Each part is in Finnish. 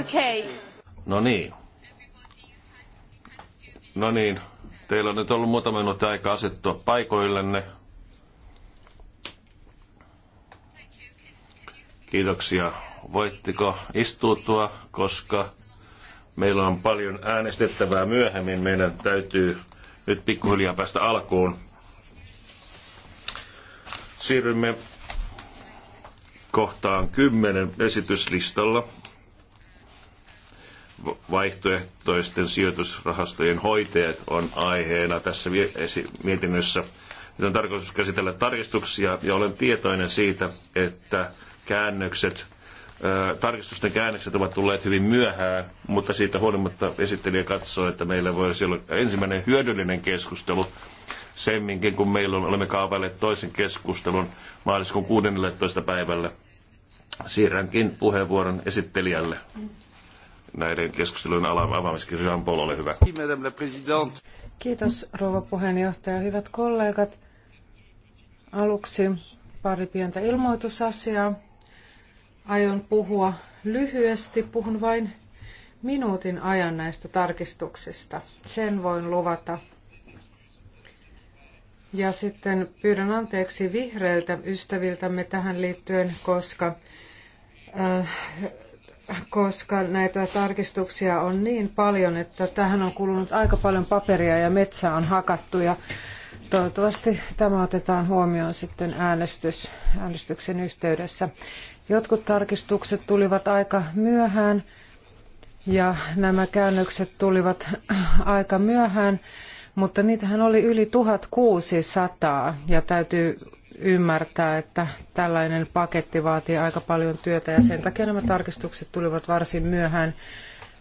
Okay. No niin. No niin, teillä on nyt ollut muutama minuutti aika asettua paikoillenne. Kiitoksia. Voitteko istuutua, koska meillä on paljon äänestettävää myöhemmin. Meidän täytyy nyt pikkuhiljaa päästä alkuun. Siirrymme kohtaan 10 esityslistalla vaihtoehtoisten sijoitusrahastojen hoitajat on aiheena tässä mietinnössä. Nyt on tarkoitus käsitellä tarkistuksia ja olen tietoinen siitä, että käännökset, tarkistusten käännökset ovat tulleet hyvin myöhään, mutta siitä huolimatta esittelijä katsoo, että meillä voisi olla ensimmäinen hyödyllinen keskustelu semminkin, kun meillä on, olemme kaavailleet toisen keskustelun maaliskuun 16. päivälle Siirränkin puheenvuoron esittelijälle näiden keskustelujen avaamiseksi. Jean-Paul, ole hyvä. Kiitos rouva puheenjohtaja. Hyvät kollegat, aluksi pari pientä ilmoitusasiaa. Aion puhua lyhyesti, puhun vain minuutin ajan näistä tarkistuksista. Sen voin luvata. Ja sitten pyydän anteeksi vihreiltä ystäviltämme tähän liittyen, koska, äh, koska näitä tarkistuksia on niin paljon, että tähän on kulunut aika paljon paperia ja metsää on hakattu. Ja toivottavasti tämä otetaan huomioon sitten äänestys, äänestyksen yhteydessä. Jotkut tarkistukset tulivat aika myöhään ja nämä käännökset tulivat aika myöhään mutta niitähän oli yli 1600 ja täytyy ymmärtää, että tällainen paketti vaatii aika paljon työtä ja sen takia nämä tarkistukset tulivat varsin myöhään.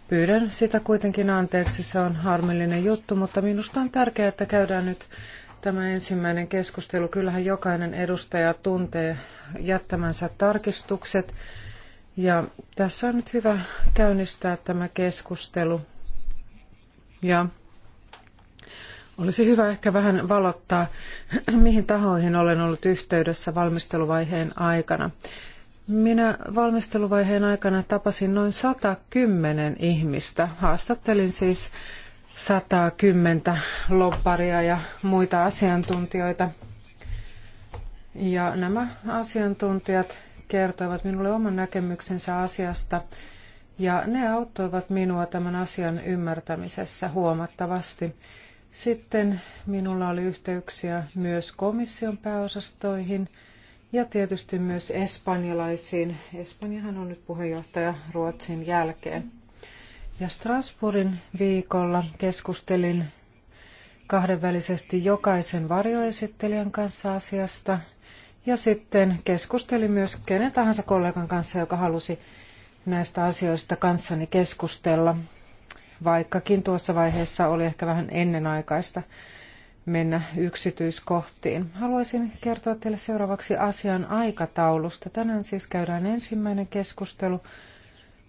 Pyydän sitä kuitenkin anteeksi, se on harmillinen juttu, mutta minusta on tärkeää, että käydään nyt tämä ensimmäinen keskustelu. Kyllähän jokainen edustaja tuntee jättämänsä tarkistukset ja tässä on nyt hyvä käynnistää tämä keskustelu. Ja olisi hyvä ehkä vähän valottaa, mihin tahoihin olen ollut yhteydessä valmisteluvaiheen aikana. Minä valmisteluvaiheen aikana tapasin noin 110 ihmistä. Haastattelin siis 110 lobbaria ja muita asiantuntijoita. Ja nämä asiantuntijat kertoivat minulle oman näkemyksensä asiasta ja ne auttoivat minua tämän asian ymmärtämisessä huomattavasti. Sitten minulla oli yhteyksiä myös komission pääosastoihin ja tietysti myös espanjalaisiin. Espanjahan on nyt puheenjohtaja Ruotsin jälkeen. Ja Strasbourgin viikolla keskustelin kahdenvälisesti jokaisen varjoesittelijän kanssa asiasta. Ja sitten keskustelin myös kenen tahansa kollegan kanssa, joka halusi näistä asioista kanssani keskustella vaikkakin tuossa vaiheessa oli ehkä vähän ennenaikaista mennä yksityiskohtiin. Haluaisin kertoa teille seuraavaksi asian aikataulusta. Tänään siis käydään ensimmäinen keskustelu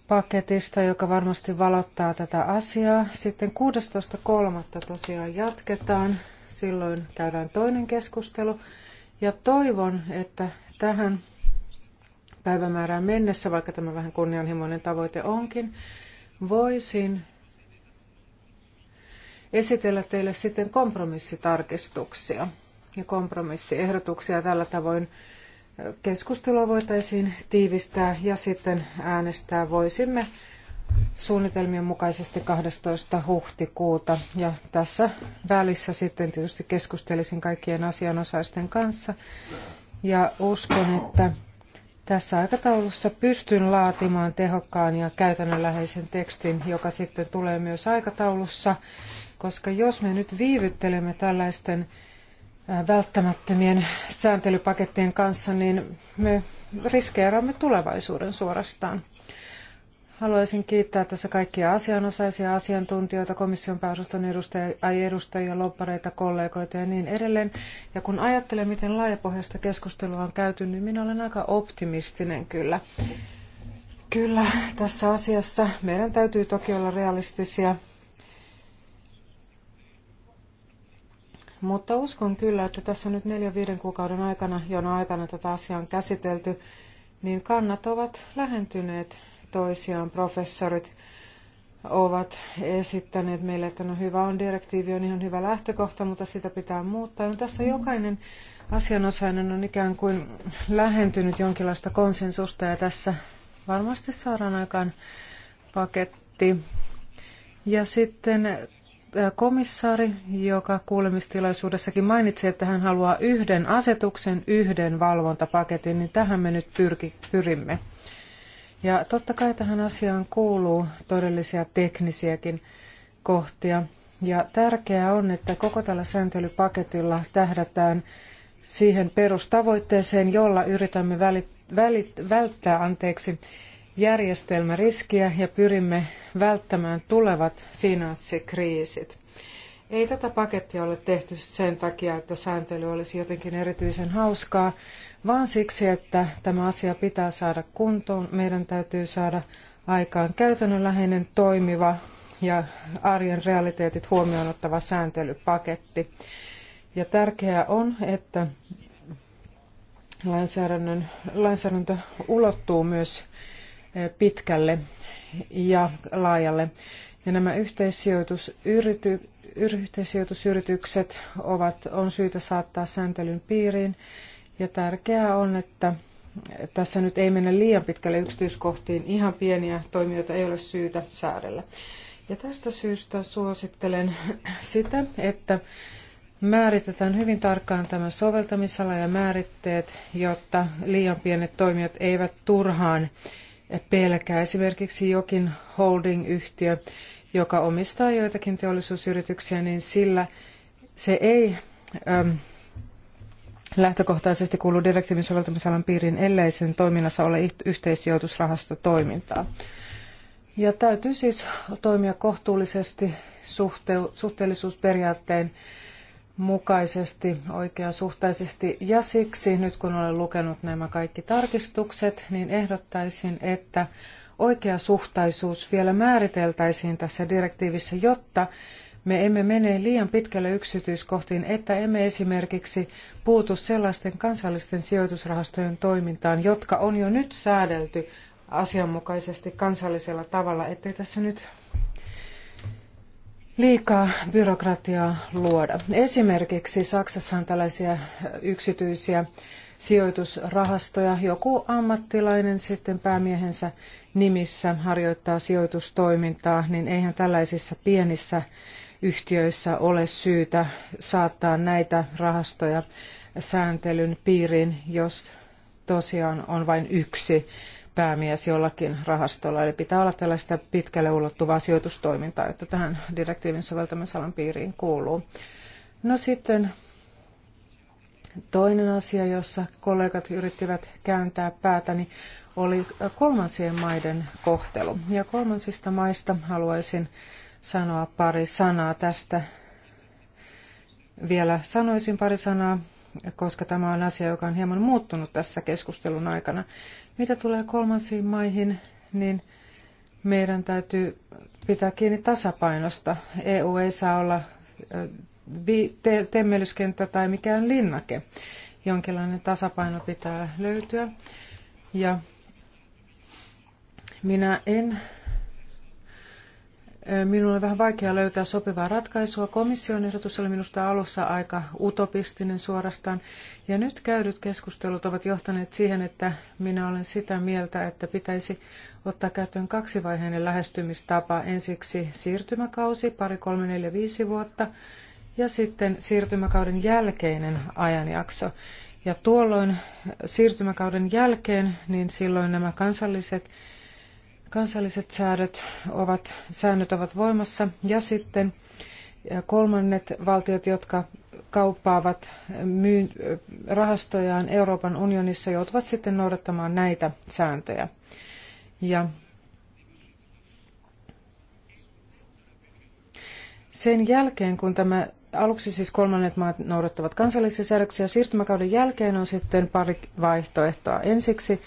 paketista, joka varmasti valottaa tätä asiaa. Sitten 16.3. tosiaan jatketaan. Silloin käydään toinen keskustelu. Ja toivon, että tähän päivämäärään mennessä, vaikka tämä vähän kunnianhimoinen tavoite onkin, voisin esitellä teille sitten kompromissitarkistuksia ja kompromissiehdotuksia. Tällä tavoin keskustelua voitaisiin tiivistää ja sitten äänestää voisimme suunnitelmien mukaisesti 12. huhtikuuta. Ja tässä välissä sitten tietysti keskustelisin kaikkien asianosaisten kanssa. Ja uskon, että tässä aikataulussa pystyn laatimaan tehokkaan ja käytännönläheisen tekstin, joka sitten tulee myös aikataulussa koska jos me nyt viivyttelemme tällaisten välttämättömien sääntelypakettien kanssa, niin me riskeeraamme tulevaisuuden suorastaan. Haluaisin kiittää tässä kaikkia asianosaisia asiantuntijoita, komission pääosaston edustajia, edustajia, loppareita, kollegoita ja niin edelleen. Ja kun ajattelen, miten laajapohjaista keskustelua on käyty, niin minä olen aika optimistinen kyllä. Kyllä, tässä asiassa meidän täytyy toki olla realistisia Mutta uskon kyllä, että tässä nyt neljän viiden kuukauden aikana, jona aikana tätä asiaa on käsitelty, niin kannat ovat lähentyneet toisiaan. Professorit ovat esittäneet meille, että no hyvä on, direktiivi on ihan hyvä lähtökohta, mutta sitä pitää muuttaa. No tässä jokainen asianosainen on ikään kuin lähentynyt jonkinlaista konsensusta ja tässä varmasti saadaan aikaan paketti. Ja sitten komissaari, joka kuulemistilaisuudessakin mainitsi, että hän haluaa yhden asetuksen, yhden valvontapaketin, niin tähän me nyt pyrki, pyrimme. Ja totta kai tähän asiaan kuuluu todellisia teknisiäkin kohtia. Ja tärkeää on, että koko tällä sääntelypaketilla tähdätään siihen perustavoitteeseen, jolla yritämme välit, välit, välttää anteeksi, järjestelmäriskiä ja pyrimme välttämään tulevat finanssikriisit. Ei tätä pakettia ole tehty sen takia, että sääntely olisi jotenkin erityisen hauskaa, vaan siksi, että tämä asia pitää saada kuntoon. Meidän täytyy saada aikaan käytännönläheinen, toimiva ja arjen realiteetit huomioon ottava sääntelypaketti. Ja tärkeää on, että lainsäädännön, lainsäädäntö ulottuu myös eh, pitkälle ja laajalle. Ja nämä yhteissijoitusyritykset yhteissijoitusyritykset ovat, on syytä saattaa sääntelyn piiriin. Ja tärkeää on, että tässä nyt ei mennä liian pitkälle yksityiskohtiin. Ihan pieniä toimijoita ei ole syytä säädellä. Ja tästä syystä suosittelen sitä, että määritetään hyvin tarkkaan tämä soveltamisala ja määritteet, jotta liian pienet toimijat eivät turhaan pelkää. Esimerkiksi jokin holding-yhtiö, joka omistaa joitakin teollisuusyrityksiä, niin sillä se ei äm, lähtökohtaisesti kuulu direktiivin soveltamisalan piiriin, ellei sen toiminnassa ole yhteissijoitusrahastotoimintaa. Ja täytyy siis toimia kohtuullisesti suhteellisuusperiaatteen mukaisesti, oikeasuhtaisesti. Ja siksi, nyt kun olen lukenut nämä kaikki tarkistukset, niin ehdottaisin, että oikeasuhtaisuus vielä määriteltäisiin tässä direktiivissä, jotta me emme mene liian pitkälle yksityiskohtiin, että emme esimerkiksi puutu sellaisten kansallisten sijoitusrahastojen toimintaan, jotka on jo nyt säädelty asianmukaisesti kansallisella tavalla, ettei tässä nyt liikaa byrokratiaa luoda. Esimerkiksi Saksassa on tällaisia yksityisiä sijoitusrahastoja. Joku ammattilainen sitten päämiehensä nimissä harjoittaa sijoitustoimintaa, niin eihän tällaisissa pienissä yhtiöissä ole syytä saattaa näitä rahastoja sääntelyn piiriin, jos tosiaan on vain yksi päämies jollakin rahastolla. Eli pitää olla tällaista pitkälle ulottuvaa sijoitustoimintaa, että tähän direktiivin soveltamisalan piiriin kuuluu. No sitten toinen asia, jossa kollegat yrittivät kääntää päätäni, niin oli kolmansien maiden kohtelu. Ja kolmansista maista haluaisin sanoa pari sanaa tästä. Vielä sanoisin pari sanaa, koska tämä on asia, joka on hieman muuttunut tässä keskustelun aikana. Mitä tulee kolmansiin maihin, niin meidän täytyy pitää kiinni tasapainosta. EU ei saa olla temmelyskenttä tai mikään linnake. Jonkinlainen tasapaino pitää löytyä. Ja minä en Minun on vähän vaikea löytää sopivaa ratkaisua. Komission ehdotus oli minusta alussa aika utopistinen suorastaan. Ja nyt käydyt keskustelut ovat johtaneet siihen, että minä olen sitä mieltä, että pitäisi ottaa käyttöön kaksivaiheinen lähestymistapa. Ensiksi siirtymäkausi, pari, kolme, neljä, viisi vuotta, ja sitten siirtymäkauden jälkeinen ajanjakso. Ja tuolloin siirtymäkauden jälkeen, niin silloin nämä kansalliset kansalliset säädöt ovat, säännöt ovat voimassa ja sitten kolmannet valtiot, jotka kauppaavat myy- rahastojaan Euroopan unionissa, joutuvat sitten noudattamaan näitä sääntöjä. Ja sen jälkeen, kun tämä aluksi siis kolmannet maat noudattavat kansallisia säädöksiä, siirtymäkauden jälkeen on sitten pari vaihtoehtoa. Ensiksi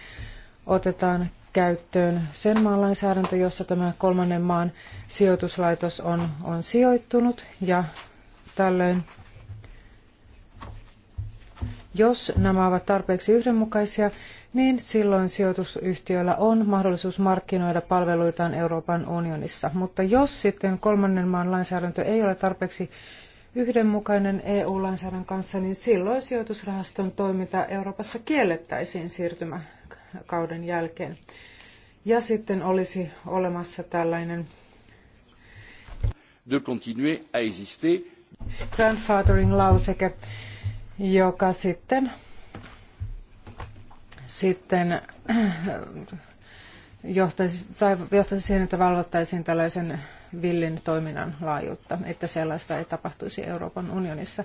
otetaan käyttöön sen maan lainsäädäntö, jossa tämä kolmannen maan sijoituslaitos on, on sijoittunut ja tällöin jos nämä ovat tarpeeksi yhdenmukaisia, niin silloin sijoitusyhtiöllä on mahdollisuus markkinoida palveluitaan Euroopan unionissa. Mutta jos sitten kolmannen maan lainsäädäntö ei ole tarpeeksi yhdenmukainen EU-lainsäädännön kanssa, niin silloin sijoitusrahaston toiminta Euroopassa kiellettäisiin siirtymä kauden jälkeen. Ja sitten olisi olemassa tällainen de continuer à exister. Grandfathering lauseke, joka sitten, sitten johtaisi, johtaisi siihen, että valvottaisiin tällaisen villin toiminnan laajuutta, että sellaista ei tapahtuisi Euroopan unionissa.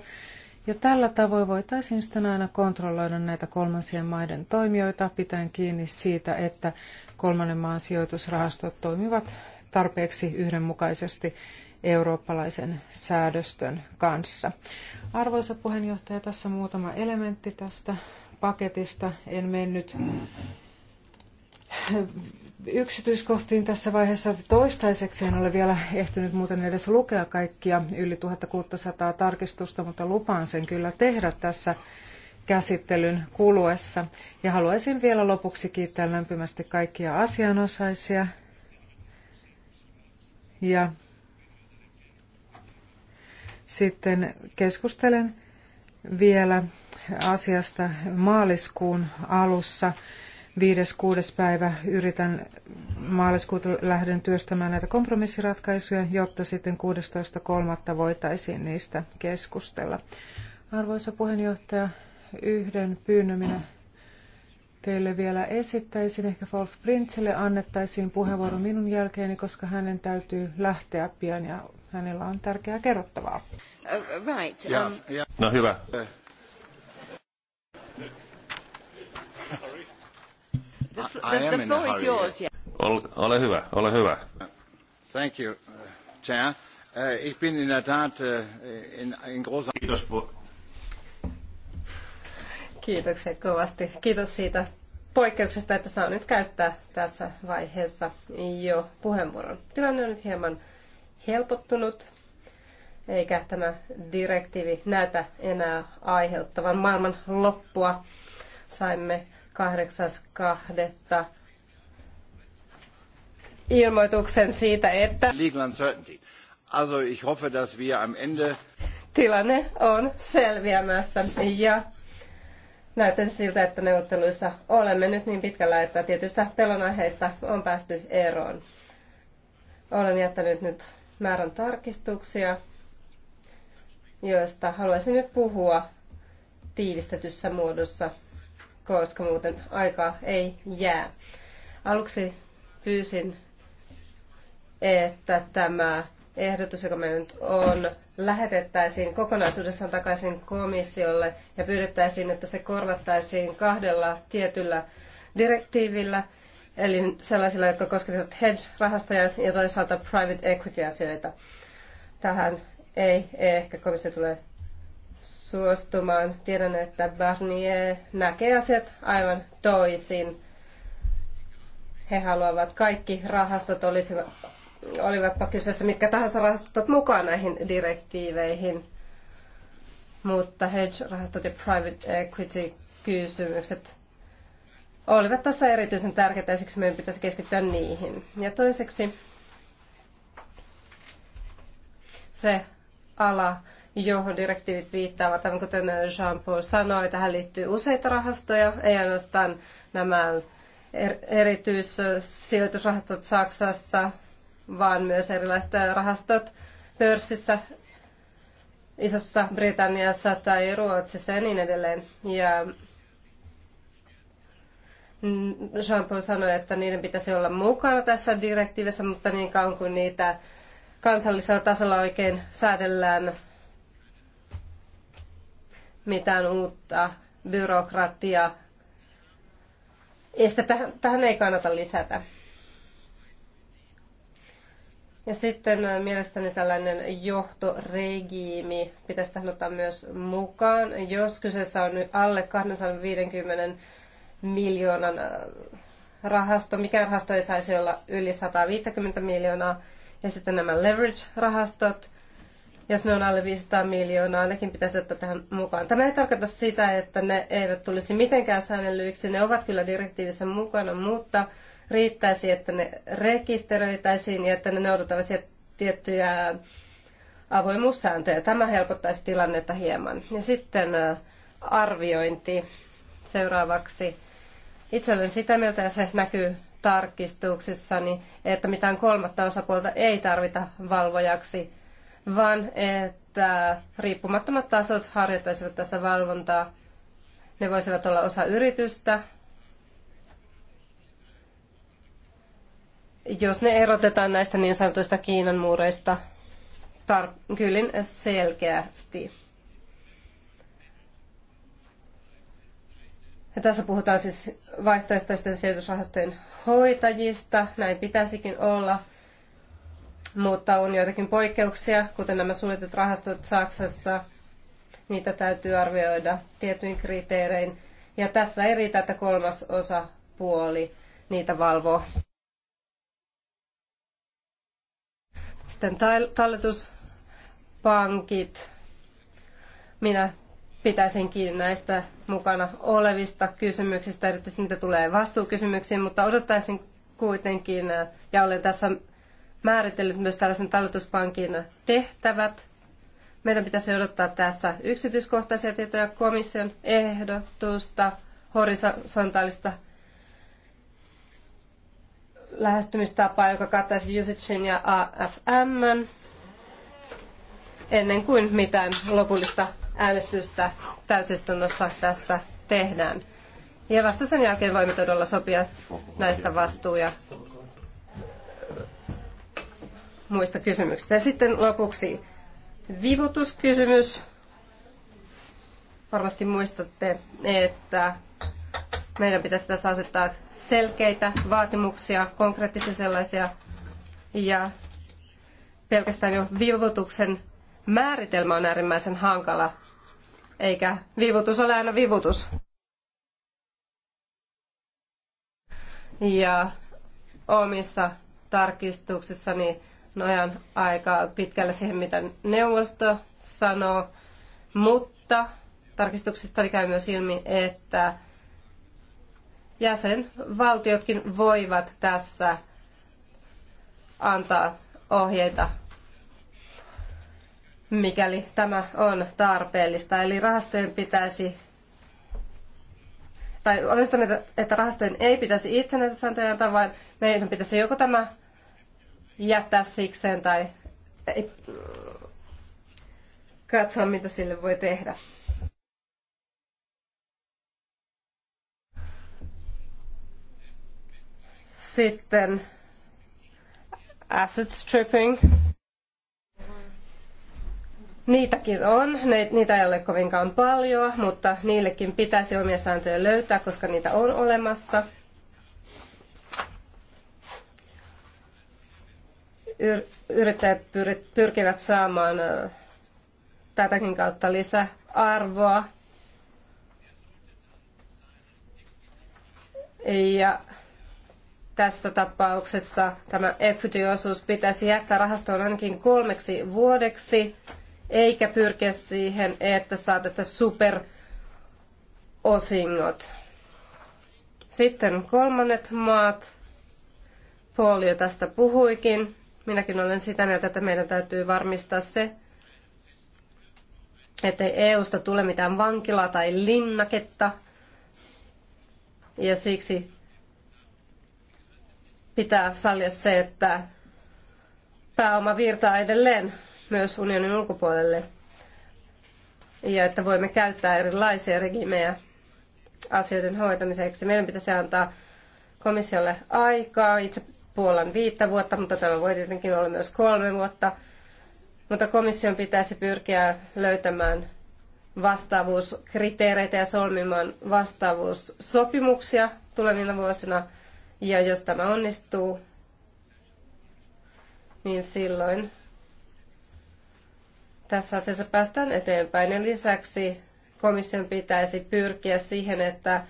Ja tällä tavoin voitaisiin sitten aina kontrolloida näitä kolmansien maiden toimijoita, pitäen kiinni siitä, että kolmannen maan sijoitusrahastot toimivat tarpeeksi yhdenmukaisesti eurooppalaisen säädöstön kanssa. Arvoisa puheenjohtaja, tässä muutama elementti tästä paketista. En mennyt yksityiskohtiin tässä vaiheessa. Toistaiseksi en ole vielä ehtinyt muuten edes lukea kaikkia yli 1600 tarkistusta, mutta lupaan sen kyllä tehdä tässä käsittelyn kuluessa. Ja haluaisin vielä lopuksi kiittää lämpimästi kaikkia asianosaisia. Ja sitten keskustelen vielä asiasta maaliskuun alussa viides, kuudes päivä yritän maaliskuuta lähden työstämään näitä kompromissiratkaisuja, jotta sitten 16.3. voitaisiin niistä keskustella. Arvoisa puheenjohtaja, yhden pyynnön minä teille vielä esittäisin. Ehkä Wolf Printzelle annettaisiin puheenvuoro minun jälkeeni, koska hänen täytyy lähteä pian ja hänellä on tärkeää kerrottavaa. Uh, right, um... No hyvä. Eh. The, the floor is yours. Yeah. Ol, ole hyvä, ole hyvä. Thank you, uh, Chair. Uh, ich bin in der Tat uh, in, in großer... Kiitos. Kiitoksia kovasti. Kiitos siitä poikkeuksesta, että saan nyt käyttää tässä vaiheessa jo puheenvuoron. Tilanne on nyt hieman helpottunut, eikä tämä direktiivi näytä enää aiheuttavan maailman loppua. Saimme 8.2. ilmoituksen siitä, että also ich hoffe, dass wir am Ende tilanne on selviämässä ja näyttäisi siltä, että neuvotteluissa olemme nyt niin pitkällä, että tietystä pelonaiheista on päästy eroon. Olen jättänyt nyt määrän tarkistuksia, joista haluaisin nyt puhua tiivistetyssä muodossa – koska muuten aikaa ei jää. Aluksi pyysin, että tämä ehdotus, joka meillä nyt on, lähetettäisiin kokonaisuudessaan takaisin komissiolle ja pyydettäisiin, että se korvattaisiin kahdella tietyllä direktiivillä, eli sellaisilla, jotka koskevat hedge-rahastoja ja toisaalta private equity-asioita. Tähän ei ehkä komissio tule suostumaan. Tiedän, että Barnier näkee asiat aivan toisin. He haluavat kaikki rahastot olisivat, olivatpa kyseessä mitkä tahansa rahastot mukaan näihin direktiiveihin. Mutta hedge-rahastot ja private equity kysymykset olivat tässä erityisen tärkeitä ja siksi meidän pitäisi keskittyä niihin. Ja toiseksi se ala, johon direktiivit viittaavat, aivan kuten Jean-Paul sanoi, tähän liittyy useita rahastoja, ei ainoastaan nämä er- erityissijoitusrahastot Saksassa, vaan myös erilaiset rahastot pörssissä Isossa Britanniassa tai Ruotsissa ja niin edelleen. Ja Jean-Paul sanoi, että niiden pitäisi olla mukana tässä direktiivissä, mutta niin kauan kuin niitä kansallisella tasolla oikein säädellään mitään uutta byrokratiaa. Ja sitä tähän, tähän ei kannata lisätä. Ja sitten äh, mielestäni tällainen johtoregiimi pitäisi tähän ottaa myös mukaan. Jos kyseessä on nyt alle 250 miljoonan äh, rahasto, mikä rahasto ei saisi olla yli 150 miljoonaa, ja sitten nämä leverage-rahastot – jos ne on alle 500 miljoonaa, nekin pitäisi ottaa tähän mukaan. Tämä ei tarkoita sitä, että ne eivät tulisi mitenkään säännellyiksi. Ne ovat kyllä direktiivissä mukana, mutta riittäisi, että ne rekisteröitäisiin ja että ne noudattaisivat tiettyjä avoimuussääntöjä. Tämä helpottaisi tilannetta hieman. Ja sitten äh, arviointi seuraavaksi. Itse olen sitä mieltä, ja se näkyy tarkistuksissani, että mitään kolmatta osapuolta ei tarvita valvojaksi vaan että riippumattomat tasot harjoittaisivat tässä valvontaa. Ne voisivat olla osa yritystä, jos ne erotetaan näistä niin sanotuista Kiinan muureista tar- kyllin selkeästi. Ja tässä puhutaan siis vaihtoehtoisten sijoitusrahastojen hoitajista, näin pitäisikin olla – mutta on joitakin poikkeuksia, kuten nämä suljetut rahastot Saksassa. Niitä täytyy arvioida tietyin kriteerein. Ja tässä ei riitä, että kolmas osa puoli niitä valvoo. Sitten talletuspankit. Minä pitäisin kiinni näistä mukana olevista kysymyksistä, erityisesti niitä tulee vastuukysymyksiin, mutta odottaisin kuitenkin, ja olen tässä määritellyt myös tällaisen talletuspankin tehtävät. Meidän pitäisi odottaa tässä yksityiskohtaisia tietoja komission ehdotusta, horisontaalista lähestymistapaa, joka kattaisi usagein ja AFM ennen kuin mitään lopullista äänestystä täysistunnossa tästä tehdään. Ja vasta sen jälkeen voimme todella sopia näistä vastuu- ja muista kysymyksistä. Ja sitten lopuksi vivutuskysymys. Varmasti muistatte, että meidän pitäisi tässä asettaa selkeitä vaatimuksia, konkreettisia sellaisia, ja pelkästään jo vivutuksen määritelmä on äärimmäisen hankala, eikä vivutus ole aina vivutus. Ja omissa tarkistuksissani nojan aika pitkälle siihen, mitä neuvosto sanoo, mutta tarkistuksista käy myös ilmi, että jäsenvaltiotkin voivat tässä antaa ohjeita, mikäli tämä on tarpeellista. Eli rahastojen pitäisi, tai olen sitä mieltä, että rahastojen ei pitäisi itse näitä sääntöjä antaa, vaan meidän pitäisi joko tämä jättää sikseen tai ei, katsoa, mitä sille voi tehdä. Sitten asset stripping. Niitäkin on, niitä ei ole kovinkaan paljon, mutta niillekin pitäisi omia sääntöjä löytää, koska niitä on olemassa – yrittäjät pyrkivät saamaan tätäkin kautta lisäarvoa. Ja tässä tapauksessa tämä equity-osuus pitäisi jättää rahastoon ainakin kolmeksi vuodeksi, eikä pyrkiä siihen, että saa tästä superosingot. Sitten kolmannet maat, Paul jo tästä puhuikin. Minäkin olen sitä mieltä, että meidän täytyy varmistaa se, ettei EUsta tule mitään vankilaa tai linnaketta. Ja siksi pitää sallia se, että pääoma virtaa edelleen myös unionin ulkopuolelle. Ja että voimme käyttää erilaisia regimejä asioiden hoitamiseksi. Meidän pitäisi antaa komissiolle aikaa. Itse Puolan viittä vuotta, mutta tämä voi tietenkin olla myös kolme vuotta. Mutta komission pitäisi pyrkiä löytämään vastaavuuskriteereitä ja solmimaan vastaavuussopimuksia tulevina vuosina. Ja jos tämä onnistuu, niin silloin tässä asiassa päästään eteenpäin. Ja lisäksi komission pitäisi pyrkiä siihen, että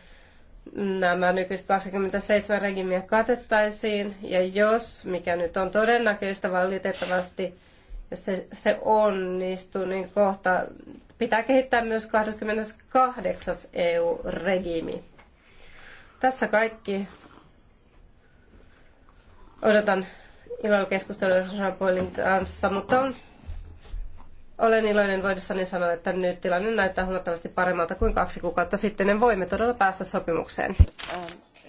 nämä nykyiset 27 regimiä katettaisiin, ja jos, mikä nyt on todennäköistä valitettavasti, jos se, se onnistuu, niin kohta pitää kehittää myös 28. EU-regimi. Tässä kaikki. Odotan ilolla keskustelua Jean-Paulin kanssa, mutta on olen iloinen voidessani sanoa, että nyt tilanne näyttää huomattavasti paremmalta kuin kaksi kuukautta sitten, en voimme todella päästä sopimukseen. Um,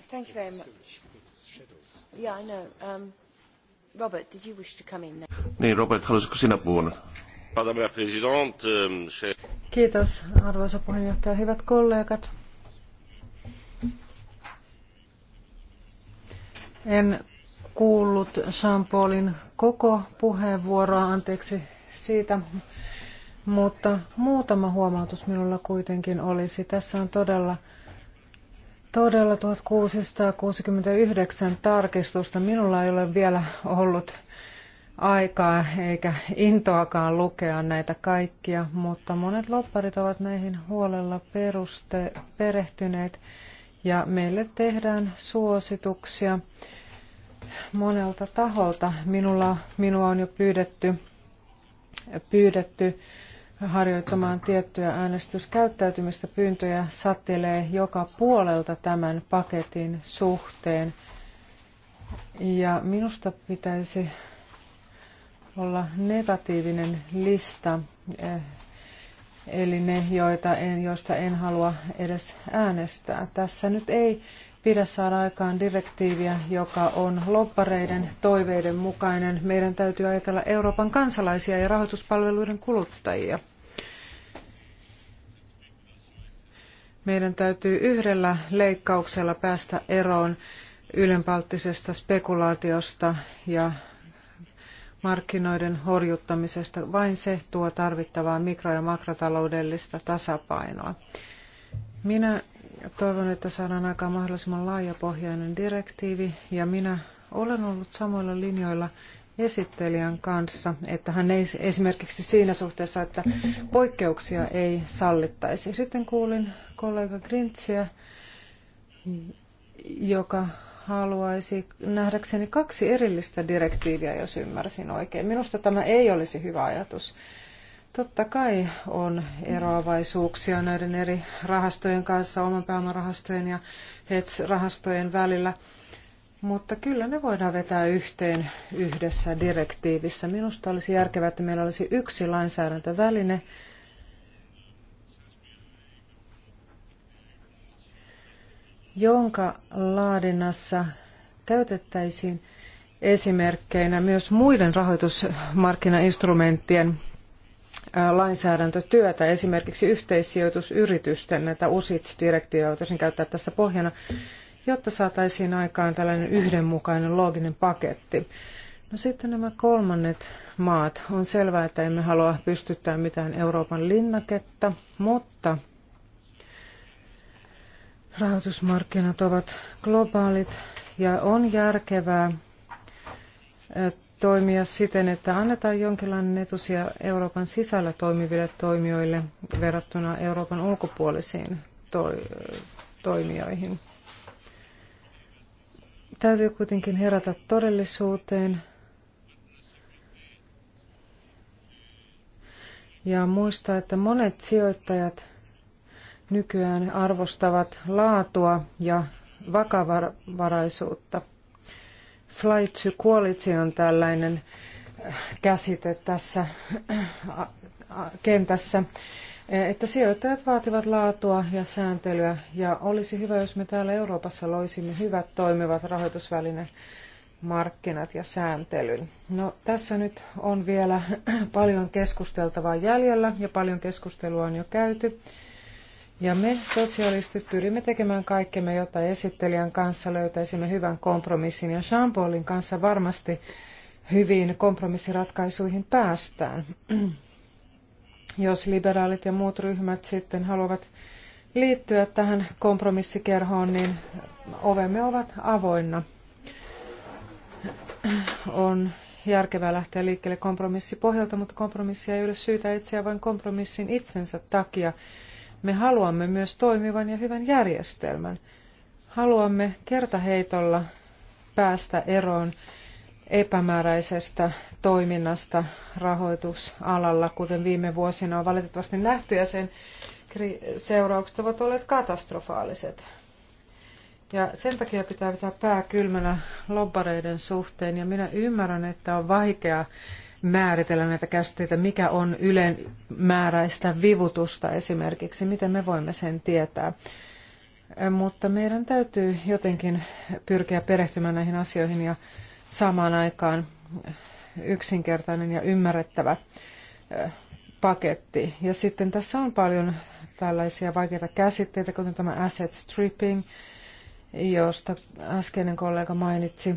thank you very much. Yeah, I know. Um, Robert, did you wish to come in Niin, Robert, haluaisitko sinä puhua? Um, Kiitos, arvoisa puheenjohtaja. Hyvät kollegat. En kuullut Jean-Paulin koko puheenvuoroa, anteeksi siitä, mutta muutama huomautus minulla kuitenkin olisi. Tässä on todella, todella 1669 tarkistusta. Minulla ei ole vielä ollut aikaa eikä intoakaan lukea näitä kaikkia, mutta monet lopparit ovat näihin huolella peruste, perehtyneet ja meille tehdään suosituksia monelta taholta. Minulla, minua on jo pyydetty, pyydetty harjoittamaan tiettyä äänestyskäyttäytymistä. Pyyntöjä satelee joka puolelta tämän paketin suhteen. Ja minusta pitäisi olla negatiivinen lista, eh, eli ne, joita en, joista en halua edes äänestää. Tässä nyt ei pidä saada aikaan direktiiviä, joka on loppareiden toiveiden mukainen. Meidän täytyy ajatella Euroopan kansalaisia ja rahoituspalveluiden kuluttajia. Meidän täytyy yhdellä leikkauksella päästä eroon ylenpalttisesta spekulaatiosta ja markkinoiden horjuttamisesta. Vain se tuo tarvittavaa mikro- ja makrotaloudellista tasapainoa. Minä Toivon, että saadaan aikaan mahdollisimman laajapohjainen direktiivi ja minä olen ollut samoilla linjoilla esittelijän kanssa, että hän ei esimerkiksi siinä suhteessa, että poikkeuksia ei sallittaisi. Sitten kuulin kollega Grintsiä, joka haluaisi nähdäkseni kaksi erillistä direktiiviä, jos ymmärsin oikein. Minusta tämä ei olisi hyvä ajatus. Totta kai on eroavaisuuksia näiden eri rahastojen kanssa, oman pääomarahastojen ja HETS-rahastojen välillä, mutta kyllä ne voidaan vetää yhteen yhdessä direktiivissä. Minusta olisi järkevää, että meillä olisi yksi lainsäädäntöväline, jonka laadinnassa käytettäisiin esimerkkeinä myös muiden rahoitusmarkkinainstrumenttien lainsäädäntötyötä, esimerkiksi yhteissijoitusyritysten näitä USITS-direktiivejä voitaisiin käyttää tässä pohjana, jotta saataisiin aikaan tällainen yhdenmukainen looginen paketti. No sitten nämä kolmannet maat. On selvää, että emme halua pystyttää mitään Euroopan linnaketta, mutta rahoitusmarkkinat ovat globaalit ja on järkevää toimia siten, että annetaan jonkinlainen etusija Euroopan sisällä toimiville toimijoille verrattuna Euroopan ulkopuolisiin toimijoihin. Täytyy kuitenkin herätä todellisuuteen ja muistaa, että monet sijoittajat nykyään arvostavat laatua ja vakavaraisuutta – Flight to Quality on tällainen äh, käsite tässä äh, kentässä, äh, että sijoittajat vaativat laatua ja sääntelyä ja olisi hyvä, jos me täällä Euroopassa loisimme hyvät toimivat rahoitusväline markkinat ja sääntelyn. No, tässä nyt on vielä paljon keskusteltavaa jäljellä ja paljon keskustelua on jo käyty. Ja me sosialistit pyrimme tekemään kaikkemme, jotta esittelijän kanssa löytäisimme hyvän kompromissin. Ja Jean Paulin kanssa varmasti hyvin kompromissiratkaisuihin päästään. Jos liberaalit ja muut ryhmät sitten haluavat liittyä tähän kompromissikerhoon, niin ovemme ovat avoinna. On järkevää lähteä liikkeelle kompromissi pohjalta, mutta kompromissia ei ole syytä etsiä vain kompromissin itsensä takia me haluamme myös toimivan ja hyvän järjestelmän. Haluamme kertaheitolla päästä eroon epämääräisestä toiminnasta rahoitusalalla, kuten viime vuosina on valitettavasti nähty, ja sen seuraukset ovat olleet katastrofaaliset. Ja sen takia pitää pitää pää kylmänä lobbareiden suhteen, ja minä ymmärrän, että on vaikea määritellä näitä käsitteitä, mikä on ylen määräistä vivutusta esimerkiksi, miten me voimme sen tietää. Mutta meidän täytyy jotenkin pyrkiä perehtymään näihin asioihin ja saamaan aikaan yksinkertainen ja ymmärrettävä paketti. Ja sitten tässä on paljon tällaisia vaikeita käsitteitä, kuten tämä asset stripping, josta äskeinen kollega mainitsi.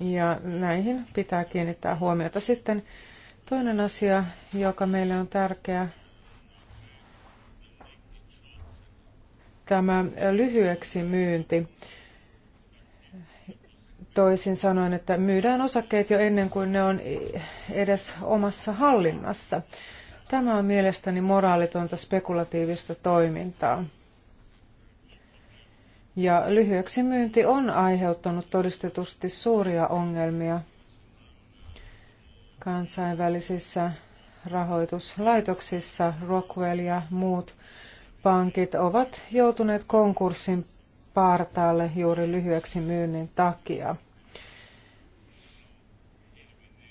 Ja näihin pitää kiinnittää huomiota. Sitten toinen asia, joka meille on tärkeä, tämä lyhyeksi myynti. Toisin sanoen, että myydään osakkeet jo ennen kuin ne on edes omassa hallinnassa. Tämä on mielestäni moraalitonta spekulatiivista toimintaa. Ja lyhyeksi myynti on aiheuttanut todistetusti suuria ongelmia kansainvälisissä rahoituslaitoksissa. Rockwell ja muut pankit ovat joutuneet konkurssin partaalle juuri lyhyeksi myynnin takia.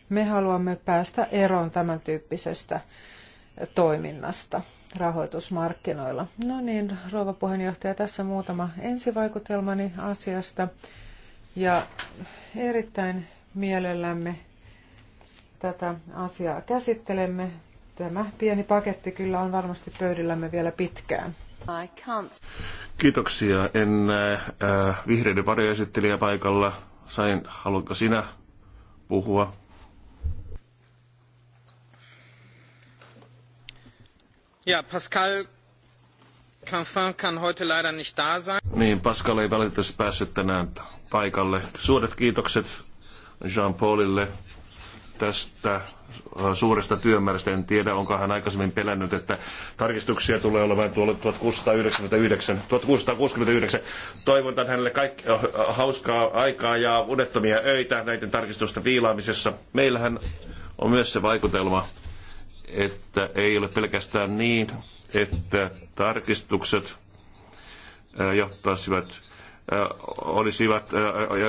Me haluamme päästä eroon tämän tyyppisestä toiminnasta rahoitusmarkkinoilla. No niin, rouva puheenjohtaja, tässä muutama ensivaikutelmani asiasta. Ja erittäin mielellämme tätä asiaa käsittelemme. Tämä pieni paketti kyllä on varmasti pöydillämme vielä pitkään. Kiitoksia. En näe äh, vihreiden varjoesittelijä paikalla. Sain, haluatko sinä puhua? Ja, Pascal Canfin kann heute leider nicht da sein. Niin, Pascal ei valitettavasti päässyt tänään paikalle. Suuret kiitokset Jean-Paulille tästä äh, suuresta työmäärästä. En tiedä, onko hän aikaisemmin pelännyt, että tarkistuksia tulee olemaan tuolla 1699, 1669. Toivotan hänelle kaikki, äh, hauskaa aikaa ja unettomia öitä näiden tarkistusten viilaamisessa. Meillähän on myös se vaikutelma, että ei ole pelkästään niin, että tarkistukset johtaisivat olisivat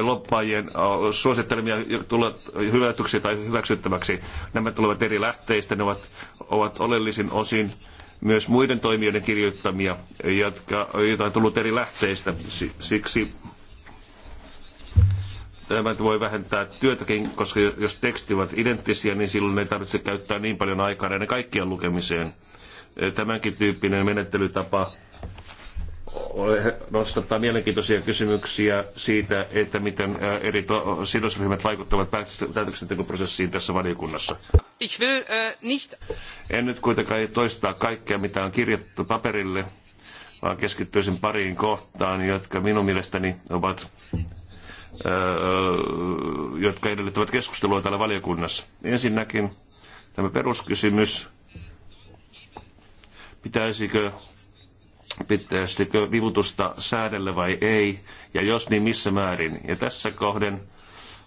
loppaajien suosittelemia tulevat hyväksytyksi tai hyväksyttäväksi. Nämä tulevat eri lähteistä, ne ovat, ovat oleellisin osin myös muiden toimijoiden kirjoittamia, jotka, joita on tullut eri lähteistä. Siksi tämä voi vähentää työtäkin, koska jos tekstit ovat identtisiä, niin silloin ei tarvitse käyttää niin paljon aikaa näiden kaikkien lukemiseen. Tämänkin tyyppinen menettelytapa nostattaa mielenkiintoisia kysymyksiä siitä, että miten eri to- sidosryhmät vaikuttavat päätöksentekoprosessiin tässä valiokunnassa. Ich will, äh, nicht... En nyt kuitenkaan toistaa kaikkea, mitä on kirjattu paperille, vaan keskittyisin pariin kohtaan, jotka minun mielestäni ovat jotka edellyttävät keskustelua täällä valiokunnassa. Ensinnäkin tämä peruskysymys, pitäisikö, pitäisikö vivutusta säädellä vai ei, ja jos niin missä määrin. Ja tässä kohden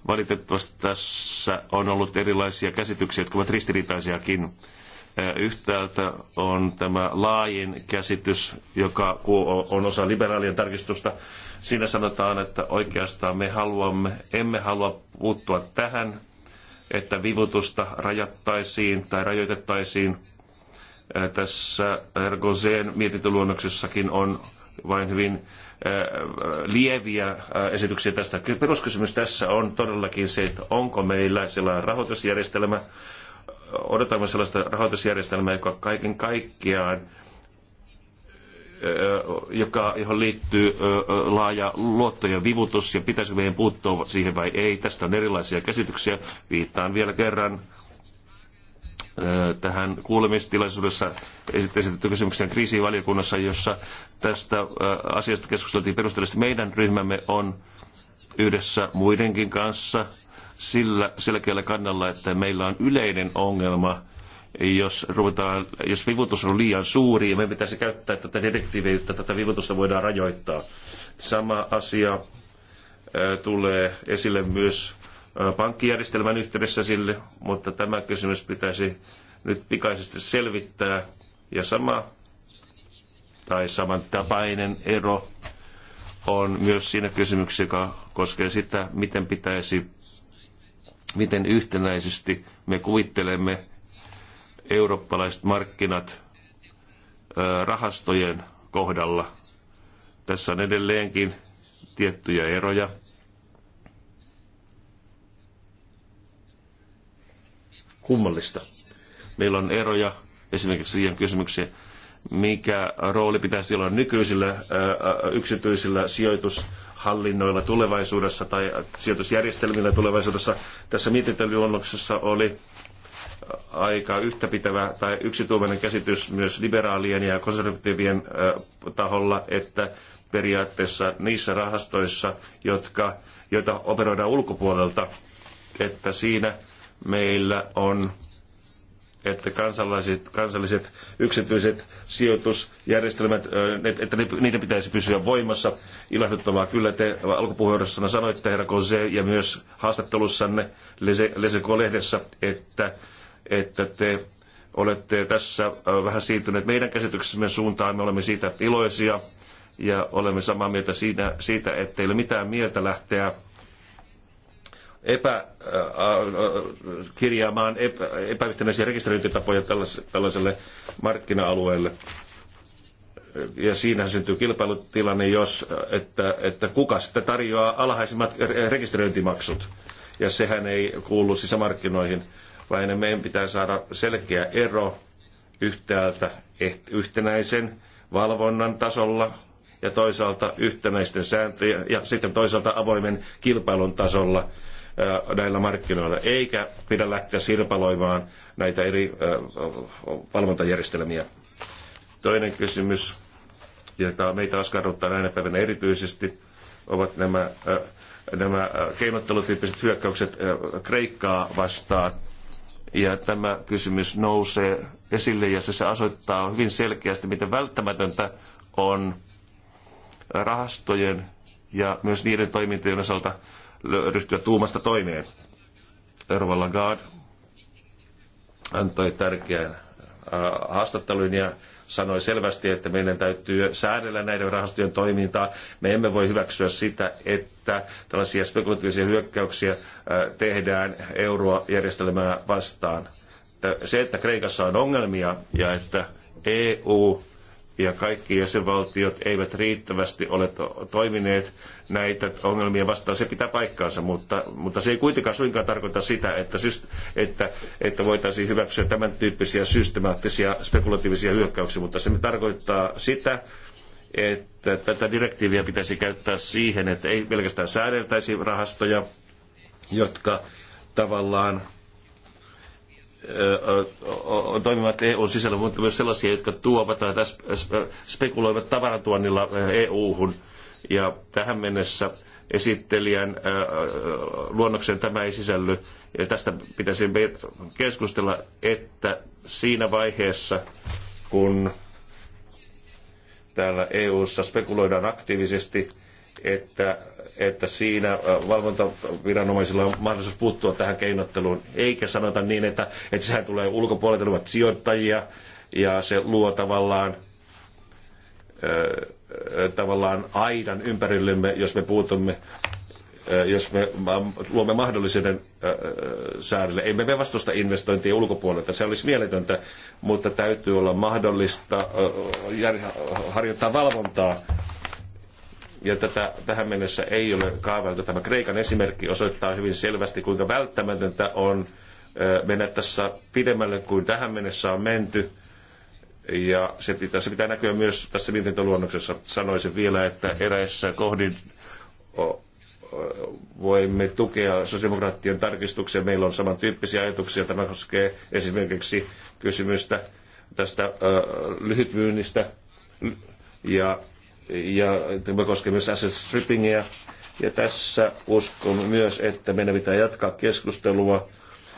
valitettavasti tässä on ollut erilaisia käsityksiä, jotka ovat ristiriitaisiakin. Yhtäältä on tämä laajin käsitys, joka on osa liberaalien tarkistusta. Siinä sanotaan, että oikeastaan me haluamme, emme halua puuttua tähän, että vivutusta rajattaisiin tai rajoitettaisiin. Tässä Ergozeen mietintöluonnoksessakin on vain hyvin lieviä esityksiä tästä. Peruskysymys tässä on todellakin se, että onko meillä sellainen rahoitusjärjestelmä, odotamme sellaista rahoitusjärjestelmää, joka kaiken kaikkiaan joka, johon liittyy laaja luottojen vivutus ja pitäisikö meidän puuttua siihen vai ei. Tästä on erilaisia käsityksiä. Viittaan vielä kerran tähän kuulemistilaisuudessa esitetty kysymyksen kriisivaliokunnassa, jossa tästä asiasta keskusteltiin perusteellisesti. Meidän ryhmämme on yhdessä muidenkin kanssa – sillä selkeällä kannalla, että meillä on yleinen ongelma, jos, ruvetaan, jos vivutus on liian suuri ja me pitäisi käyttää tätä direktiiviä, että tätä vivutusta voidaan rajoittaa. Sama asia tulee esille myös pankkijärjestelmän yhteydessä sille, mutta tämä kysymys pitäisi nyt pikaisesti selvittää. Ja sama tai samantapainen ero on myös siinä kysymyksessä, joka koskee sitä, miten pitäisi miten yhtenäisesti me kuvittelemme eurooppalaiset markkinat rahastojen kohdalla. Tässä on edelleenkin tiettyjä eroja. Kummallista. Meillä on eroja esimerkiksi siihen kysymykseen, mikä rooli pitäisi olla nykyisillä yksityisillä sijoitus hallinnoilla tulevaisuudessa tai sijoitusjärjestelmillä tulevaisuudessa. Tässä mietintöluonnoksessa oli aika yhtäpitävä tai yksituumainen käsitys myös liberaalien ja konservatiivien taholla, että periaatteessa niissä rahastoissa, jotka, joita operoidaan ulkopuolelta, että siinä meillä on että kansalliset, kansalliset yksityiset sijoitusjärjestelmät, että niiden pitäisi pysyä voimassa. Ilahduttavaa kyllä te alkupuheenvuorossanne sanoitte, herra Kose, ja myös haastattelussanne Leseko-lehdessä, että, että te olette tässä vähän siirtyneet meidän käsityksemme suuntaan. Me olemme siitä iloisia ja olemme samaa mieltä siitä, siitä ei ole mitään mieltä lähteä epä, äh, äh, kirjaamaan epä, epäyhtenäisiä rekisteröintitapoja tällaiselle markkina-alueelle. Ja siinä syntyy kilpailutilanne, jos, äh, että, että kuka sitten tarjoaa alhaisimmat rekisteröintimaksut. Ja sehän ei kuulu sisämarkkinoihin, vaan meidän pitää saada selkeä ero yhtäältä yhtenäisen valvonnan tasolla ja toisaalta yhtenäisten sääntöjen ja sitten toisaalta avoimen kilpailun tasolla Äh, näillä markkinoilla, eikä pidä lähteä sirpaloimaan näitä eri äh, valvontajärjestelmiä. Toinen kysymys, joka meitä askarruttaa näinä päivänä erityisesti, ovat nämä, äh, nämä keinottelutyyppiset hyökkäykset Kreikkaa vastaan. Ja tämä kysymys nousee esille ja se, se asoittaa hyvin selkeästi, miten välttämätöntä on rahastojen ja myös niiden toimintojen osalta ryhtyä tuumasta toimeen. Erva Lagarde antoi tärkeän äh, haastattelun ja sanoi selvästi, että meidän täytyy säädellä näiden rahastojen toimintaa. Me emme voi hyväksyä sitä, että tällaisia spekulatiivisia hyökkäyksiä äh, tehdään euroa järjestelmää vastaan. Se, että Kreikassa on ongelmia ja että EU ja kaikki jäsenvaltiot eivät riittävästi ole toimineet näitä ongelmia vastaan. Se pitää paikkaansa, mutta, mutta se ei kuitenkaan suinkaan tarkoita sitä, että, että, että voitaisiin hyväksyä tämän tyyppisiä systemaattisia spekulatiivisia hyökkäyksiä, mutta se tarkoittaa sitä, että tätä direktiiviä pitäisi käyttää siihen, että ei pelkästään säädeltäisi rahastoja, jotka tavallaan toimivat EUn sisällä, mutta myös sellaisia, jotka tuovat tai spekuloivat tavaratuonnilla EU:hun Ja tähän mennessä esittelijän luonnokseen tämä ei sisälly. Ja tästä pitäisi keskustella, että siinä vaiheessa, kun täällä EU:ssa spekuloidaan aktiivisesti, että että siinä valvontaviranomaisilla on mahdollisuus puuttua tähän keinotteluun, eikä sanota niin, että, että sehän tulee ulkopuolelta tulevat sijoittajia ja se luo tavallaan tavallaan aidan ympärillemme, jos me puutumme, jos me luomme mahdollisuuden säädellä. Emme me vastusta investointia ulkopuolelta, se olisi mieletöntä, mutta täytyy olla mahdollista harjoittaa valvontaa ja tätä, tähän mennessä ei ole kaavailtu. Tämä Kreikan esimerkki osoittaa hyvin selvästi, kuinka välttämätöntä on mennä tässä pidemmälle kuin tähän mennessä on menty. Ja se pitää, se pitää näkyä myös tässä mietintöluonnoksessa. Sanoisin vielä, että eräissä kohdin voimme tukea sosiaalidemokraattien tarkistuksia. Meillä on samantyyppisiä ajatuksia. Tämä koskee esimerkiksi kysymystä tästä lyhytmyynnistä ja ja tämä koskee myös asset strippingia. Ja tässä uskon myös, että meidän pitää jatkaa keskustelua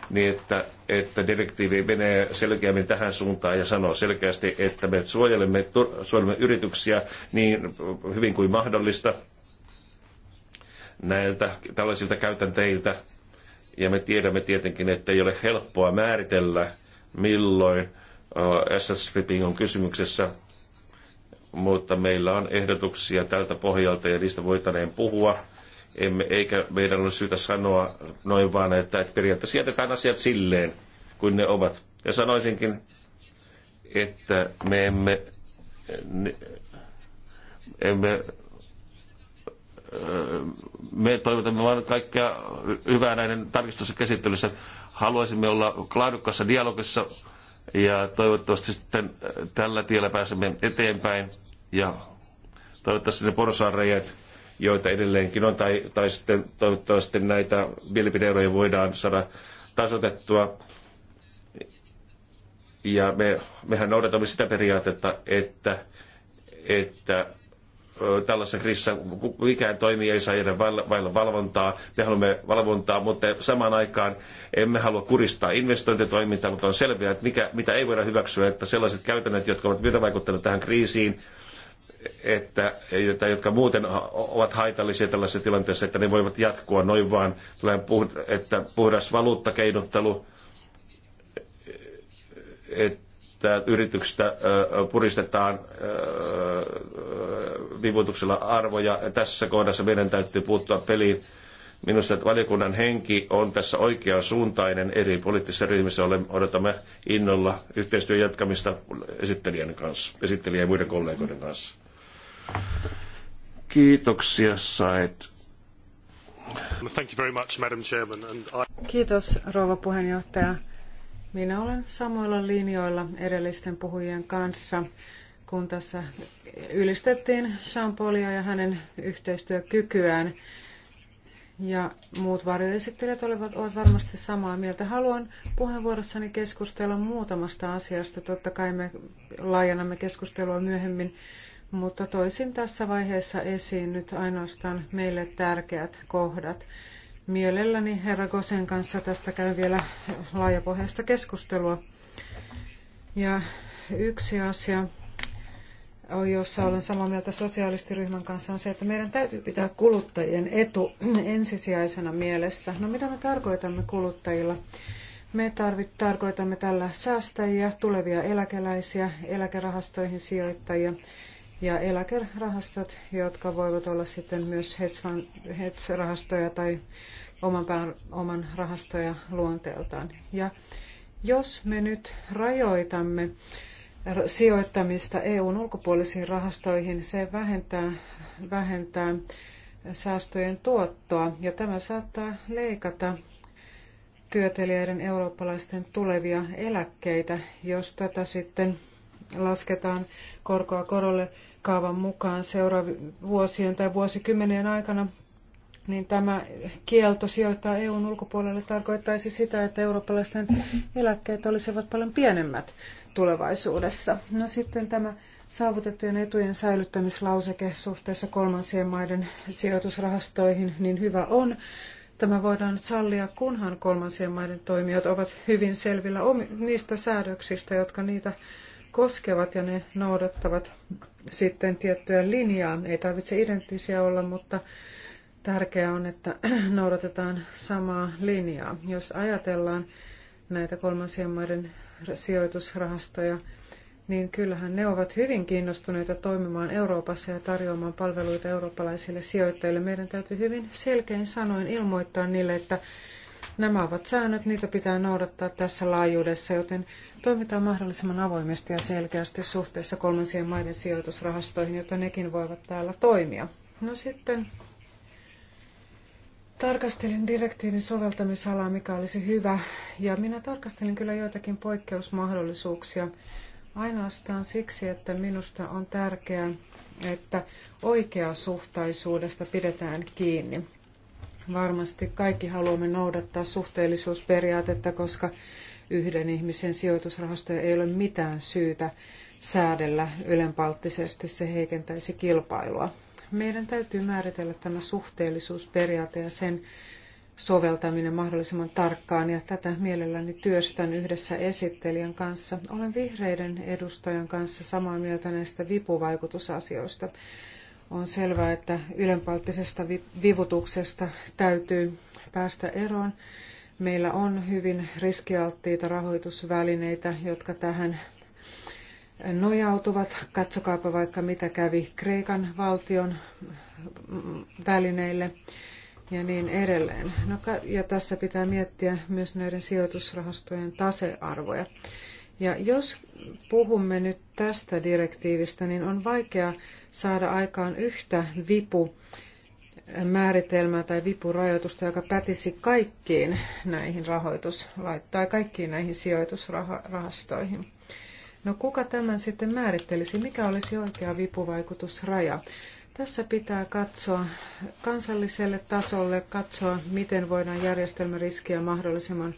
niin, että, että direktiivi menee selkeämmin tähän suuntaan ja sanoo selkeästi, että me suojelemme, suojelemme yrityksiä niin hyvin kuin mahdollista näiltä tällaisilta käytänteiltä. Ja me tiedämme tietenkin, että ei ole helppoa määritellä, milloin asset stripping on kysymyksessä, mutta meillä on ehdotuksia tältä pohjalta ja niistä voitaneen puhua. Emme, eikä meidän ole syytä sanoa noin vaan, että, että periaatteessa jätetään asiat silleen kuin ne ovat. Ja sanoisinkin, että me emme, emme me toivotamme vain kaikkea hyvää näiden tarkistusten käsittelyssä. Haluaisimme olla laadukkaassa dialogissa ja toivottavasti sitten äh, tällä tiellä pääsemme eteenpäin ja toivottavasti ne porsaanreijät, joita edelleenkin on, tai, tai sitten toivottavasti näitä mielipideeroja voidaan saada tasotettua. Ja me, mehän noudatamme sitä periaatetta, että, että tällaisessa kriisissä mikään toimii, ei saa jäädä vailla valvontaa. Me haluamme valvontaa, mutta samaan aikaan emme halua kuristaa investointitoimintaa, mutta on selvää, että mikä, mitä ei voida hyväksyä, että sellaiset käytännöt, jotka ovat myötä vaikuttaneet tähän kriisiin, että, jotka muuten ovat haitallisia tällaisessa tilanteessa, että ne voivat jatkua noin vaan, että puhdas valuuttakeinottelu, että yrityksestä puristetaan vivutuksella arvoja. Tässä kohdassa meidän täytyy puuttua peliin. Minusta että valiokunnan henki on tässä oikean suuntainen eri poliittisissa ryhmissä. Olemme, odotamme innolla yhteistyön jatkamista esittelijän kanssa, esittelijän ja muiden kollegoiden kanssa. Kiitoksia, Said. Kiitos, rouva puheenjohtaja. Minä olen samoilla linjoilla edellisten puhujien kanssa, kun tässä ylistettiin Jean Paulia ja hänen yhteistyökykyään. Ja muut varjoesittelijät olivat, ovat varmasti samaa mieltä. Haluan puheenvuorossani keskustella muutamasta asiasta. Totta kai me laajennamme keskustelua myöhemmin, mutta toisin tässä vaiheessa esiin nyt ainoastaan meille tärkeät kohdat. Mielelläni herra Gosen kanssa tästä käyn vielä laajapohjaista keskustelua. Ja yksi asia, jossa olen samaa mieltä sosialistiryhmän kanssa, on se, että meidän täytyy pitää kuluttajien etu ensisijaisena mielessä. No mitä me tarkoitamme kuluttajilla? Me tarvit, tarkoitamme tällä säästäjiä, tulevia eläkeläisiä, eläkerahastoihin sijoittajia, ja eläkerahastot, jotka voivat olla sitten myös hedge-rahastoja tai oman, pään, oman rahastoja luonteeltaan. Ja jos me nyt rajoitamme sijoittamista EUn ulkopuolisiin rahastoihin, se vähentää, vähentää säästöjen tuottoa ja tämä saattaa leikata työtelijöiden eurooppalaisten tulevia eläkkeitä, jos tätä sitten lasketaan korkoa korolle kaavan mukaan seuraavien vuosien tai vuosikymmenien aikana, niin tämä kielto sijoittaa EUn ulkopuolelle tarkoittaisi sitä, että eurooppalaisten eläkkeet olisivat paljon pienemmät tulevaisuudessa. No sitten tämä saavutettujen etujen säilyttämislauseke suhteessa kolmansien maiden sijoitusrahastoihin, niin hyvä on. Tämä voidaan sallia, kunhan kolmansien maiden toimijat ovat hyvin selvillä niistä säädöksistä, jotka niitä koskevat ja ne noudattavat sitten tiettyä linjaa. Ei tarvitse identtisiä olla, mutta tärkeää on, että noudatetaan samaa linjaa. Jos ajatellaan näitä kolmansien maiden sijoitusrahastoja, niin kyllähän ne ovat hyvin kiinnostuneita toimimaan Euroopassa ja tarjoamaan palveluita eurooppalaisille sijoittajille. Meidän täytyy hyvin selkein sanoin ilmoittaa niille, että Nämä ovat säännöt, niitä pitää noudattaa tässä laajuudessa, joten toimitaan mahdollisimman avoimesti ja selkeästi suhteessa kolmansien maiden sijoitusrahastoihin, jotta nekin voivat täällä toimia. No sitten tarkastelin direktiivin soveltamisalaa, mikä olisi hyvä, ja minä tarkastelin kyllä joitakin poikkeusmahdollisuuksia ainoastaan siksi, että minusta on tärkeää, että oikeasuhtaisuudesta pidetään kiinni. Varmasti kaikki haluamme noudattaa suhteellisuusperiaatetta, koska yhden ihmisen sijoitusrahastoja ei ole mitään syytä säädellä ylenpalttisesti. Se heikentäisi kilpailua. Meidän täytyy määritellä tämä suhteellisuusperiaate ja sen soveltaminen mahdollisimman tarkkaan ja tätä mielelläni työstän yhdessä esittelijän kanssa. Olen vihreiden edustajan kanssa samaa mieltä näistä vipuvaikutusasioista. On selvää, että ylenpalttisesta vivutuksesta täytyy päästä eroon. Meillä on hyvin riskialttiita rahoitusvälineitä, jotka tähän nojautuvat. Katsokaapa vaikka mitä kävi Kreikan valtion välineille ja niin edelleen. No, ja tässä pitää miettiä myös näiden sijoitusrahastojen tasearvoja. Ja jos puhumme nyt tästä direktiivistä, niin on vaikea saada aikaan yhtä vipu määritelmää tai vipurajoitusta, joka pätisi kaikkiin näihin rahoitus- tai kaikkiin näihin sijoitusrahastoihin. No kuka tämän sitten määrittelisi? Mikä olisi oikea vipuvaikutusraja? Tässä pitää katsoa kansalliselle tasolle, katsoa miten voidaan järjestelmäriskiä mahdollisimman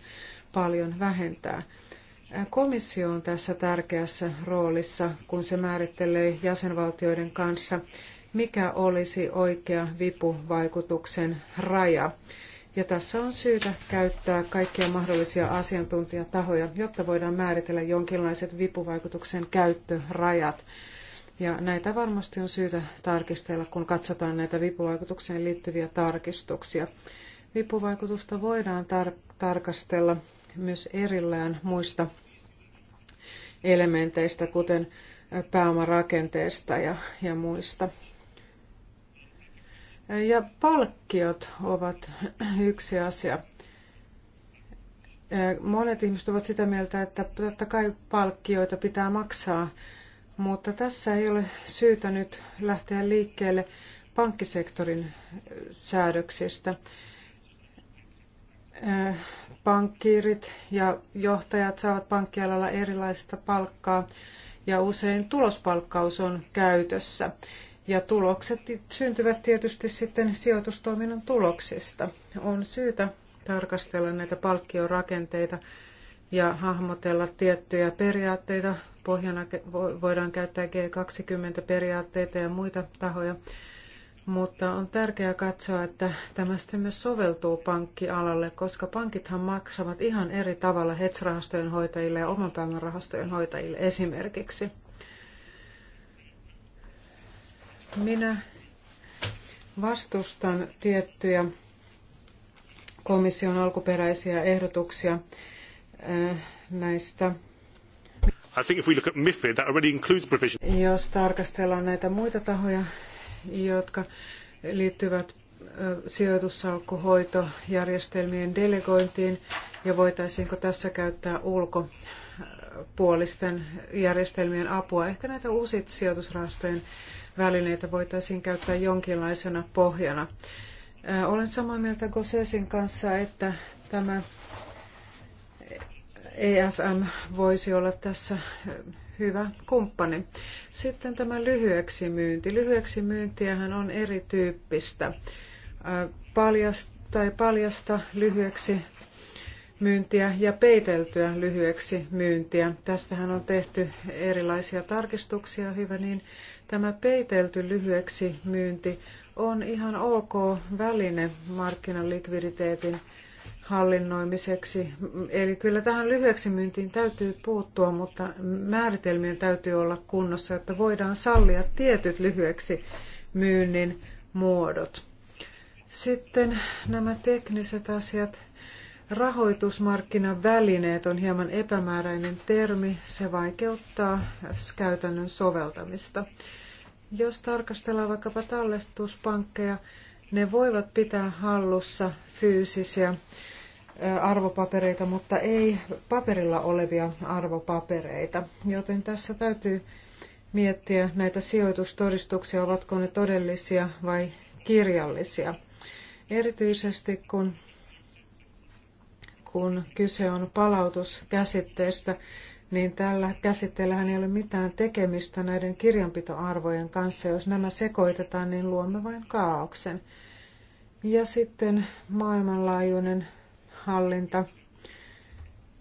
paljon vähentää. Komissio on tässä tärkeässä roolissa, kun se määrittelee jäsenvaltioiden kanssa, mikä olisi oikea vipuvaikutuksen raja. Ja tässä on syytä käyttää kaikkia mahdollisia asiantuntijatahoja, jotta voidaan määritellä jonkinlaiset vipuvaikutuksen käyttörajat. Ja näitä varmasti on syytä tarkistella, kun katsotaan näitä vipuvaikutukseen liittyviä tarkistuksia. Vipuvaikutusta voidaan tar tarkastella myös erillään muista elementeistä, kuten pääomarakenteesta ja, ja muista. Ja palkkiot ovat yksi asia. Monet ihmiset ovat sitä mieltä, että totta kai palkkioita pitää maksaa, mutta tässä ei ole syytä nyt lähteä liikkeelle pankkisektorin säädöksistä pankkiirit ja johtajat saavat pankkialalla erilaista palkkaa ja usein tulospalkkaus on käytössä. Ja tulokset syntyvät tietysti sitten sijoitustoiminnan tuloksista. On syytä tarkastella näitä palkkiorakenteita ja hahmotella tiettyjä periaatteita. Pohjana voidaan käyttää G20-periaatteita ja muita tahoja mutta on tärkeää katsoa, että tämä sitten myös soveltuu pankkialalle, koska pankithan maksavat ihan eri tavalla hedge-rahastojen hoitajille ja oman pääoman rahastojen hoitajille esimerkiksi. Minä vastustan tiettyjä komission alkuperäisiä ehdotuksia äh, näistä I think if we look at MIFID, that already includes provision. Jos tarkastellaan näitä muita tahoja, jotka liittyvät sijoitussalkkuhoitojärjestelmien delegointiin ja voitaisiinko tässä käyttää ulkopuolisten järjestelmien apua. Ehkä näitä uusit sijoitusrahastojen välineitä voitaisiin käyttää jonkinlaisena pohjana. Olen samaa mieltä Gosesin kanssa, että tämä EFM voisi olla tässä hyvä kumppani. Sitten tämä lyhyeksi myynti. Lyhyeksi myyntiähän on erityyppistä. Paljasta, tai paljasta lyhyeksi myyntiä ja peiteltyä lyhyeksi myyntiä. Tästähän on tehty erilaisia tarkistuksia, hyvä niin. Tämä peitelty lyhyeksi myynti on ihan ok väline markkinan likviditeetin hallinnoimiseksi. Eli kyllä tähän lyhyeksi myyntiin täytyy puuttua, mutta määritelmien täytyy olla kunnossa, jotta voidaan sallia tietyt lyhyeksi myynnin muodot. Sitten nämä tekniset asiat. Rahoitusmarkkinavälineet on hieman epämääräinen termi. Se vaikeuttaa käytännön soveltamista. Jos tarkastellaan vaikkapa talletuspankkeja, ne voivat pitää hallussa fyysisiä arvopapereita, mutta ei paperilla olevia arvopapereita. Joten tässä täytyy miettiä näitä sijoitustodistuksia, ovatko ne todellisia vai kirjallisia. Erityisesti kun, kun kyse on palautuskäsitteestä, niin tällä käsitteellähän ei ole mitään tekemistä näiden kirjanpitoarvojen kanssa. Jos nämä sekoitetaan, niin luomme vain kaauksen. Ja sitten maailmanlaajuinen hallinta.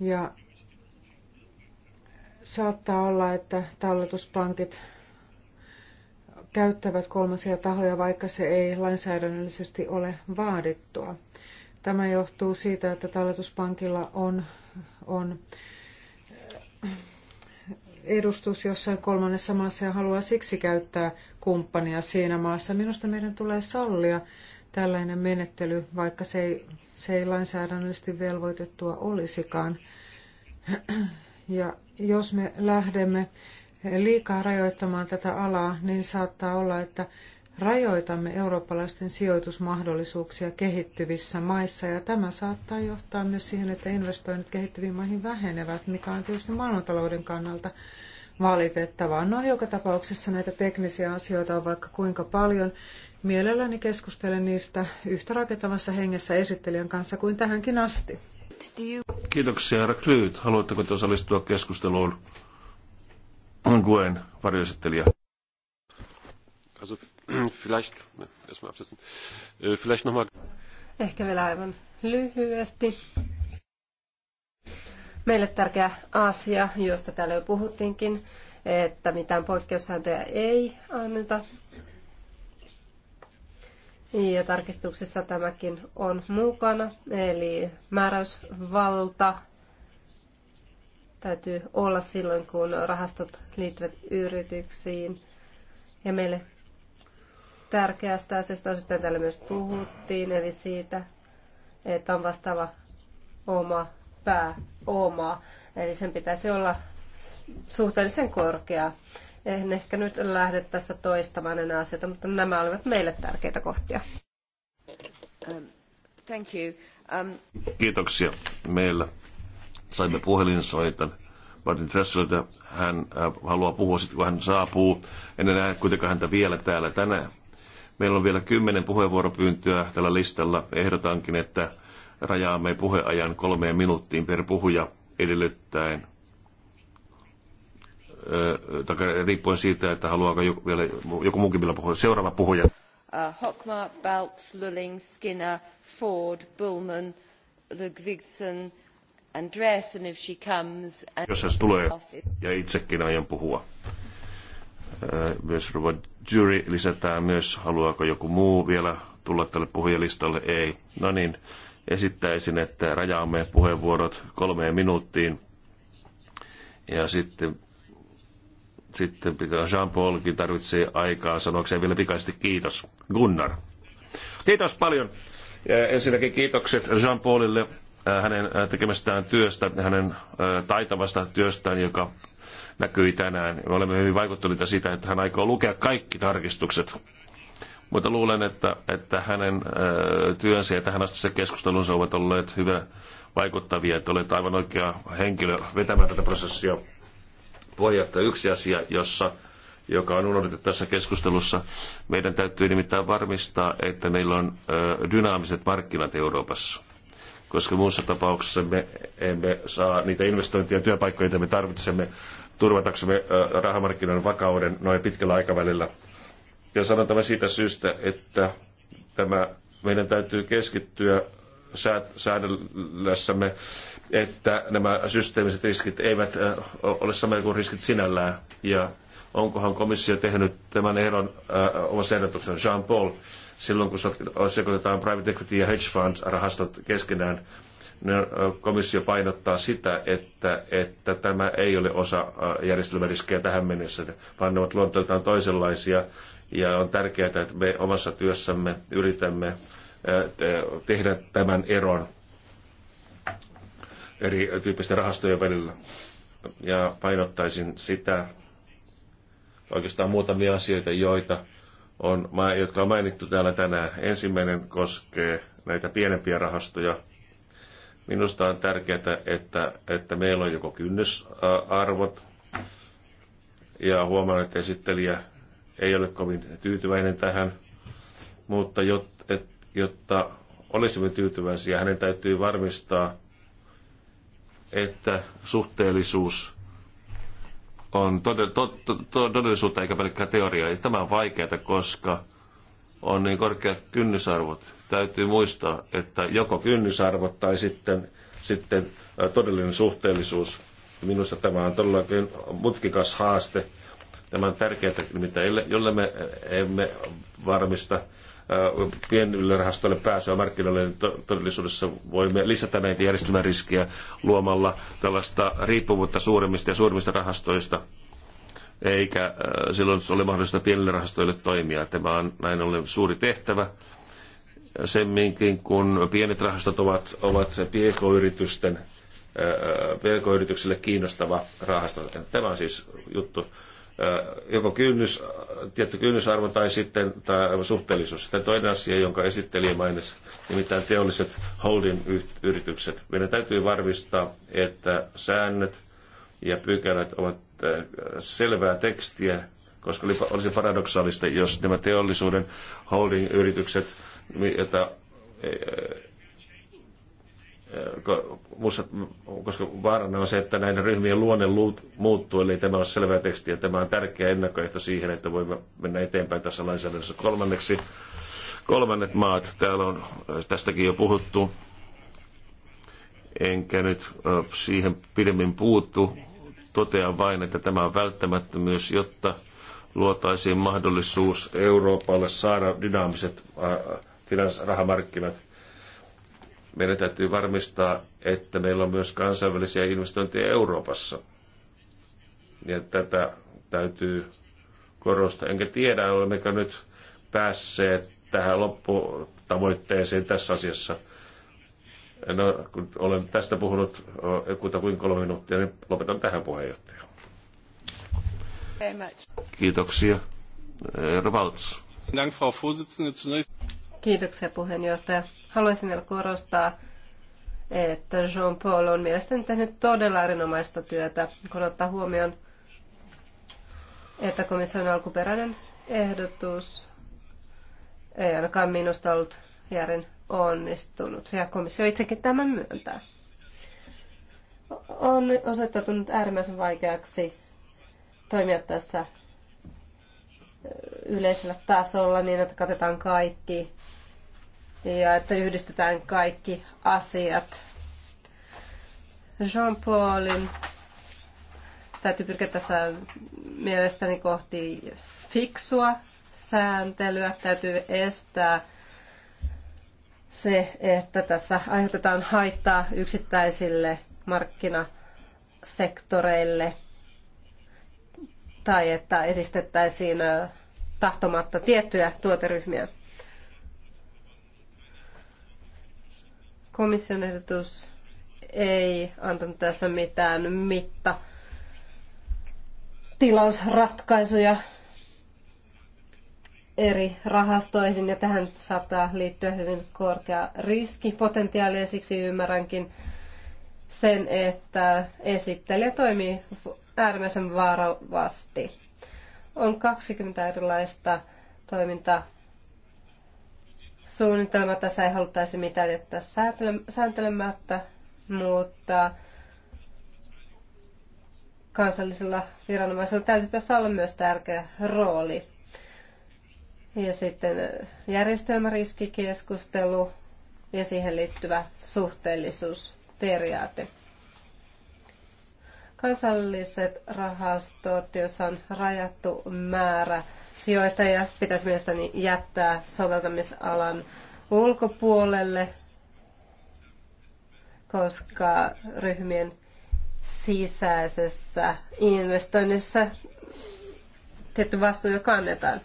Ja saattaa olla, että talletuspankit käyttävät kolmasia tahoja, vaikka se ei lainsäädännöllisesti ole vaadittua. Tämä johtuu siitä, että talletuspankilla on, on eh, edustus jossain kolmannessa maassa ja haluaa siksi käyttää kumppania siinä maassa. Minusta meidän tulee sallia tällainen menettely, vaikka se ei, se ei lainsäädännöllisesti velvoitettua olisikaan. Ja jos me lähdemme liikaa rajoittamaan tätä alaa, niin saattaa olla, että rajoitamme eurooppalaisten sijoitusmahdollisuuksia kehittyvissä maissa, ja tämä saattaa johtaa myös siihen, että investoinnit kehittyviin maihin vähenevät, mikä on tietysti maailmantalouden kannalta valitettavaa. No joka tapauksessa näitä teknisiä asioita on vaikka kuinka paljon, Mielelläni keskustelen niistä yhtä rakentavassa hengessä esittelijän kanssa kuin tähänkin asti. Kiitoksia, herra Klyyt. Haluatteko te osallistua keskusteluun? Gwen, varjoesittelijä. Also, vielleicht, erstmal absetzen. Äh, vielleicht nochmal. Ehkä vielä aivan lyhyesti. Meille tärkeä asia, josta täällä jo puhuttiinkin, että mitään poikkeussääntöjä ei anneta, ja tarkistuksessa tämäkin on mukana, eli määräysvalta täytyy olla silloin, kun rahastot liittyvät yrityksiin. Ja meille tärkeästä asiasta osittain täällä myös puhuttiin, eli siitä, että on vastaava oma pääoma. Eli sen pitäisi olla suhteellisen korkea. En ehkä nyt lähde tässä toistamaan enää asioita, mutta nämä olivat meille tärkeitä kohtia. Um, thank you. Um... Kiitoksia. Meillä saimme puhelinsoitan Martin Dresseliltä. Hän äh, haluaa puhua sitten, kun hän saapuu. En enää kuitenkaan häntä vielä täällä tänään. Meillä on vielä kymmenen puheenvuoropyyntöä tällä listalla. Ehdotankin, että rajaamme puheajan kolmeen minuuttiin per puhuja edellyttäen tai riippuen siitä, että haluaako joku, vielä, joku muukin vielä puhua. Seuraava puhuja. Uh, Hockmark, Baltz, Lulling, Skinner, Ford, Bullman, Ludvigsen, Andreessen, if she comes. And... Jos hän tulee, ja itsekin aion puhua. myös Ruva Jury lisätään myös, haluaako joku muu vielä tulla tälle puhujalistalle? Ei. No niin, esittäisin, että rajaamme puheenvuorot kolmeen minuuttiin. Ja sitten sitten pitää Jean-Paulkin tarvitsee aikaa sanoakseen vielä pikaisesti kiitos. Gunnar. Kiitos paljon. Ja ensinnäkin kiitokset Jean-Paulille äh, hänen äh, tekemästään työstä, hänen äh, taitavasta työstään, joka näkyi tänään. Me olemme hyvin vaikuttuneita siitä, että hän aikoo lukea kaikki tarkistukset. Mutta luulen, että, että hänen työnsä ja tähän asti se keskustelunsa ovat olleet hyvä vaikuttavia, että olet aivan oikea henkilö vetämään tätä prosessia puheenjohtaja, yksi asia, jossa, joka on unohdettu tässä keskustelussa. Meidän täytyy nimittäin varmistaa, että meillä on dynaamiset markkinat Euroopassa koska muussa tapauksessa me emme saa niitä investointeja ja työpaikkoja, joita me tarvitsemme turvataksemme rahamarkkinoiden vakauden noin pitkällä aikavälillä. Ja sanon tämä siitä syystä, että tämä, meidän täytyy keskittyä säädellessämme että nämä systeemiset riskit eivät ole samoja kuin riskit sinällään. Ja onkohan komissio tehnyt tämän ehdon äh, omassa ehdotuksen Jean-Paul silloin, kun sekoitetaan private equity ja hedge funds rahastot keskenään, niin komissio painottaa sitä, että, että tämä ei ole osa järjestelmäriskejä tähän mennessä, vaan ne ovat luonteeltaan toisenlaisia. Ja on tärkeää, että me omassa työssämme yritämme tehdä tämän eron eri tyyppisten rahastojen välillä. Ja painottaisin sitä oikeastaan muutamia asioita, joita on, jotka on mainittu täällä tänään. Ensimmäinen koskee näitä pienempiä rahastoja. Minusta on tärkeää, että, että meillä on joko kynnysarvot, ja huomaan, että esittelijä ei ole kovin tyytyväinen tähän, mutta jotta, et, jotta olisimme tyytyväisiä, hänen täytyy varmistaa, että suhteellisuus on todellisuutta eikä pelkkää teoriaa. Ja tämä on vaikeaa, koska on niin korkeat kynnysarvot. Täytyy muistaa, että joko kynnysarvot tai sitten, sitten todellinen suhteellisuus. Minusta tämä on todellakin mutkikas haaste. Tämä on tärkeää, jolle me emme varmista pienille rahastoille pääsyä markkinoille, niin todellisuudessa voimme lisätä näitä järjestelmän riskiä luomalla tällaista riippuvuutta suuremmista ja suurimmista rahastoista, eikä silloin ole mahdollista pienille rahastoille toimia. Tämä on näin ollen suuri tehtävä semminkin, kun pienet rahastot ovat, ovat pk-yritysten, pk-yrityksille kiinnostava rahasto. Tämä on siis juttu joko kynnys, tietty kynnysarvo tai sitten tai suhteellisuus. Sitten toinen asia, jonka esitteli mainitsi, nimittäin teolliset holding-yritykset. Meidän täytyy varmistaa, että säännöt ja pykälät ovat selvää tekstiä, koska olisi paradoksaalista, jos nämä teollisuuden holding-yritykset, joita koska vaarana on se, että näiden ryhmien luonne muuttuu, eli tämä on selvä teksti ja tämä on tärkeä ennakkoehto siihen, että voimme mennä eteenpäin tässä lainsäädännössä. Kolmanneksi, kolmannet maat, täällä on äh, tästäkin jo puhuttu, enkä nyt äh, siihen pidemmin puuttu. Totean vain, että tämä on välttämättömyys, jotta luotaisiin mahdollisuus Euroopalle saada dynaamiset äh, finanssirahamarkkinat – meidän täytyy varmistaa, että meillä on myös kansainvälisiä investointeja Euroopassa. Ja tätä täytyy korostaa. Enkä tiedä, olemmeko nyt päässeet tähän lopputavoitteeseen tässä asiassa. No, kun olen tästä puhunut kuin kolme minuuttia, niin lopetan tähän puheenjohtaja. Kiitoksia. Herra Valts. Kiitoksia puheenjohtaja. Haluaisin vielä korostaa, että Jean-Paul on mielestäni tehnyt todella erinomaista työtä, kun ottaa huomioon, että komission alkuperäinen ehdotus ei ainakaan minusta ollut järin onnistunut, ja komissio itsekin tämän myöntää. On osoittautunut äärimmäisen vaikeaksi toimia tässä yleisellä tasolla niin, että katetaan kaikki ja että yhdistetään kaikki asiat. Jean-Paulin täytyy pyrkiä tässä mielestäni kohti fiksua sääntelyä. Täytyy estää se, että tässä aiheutetaan haittaa yksittäisille markkinasektoreille tai että edistettäisiin tahtomatta tiettyjä tuoteryhmiä. Komission ehdotus ei antanut tässä mitään mitta tilausratkaisuja eri rahastoihin ja tähän saattaa liittyä hyvin korkea riskipotentiaali ja siksi ymmärränkin sen, että esittelijä toimii äärimmäisen varovasti. On 20 erilaista toimintaa suunnitelma. Tässä ei haluttaisi mitään jättää sääntelemättä, mutta kansallisella viranomaisella täytyy tässä olla myös tärkeä rooli. Ja sitten järjestelmäriskikeskustelu ja siihen liittyvä suhteellisuusperiaate. Kansalliset rahastot, joissa on rajattu määrä sijoittajia pitäisi mielestäni jättää soveltamisalan ulkopuolelle, koska ryhmien sisäisessä investoinnissa tietty vastuu jo kannetaan.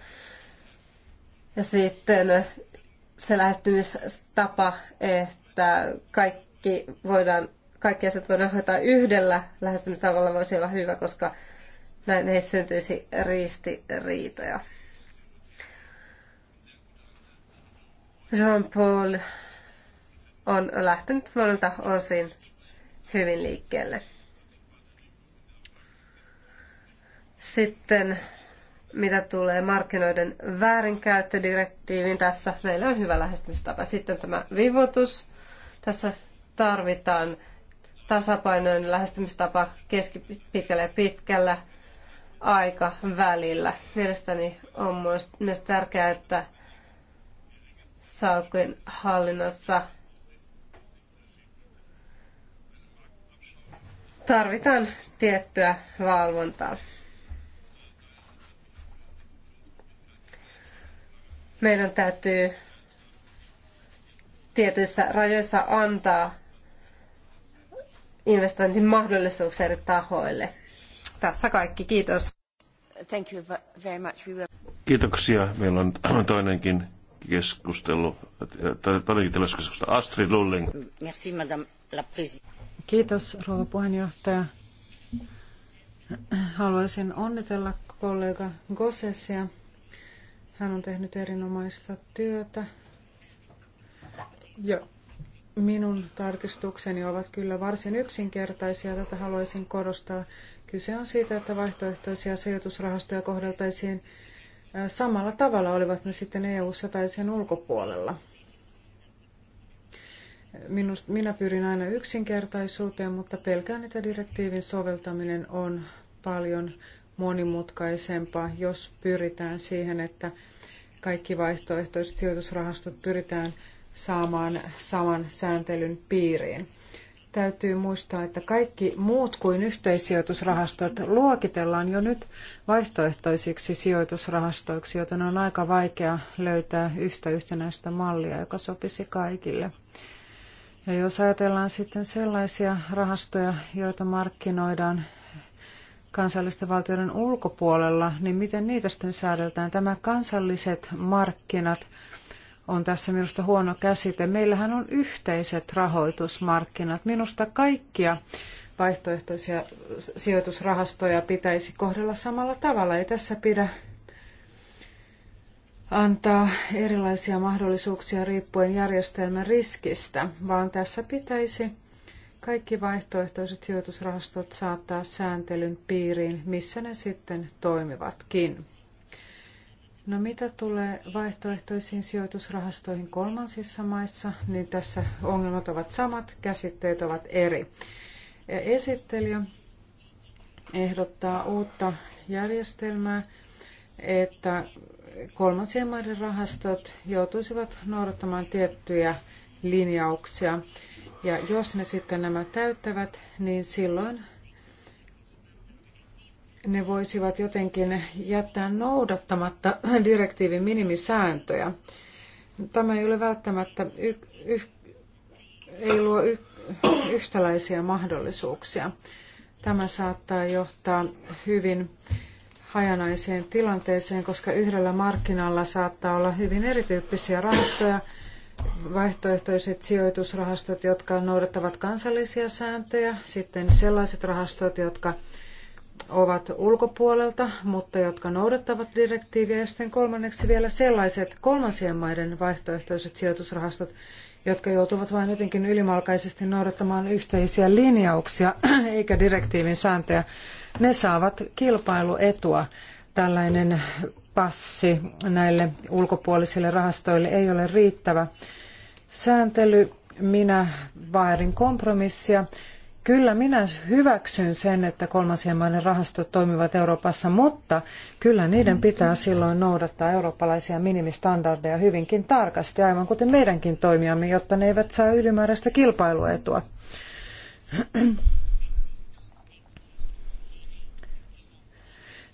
Ja sitten se lähestymistapa, että kaikki voidaan, kaikki asiat voidaan hoitaa yhdellä lähestymistavalla voisi olla hyvä, koska näin ei syntyisi ristiriitoja. Jean-Paul on lähtenyt monelta osin hyvin liikkeelle. Sitten mitä tulee markkinoiden väärinkäyttödirektiiviin, tässä meillä on hyvä lähestymistapa. Sitten tämä vivutus. Tässä tarvitaan tasapainoinen lähestymistapa keskipitkällä ja pitkällä aikavälillä. Mielestäni on myös tärkeää, että salkkujen hallinnassa tarvitaan tiettyä valvontaa. Meidän täytyy tietyissä rajoissa antaa investointimahdollisuuksia eri tahoille. Tässä kaikki, kiitos. Thank you very much. We will... Kiitoksia. Meillä on toinenkin keskustelu, toinenkin tilauskeskustelu. Astrid Lulling. Merci, madame la Kiitos, rouva puheenjohtaja. Haluaisin onnitella kollega Gossesia. Hän on tehnyt erinomaista työtä. Ja minun tarkistukseni ovat kyllä varsin yksinkertaisia. Tätä haluaisin korostaa Kyse on siitä, että vaihtoehtoisia sijoitusrahastoja kohdeltaisiin samalla tavalla, olivat ne sitten EU-ssa tai sen ulkopuolella. Minust, minä pyrin aina yksinkertaisuuteen, mutta pelkään, että direktiivin soveltaminen on paljon monimutkaisempaa, jos pyritään siihen, että kaikki vaihtoehtoiset sijoitusrahastot pyritään saamaan saman sääntelyn piiriin täytyy muistaa, että kaikki muut kuin yhteissijoitusrahastot luokitellaan jo nyt vaihtoehtoisiksi sijoitusrahastoiksi, joten on aika vaikea löytää yhtä yhtenäistä mallia, joka sopisi kaikille. Ja jos ajatellaan sitten sellaisia rahastoja, joita markkinoidaan kansallisten valtioiden ulkopuolella, niin miten niitä sitten säädeltään? Tämä kansalliset markkinat on tässä minusta huono käsite. Meillähän on yhteiset rahoitusmarkkinat. Minusta kaikkia vaihtoehtoisia sijoitusrahastoja pitäisi kohdella samalla tavalla. Ei tässä pidä antaa erilaisia mahdollisuuksia riippuen järjestelmän riskistä, vaan tässä pitäisi kaikki vaihtoehtoiset sijoitusrahastot saattaa sääntelyn piiriin, missä ne sitten toimivatkin. No mitä tulee vaihtoehtoisiin sijoitusrahastoihin kolmansissa maissa, niin tässä ongelmat ovat samat, käsitteet ovat eri. Esittelijä ehdottaa uutta järjestelmää, että kolmansien maiden rahastot joutuisivat noudattamaan tiettyjä linjauksia. Ja jos ne sitten nämä täyttävät, niin silloin ne voisivat jotenkin jättää noudattamatta direktiivin minimisääntöjä. Tämä ei ole välttämättä y- y- ei luo y- yhtäläisiä mahdollisuuksia. Tämä saattaa johtaa hyvin hajanaiseen tilanteeseen, koska yhdellä markkinalla saattaa olla hyvin erityyppisiä rahastoja, vaihtoehtoiset sijoitusrahastot, jotka noudattavat kansallisia sääntöjä, sitten sellaiset rahastot, jotka ovat ulkopuolelta, mutta jotka noudattavat direktiiviä. Ja sitten kolmanneksi vielä sellaiset kolmansien maiden vaihtoehtoiset sijoitusrahastot, jotka joutuvat vain jotenkin ylimalkaisesti noudattamaan yhteisiä linjauksia eikä direktiivin sääntöjä. Ne saavat kilpailuetua. Tällainen passi näille ulkopuolisille rahastoille ei ole riittävä. Sääntely, minä vaadin kompromissia Kyllä minä hyväksyn sen, että kolmansien maiden rahastot toimivat Euroopassa, mutta kyllä niiden pitää silloin noudattaa eurooppalaisia minimistandardeja hyvinkin tarkasti, aivan kuten meidänkin toimijamme, jotta ne eivät saa ylimääräistä kilpailuetua.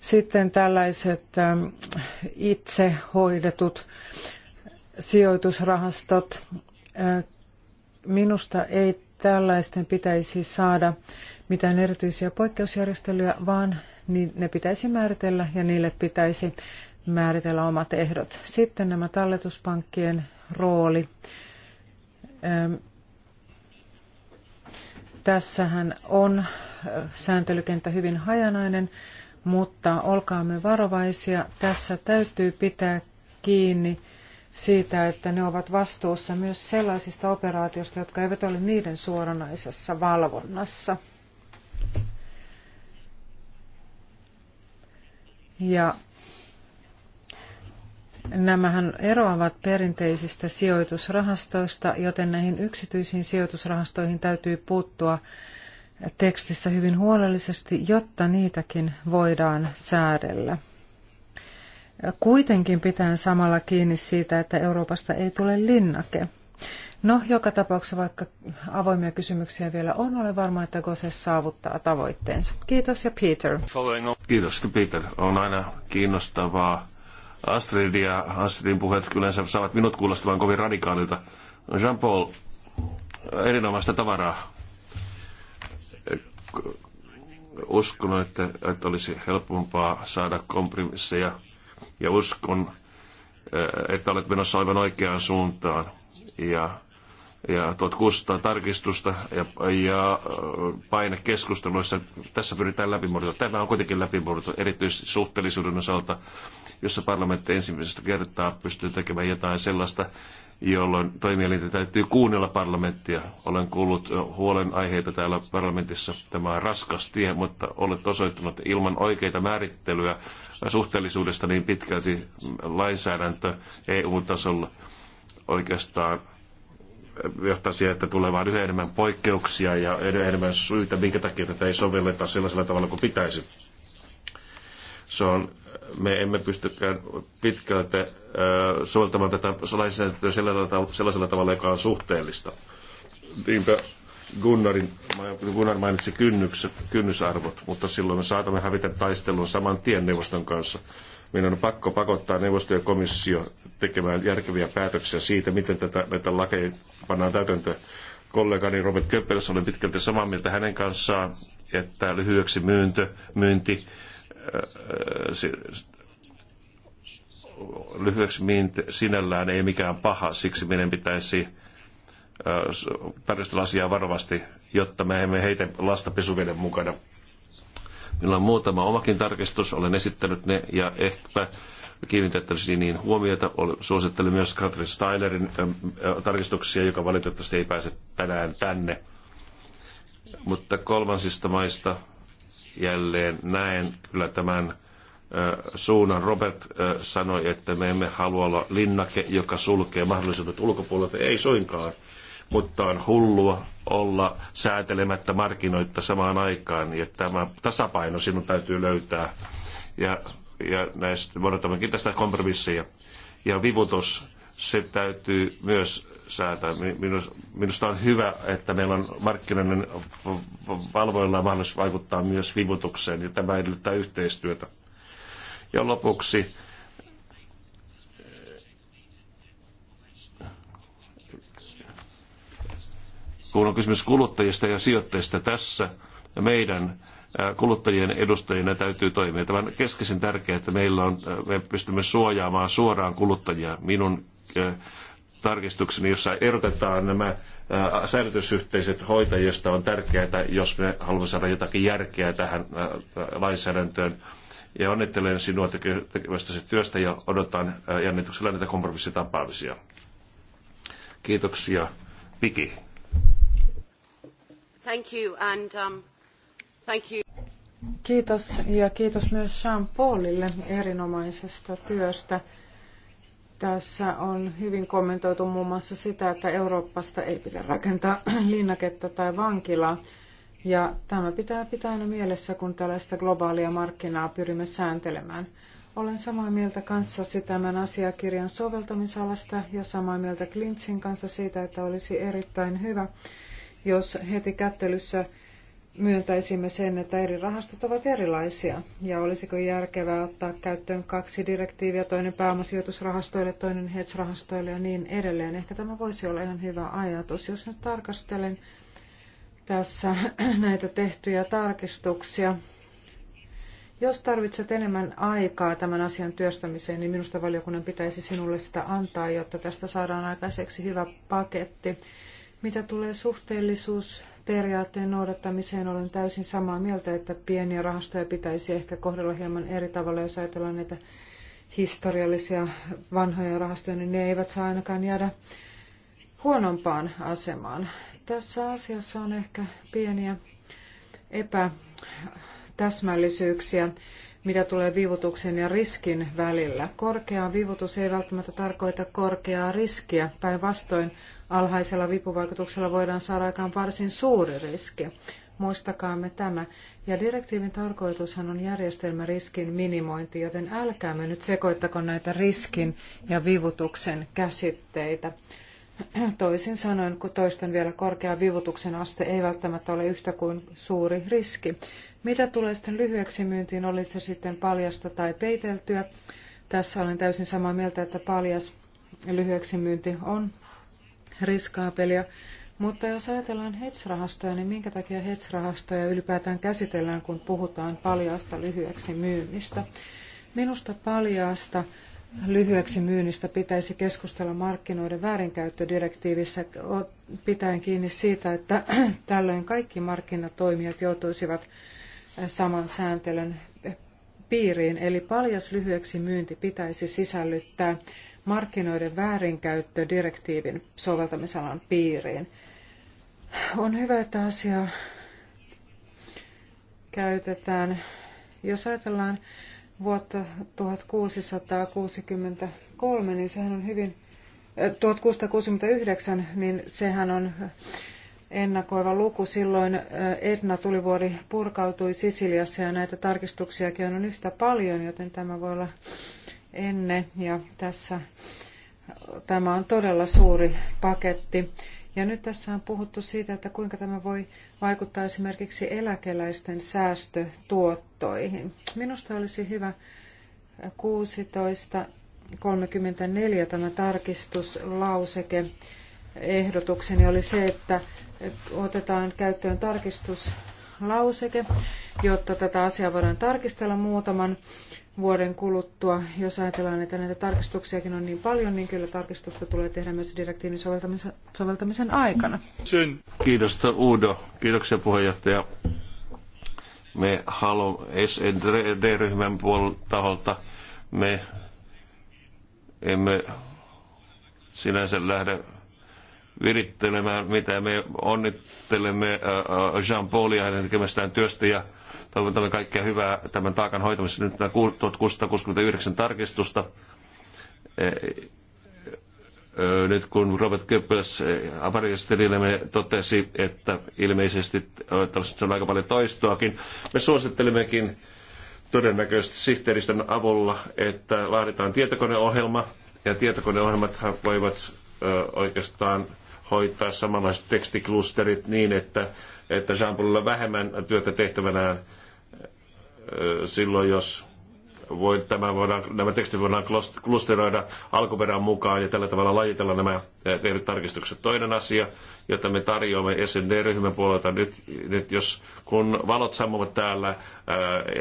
Sitten tällaiset ähm, itse hoidetut sijoitusrahastot. Äh, minusta ei tällaisten pitäisi saada mitään erityisiä poikkeusjärjestelyjä, vaan ne pitäisi määritellä ja niille pitäisi määritellä omat ehdot. Sitten nämä talletuspankkien rooli. Tässähän on sääntelykenttä hyvin hajanainen, mutta olkaamme varovaisia. Tässä täytyy pitää kiinni siitä, että ne ovat vastuussa myös sellaisista operaatioista, jotka eivät ole niiden suoranaisessa valvonnassa. Ja Nämähän eroavat perinteisistä sijoitusrahastoista, joten näihin yksityisiin sijoitusrahastoihin täytyy puuttua tekstissä hyvin huolellisesti, jotta niitäkin voidaan säädellä kuitenkin pitäen samalla kiinni siitä, että Euroopasta ei tule linnake. No, joka tapauksessa vaikka avoimia kysymyksiä vielä on, olen varma, että Gose saavuttaa tavoitteensa. Kiitos ja Peter. Kiitos Peter. On aina kiinnostavaa. Astrid ja Astridin puheet yleensä saavat minut kuulostamaan kovin radikaalilta. Jean-Paul, erinomaista tavaraa. Uskon, että, että olisi helpompaa saada kompromisseja ja uskon, eh, että olet menossa aivan oikeaan suuntaan. Ja, ja tuot kustaa tarkistusta ja, ja eh, paine keskusteluissa. Tässä pyritään läpimurto. Tämä on kuitenkin läpimurto, erityisesti suhteellisuuden osalta, jossa parlamentti ensimmäisestä kertaa pystyy tekemään jotain sellaista, jolloin toimielintä täytyy kuunnella parlamenttia. Olen kuullut huolenaiheita täällä parlamentissa. Tämä on raskas tie, mutta olet osoittanut ilman oikeita määrittelyä suhteellisuudesta niin pitkälti lainsäädäntö EU-tasolla oikeastaan johtaa siihen, että tulee vain yhä enemmän poikkeuksia ja enemmän syitä, minkä takia tätä ei sovelleta sellaisella tavalla kuin pitäisi. Se on me emme pystykään pitkälti soveltamaan tätä lainsäädäntöä sellaisella tavalla, joka on suhteellista. Niinpä Gunnarin, Gunnar mainitsi kynnykset, kynnysarvot, mutta silloin me saatamme hävitä taistelun saman tien neuvoston kanssa. Meidän on pakko pakottaa neuvosto ja komissio tekemään järkeviä päätöksiä siitä, miten tätä, näitä lakeja pannaan täytäntöön. Kollegani Robert Köppels oli pitkälti samaa mieltä hänen kanssaan, että lyhyeksi myyntö, myynti lyhyeksi sinällään ei mikään paha, siksi meidän pitäisi päristellä asiaa varovasti, jotta me emme heitä lasta pesuveden mukana. Minulla on muutama omakin tarkistus, olen esittänyt ne ja ehkä kiinnitettäisiin niin huomiota. Suosittelen myös Katrin Steinerin tarkistuksia, joka valitettavasti ei pääse tänään tänne. Mutta kolmansista maista jälleen näen kyllä tämän suunnan. Robert sanoi, että me emme halua olla linnake, joka sulkee mahdollisuudet ulkopuolelta. Ei suinkaan, mutta on hullua olla säätelemättä markkinoita samaan aikaan. Ja tämä tasapaino sinun täytyy löytää. Ja, ja näistä odotammekin tästä kompromissia. Ja vivutus, se täytyy myös säätää. Minusta on hyvä, että meillä on markkinoiden valvoilla mahdollisuus vaikuttaa myös vivutukseen, ja tämä edellyttää yhteistyötä. Ja lopuksi kun on kysymys kuluttajista ja sijoittajista tässä, meidän kuluttajien edustajina täytyy toimia. Tämä on keskeisen tärkeää, että meillä on, me pystymme suojaamaan suoraan kuluttajia. Minun tarkistuksen, jossa erotetaan nämä säilytysyhteiset hoitajista, on tärkeää, jos me haluamme saada jotakin järkeä tähän lainsäädäntöön. Ja onnittelen sinua tekemästäsi työstä ja odotan jännityksellä näitä kompromissitapaamisia. Kiitoksia. Piki. Thank you and, um, thank you. Kiitos ja kiitos myös Jean Paulille erinomaisesta työstä. Tässä on hyvin kommentoitu muun muassa sitä, että Euroopasta ei pidä rakentaa linnaketta tai vankilaa. Ja tämä pitää pitää aina mielessä, kun tällaista globaalia markkinaa pyrimme sääntelemään. Olen samaa mieltä kanssasi tämän asiakirjan soveltamisalasta ja samaa mieltä Klintsin kanssa siitä, että olisi erittäin hyvä, jos heti kättelyssä myöntäisimme sen, että eri rahastot ovat erilaisia ja olisiko järkevää ottaa käyttöön kaksi direktiiviä, toinen pääomasijoitusrahastoille, toinen hedge-rahastoille ja niin edelleen. Ehkä tämä voisi olla ihan hyvä ajatus. Jos nyt tarkastelen tässä näitä tehtyjä tarkistuksia, jos tarvitset enemmän aikaa tämän asian työstämiseen, niin minusta valiokunnan pitäisi sinulle sitä antaa, jotta tästä saadaan aikaiseksi hyvä paketti. Mitä tulee suhteellisuus periaatteen noudattamiseen olen täysin samaa mieltä, että pieniä rahastoja pitäisi ehkä kohdella hieman eri tavalla, jos ajatellaan näitä historiallisia vanhoja rahastoja, niin ne eivät saa ainakaan jäädä huonompaan asemaan. Tässä asiassa on ehkä pieniä epätäsmällisyyksiä, mitä tulee vivutuksen ja riskin välillä. Korkea vivutus ei välttämättä tarkoita korkeaa riskiä, päinvastoin alhaisella vipuvaikutuksella voidaan saada aikaan varsin suuri riski. Muistakaamme tämä. Ja direktiivin tarkoitushan on järjestelmäriskin minimointi, joten älkäämme nyt sekoittako näitä riskin ja vivutuksen käsitteitä. Toisin sanoen, kun toistan vielä, korkea vivutuksen aste ei välttämättä ole yhtä kuin suuri riski. Mitä tulee sitten lyhyeksi myyntiin, oli se sitten paljasta tai peiteltyä? Tässä olen täysin samaa mieltä, että paljas lyhyeksi myynti on riskaapelia. Mutta jos ajatellaan hedge-rahastoja, niin minkä takia hedge-rahastoja ylipäätään käsitellään, kun puhutaan paljaasta lyhyeksi myynnistä? Minusta paljaasta lyhyeksi myynnistä pitäisi keskustella markkinoiden väärinkäyttödirektiivissä pitäen kiinni siitä, että tällöin kaikki markkinatoimijat joutuisivat saman sääntelyn piiriin. Eli paljas lyhyeksi myynti pitäisi sisällyttää markkinoiden direktiivin soveltamisalan piiriin. On hyvä, että asiaa käytetään. Jos ajatellaan vuotta 1663, niin sehän on hyvin, 1669, äh, niin sehän on ennakoiva luku. Silloin äh, Edna tulivuori purkautui Sisiliassa ja näitä tarkistuksiakin on yhtä paljon, joten tämä voi olla ennen ja tässä tämä on todella suuri paketti. Ja nyt tässä on puhuttu siitä, että kuinka tämä voi vaikuttaa esimerkiksi eläkeläisten säästötuottoihin. Minusta olisi hyvä 16.34 tämä tarkistuslauseke. Ehdotukseni oli se, että otetaan käyttöön tarkistuslauseke, jotta tätä asiaa voidaan tarkistella muutaman vuoden kuluttua. Jos ajatellaan, että näitä tarkistuksiakin on niin paljon, niin kyllä tarkistusta tulee tehdä myös direktiivin soveltamisen, aikana. Syn. Kiitos Udo. Kiitoksia puheenjohtaja. Me haluamme SND-ryhmän taholta, me emme sinänsä lähde virittelemään mitä me onnittelemme äh, äh, Jean-Paulia hänen tekemästään työstä ja Toivotamme kaikkea hyvää tämän taakan hoitamisessa. Nyt nämä 1669 tarkistusta. E, e, e, nyt kun Robert Goebbels avariostelinamme totesi, että ilmeisesti on aika paljon toistoakin, me suosittelimmekin todennäköisesti sihteeristön avulla, että laaditaan tietokoneohjelma, ja tietokoneohjelmathan voivat oikeastaan hoitaa samanlaiset tekstiklusterit niin, että, että Jean-Paulilla vähemmän työtä tehtävänään silloin, jos voi, tämä voidaan, nämä tekstit voidaan klusteroida alkuperän mukaan ja tällä tavalla lajitella nämä eri tarkistukset. Toinen asia, jota me tarjoamme SND-ryhmän puolelta nyt, nyt jos kun valot sammuvat täällä ää,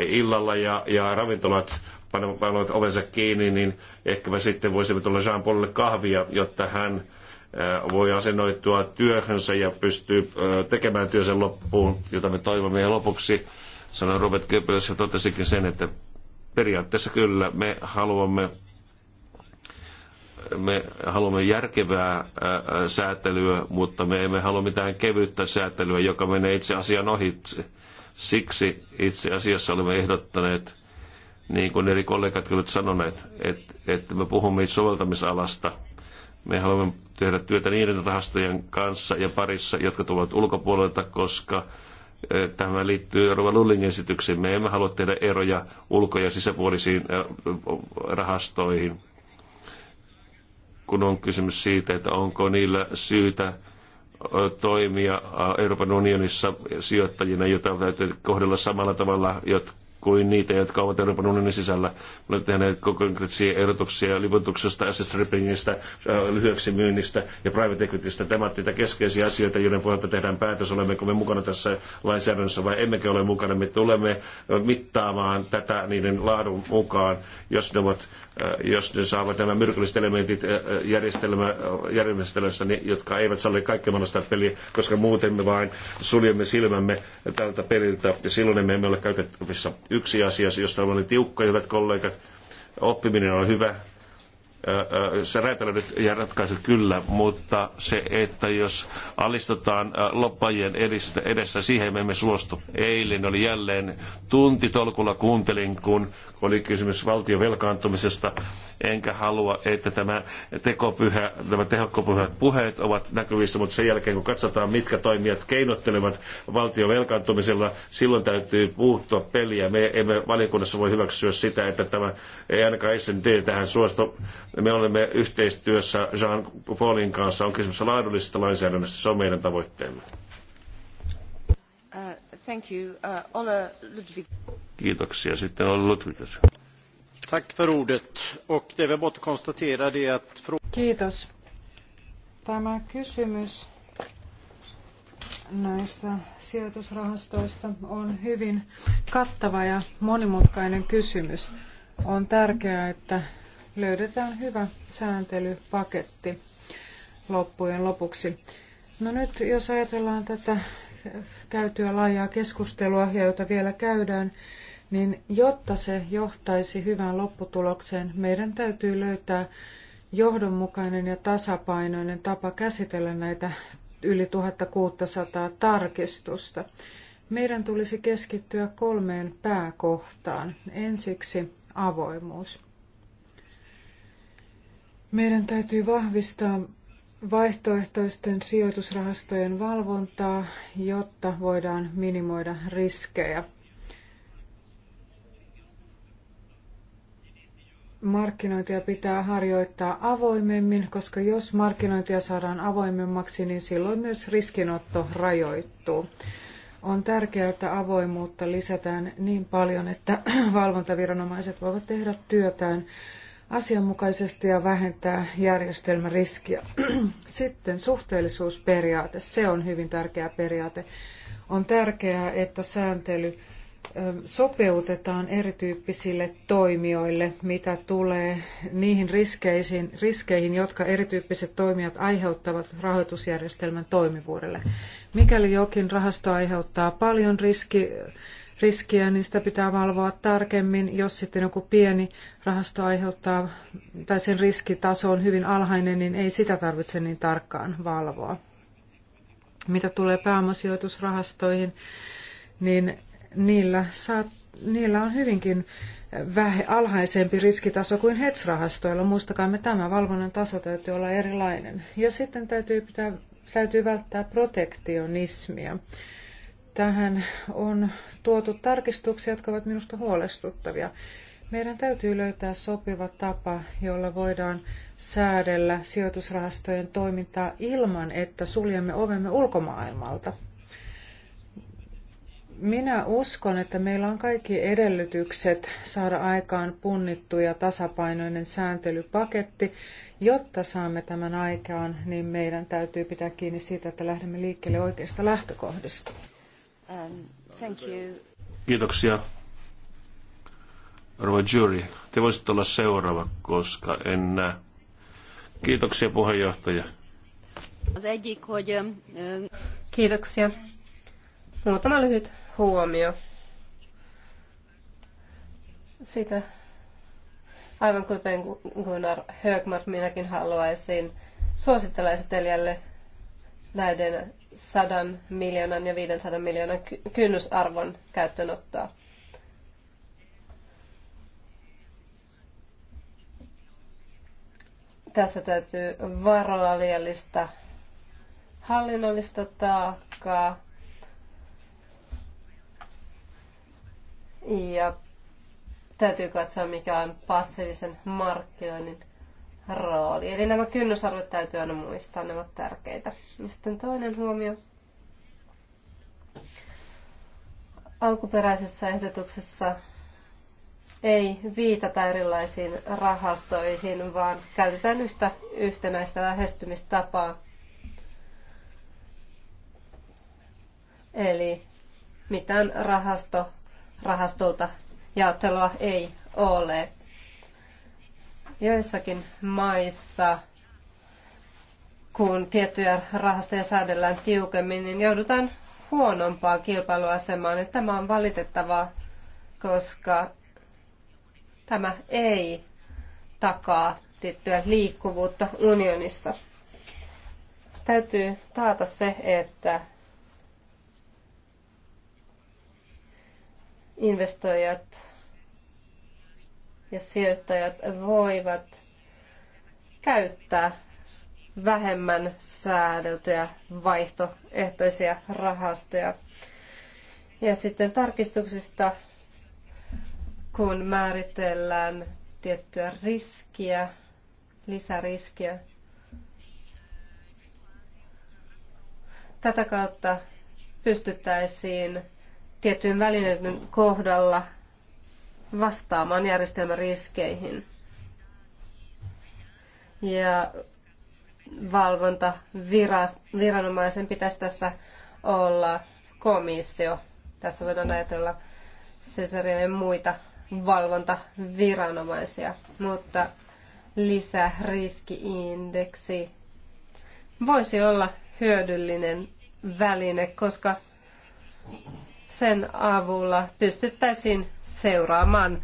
illalla ja, ja ravintolat panevat ovensa kiinni, niin ehkä me sitten voisimme tulla Jean Paulille kahvia, jotta hän voi asennoitua työhönsä ja pystyy tekemään työnsä loppuun, jota me toivomme. Ja lopuksi sanoi Robert Goebbels ja totesikin sen, että periaatteessa kyllä me haluamme me haluamme järkevää säätelyä, mutta me emme halua mitään kevyttä säätelyä, joka menee itse asian ohitse. Siksi itse asiassa olemme ehdottaneet, niin kuin eri kollegat ovat sanoneet, että, että me puhumme soveltamisalasta. Me haluamme tehdä työtä niiden rahastojen kanssa ja parissa, jotka tulevat ulkopuolelta, koska Tämä liittyy Rova Lullin esitykseen. Me emme halua tehdä eroja ulko- ja sisäpuolisiin rahastoihin, kun on kysymys siitä, että onko niillä syytä toimia Euroopan unionissa sijoittajina, joita täytyy kohdella samalla tavalla, kuin niitä, jotka ovat Euroopan unionin sisällä. Olemme tehneet konkreettisia ehdotuksia liputuksesta, asset strippingistä, äh, lyhyeksi myynnistä ja private equitystä. Tämä on niitä keskeisiä asioita, joiden pohjalta tehdään päätös, olemmeko me mukana tässä lainsäädännössä vai emmekö ole mukana. Me tulemme mittaamaan tätä niiden laadun mukaan, jos ne ovat jos ne saavat nämä myrkylliset elementit järjestelmä, järjestelmässä, niin, jotka eivät salli kaikki mainosta peliä, koska muuten me vain suljemme silmämme tältä peliltä, ja silloin me emme ole käytettävissä. Yksi asia, josta olen tiukka, hyvät kollegat, oppiminen on hyvä, se räätälöidyt ja ratkaisut kyllä, mutta se, että jos alistutaan loppajien edessä, siihen me emme suostu. Eilen oli jälleen tunti tolkulla kuuntelin, kun oli kysymys valtion velkaantumisesta, enkä halua, että tämä tekopyhä, tämä tehokkopyhät puheet ovat näkyvissä, mutta sen jälkeen kun katsotaan, mitkä toimijat keinottelevat valtion velkaantumisella, silloin täytyy puuttua peliä. Me emme valiokunnassa voi hyväksyä sitä, että tämä ei ainakaan SND tähän suostu me olemme yhteistyössä Jean Paulin kanssa. On kysymys laadullisesta lainsäädännöstä. Se on meidän tavoitteemme. Uh, thank you. Uh, Ola Ludvig. Kiitoksia. Sitten Ola Ludvig. Tack för ordet. Och det vi måste konstatera det att... Kiitos. Tämä kysymys näistä sijoitusrahastoista on hyvin kattava ja monimutkainen kysymys. On tärkeää, että löydetään hyvä sääntelypaketti loppujen lopuksi. No nyt jos ajatellaan tätä käytyä laajaa keskustelua, ja jota vielä käydään, niin jotta se johtaisi hyvään lopputulokseen, meidän täytyy löytää johdonmukainen ja tasapainoinen tapa käsitellä näitä yli 1600 tarkistusta. Meidän tulisi keskittyä kolmeen pääkohtaan. Ensiksi avoimuus. Meidän täytyy vahvistaa vaihtoehtoisten sijoitusrahastojen valvontaa, jotta voidaan minimoida riskejä. Markkinointia pitää harjoittaa avoimemmin, koska jos markkinointia saadaan avoimemmaksi, niin silloin myös riskinotto rajoittuu. On tärkeää, että avoimuutta lisätään niin paljon, että valvontaviranomaiset voivat tehdä työtään asianmukaisesti ja vähentää järjestelmän riskiä. Sitten suhteellisuusperiaate, se on hyvin tärkeä periaate. On tärkeää, että sääntely sopeutetaan erityyppisille toimijoille, mitä tulee niihin riskeisiin, riskeihin, jotka erityyppiset toimijat aiheuttavat rahoitusjärjestelmän toimivuudelle. Mikäli jokin rahasto aiheuttaa paljon riskiä, riskiä, niin sitä pitää valvoa tarkemmin. Jos sitten joku pieni rahasto aiheuttaa tai sen riskitaso on hyvin alhainen, niin ei sitä tarvitse niin tarkkaan valvoa. Mitä tulee pääomasijoitusrahastoihin, niin niillä, saat, niillä on hyvinkin vähe, alhaisempi riskitaso kuin hets rahastoilla me tämä valvonnan taso täytyy olla erilainen. Ja sitten täytyy, pitää, täytyy välttää protektionismia tähän on tuotu tarkistuksia, jotka ovat minusta huolestuttavia. Meidän täytyy löytää sopiva tapa, jolla voidaan säädellä sijoitusrahastojen toimintaa ilman, että suljemme ovemme ulkomaailmalta. Minä uskon, että meillä on kaikki edellytykset saada aikaan punnittu ja tasapainoinen sääntelypaketti. Jotta saamme tämän aikaan, niin meidän täytyy pitää kiinni siitä, että lähdemme liikkeelle oikeista lähtökohdista. Um, thank you. Kiitoksia. Arvoin jury, te voisitte olla seuraava, koska en näe. Kiitoksia puheenjohtaja. Kiitoksia. Muutama lyhyt huomio. Sitä, aivan kuten Gunnar Högmark, minäkin haluaisin suositella esittelijälle näiden 100 miljoonan ja 500 miljoonan kynnysarvon käyttöönottoa. Tässä täytyy varoa liiallista hallinnollista taakkaa ja täytyy katsoa, mikä on passiivisen markkinoinnin rooli. Eli nämä kynnysarvot täytyy aina muistaa, ne ovat tärkeitä. Ja sitten toinen huomio. Alkuperäisessä ehdotuksessa ei viitata erilaisiin rahastoihin, vaan käytetään yhtä yhtenäistä lähestymistapaa. Eli mitään rahasto, rahastolta jaottelua ei ole. Joissakin maissa, kun tiettyjä rahastoja säädellään tiukemmin, niin joudutaan huonompaan kilpailuasemaan. Ja tämä on valitettavaa, koska tämä ei takaa tiettyä liikkuvuutta unionissa. Täytyy taata se, että investoijat ja sijoittajat voivat käyttää vähemmän säädeltyjä vaihtoehtoisia rahastoja. Ja sitten tarkistuksista, kun määritellään tiettyä riskiä, lisäriskiä, tätä kautta pystyttäisiin tiettyyn välineiden kohdalla vastaamaan järjestelmän riskeihin. Ja valvonta viranomaisen pitäisi tässä olla komissio. Tässä voidaan ajatella Cesaria ja muita valvontaviranomaisia, mutta lisäriskiindeksi voisi olla hyödyllinen väline, koska sen avulla pystyttäisiin seuraamaan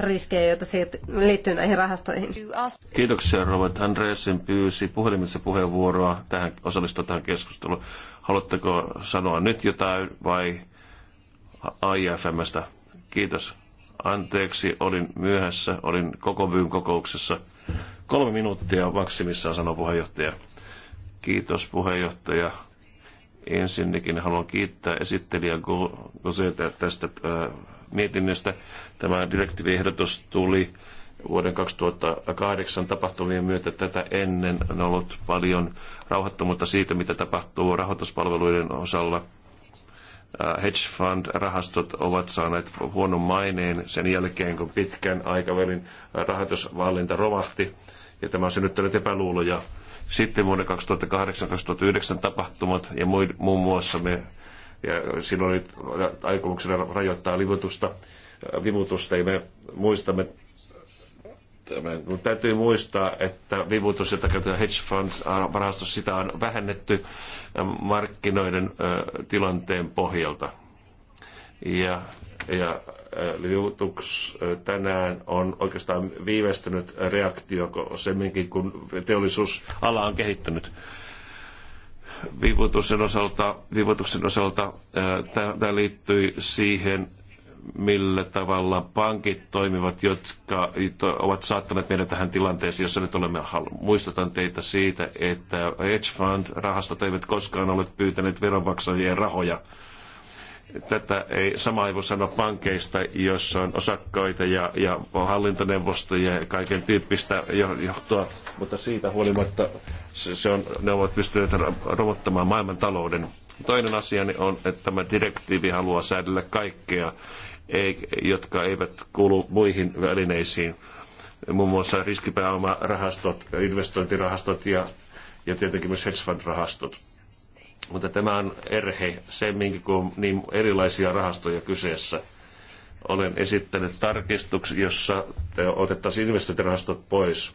riskejä, joita liittyy näihin rahastoihin. Kiitoksia Robert. Andreessen pyysi puhelimessa puheenvuoroa tähän osallistua tähän keskusteluun. Haluatteko sanoa nyt jotain vai AIFMstä? Kiitos. Anteeksi, olin myöhässä, olin koko kokouksessa. Kolme minuuttia maksimissaan, sanoi puheenjohtaja. Kiitos puheenjohtaja. Ensinnäkin haluan kiittää esittelijä Goseta tästä äh, mietinnöstä. Tämä direktiiviehdotus tuli vuoden 2008 tapahtumien myötä tätä ennen on ollut paljon rauhattomuutta siitä, mitä tapahtuu rahoituspalveluiden osalla. Äh, hedge fund-rahastot ovat saaneet huonon maineen sen jälkeen, kun pitkän aikavälin rahoitusvallinta romahti, ja tämä on synnyttänyt epäluuloja sitten vuonna 2008-2009 tapahtumat ja muun muassa me, ja silloin oli aikomuksena rajoittaa livutusta, äh, vivutusta ja me muistamme mutta no, täytyy muistaa, että vivutus, jota käytetään hedge funds äh, rahastossa, sitä on vähennetty äh, markkinoiden tilanteen pohjalta ja, ja liutuks tänään on oikeastaan viivästynyt reaktio semminkin, kun teollisuusala on kehittynyt. Viivutuksen osalta, viivutuksen osalta tämä liittyy siihen, millä tavalla pankit toimivat, jotka ovat saattaneet mennä tähän tilanteeseen, jossa nyt olemme halunneet. Muistutan teitä siitä, että hedge fund-rahastot eivät koskaan ole pyytäneet veronmaksajien rahoja tätä ei, sama ei voi sanoa pankeista, jossa on osakkaita ja, ja hallintoneuvostoja ja kaiken tyyppistä johtoa, mutta siitä huolimatta se, se on, ne ovat pystyneet romottamaan maailman talouden. Toinen asia on, että tämä direktiivi haluaa säädellä kaikkea, ei, jotka eivät kuulu muihin välineisiin, muun muassa riskipääomarahastot, investointirahastot ja, ja tietenkin myös hedge fund rahastot mutta tämä on erhe, semminkin kun on niin erilaisia rahastoja kyseessä. Olen esittänyt tarkistuksen, jossa otettaisiin investointirahastot pois.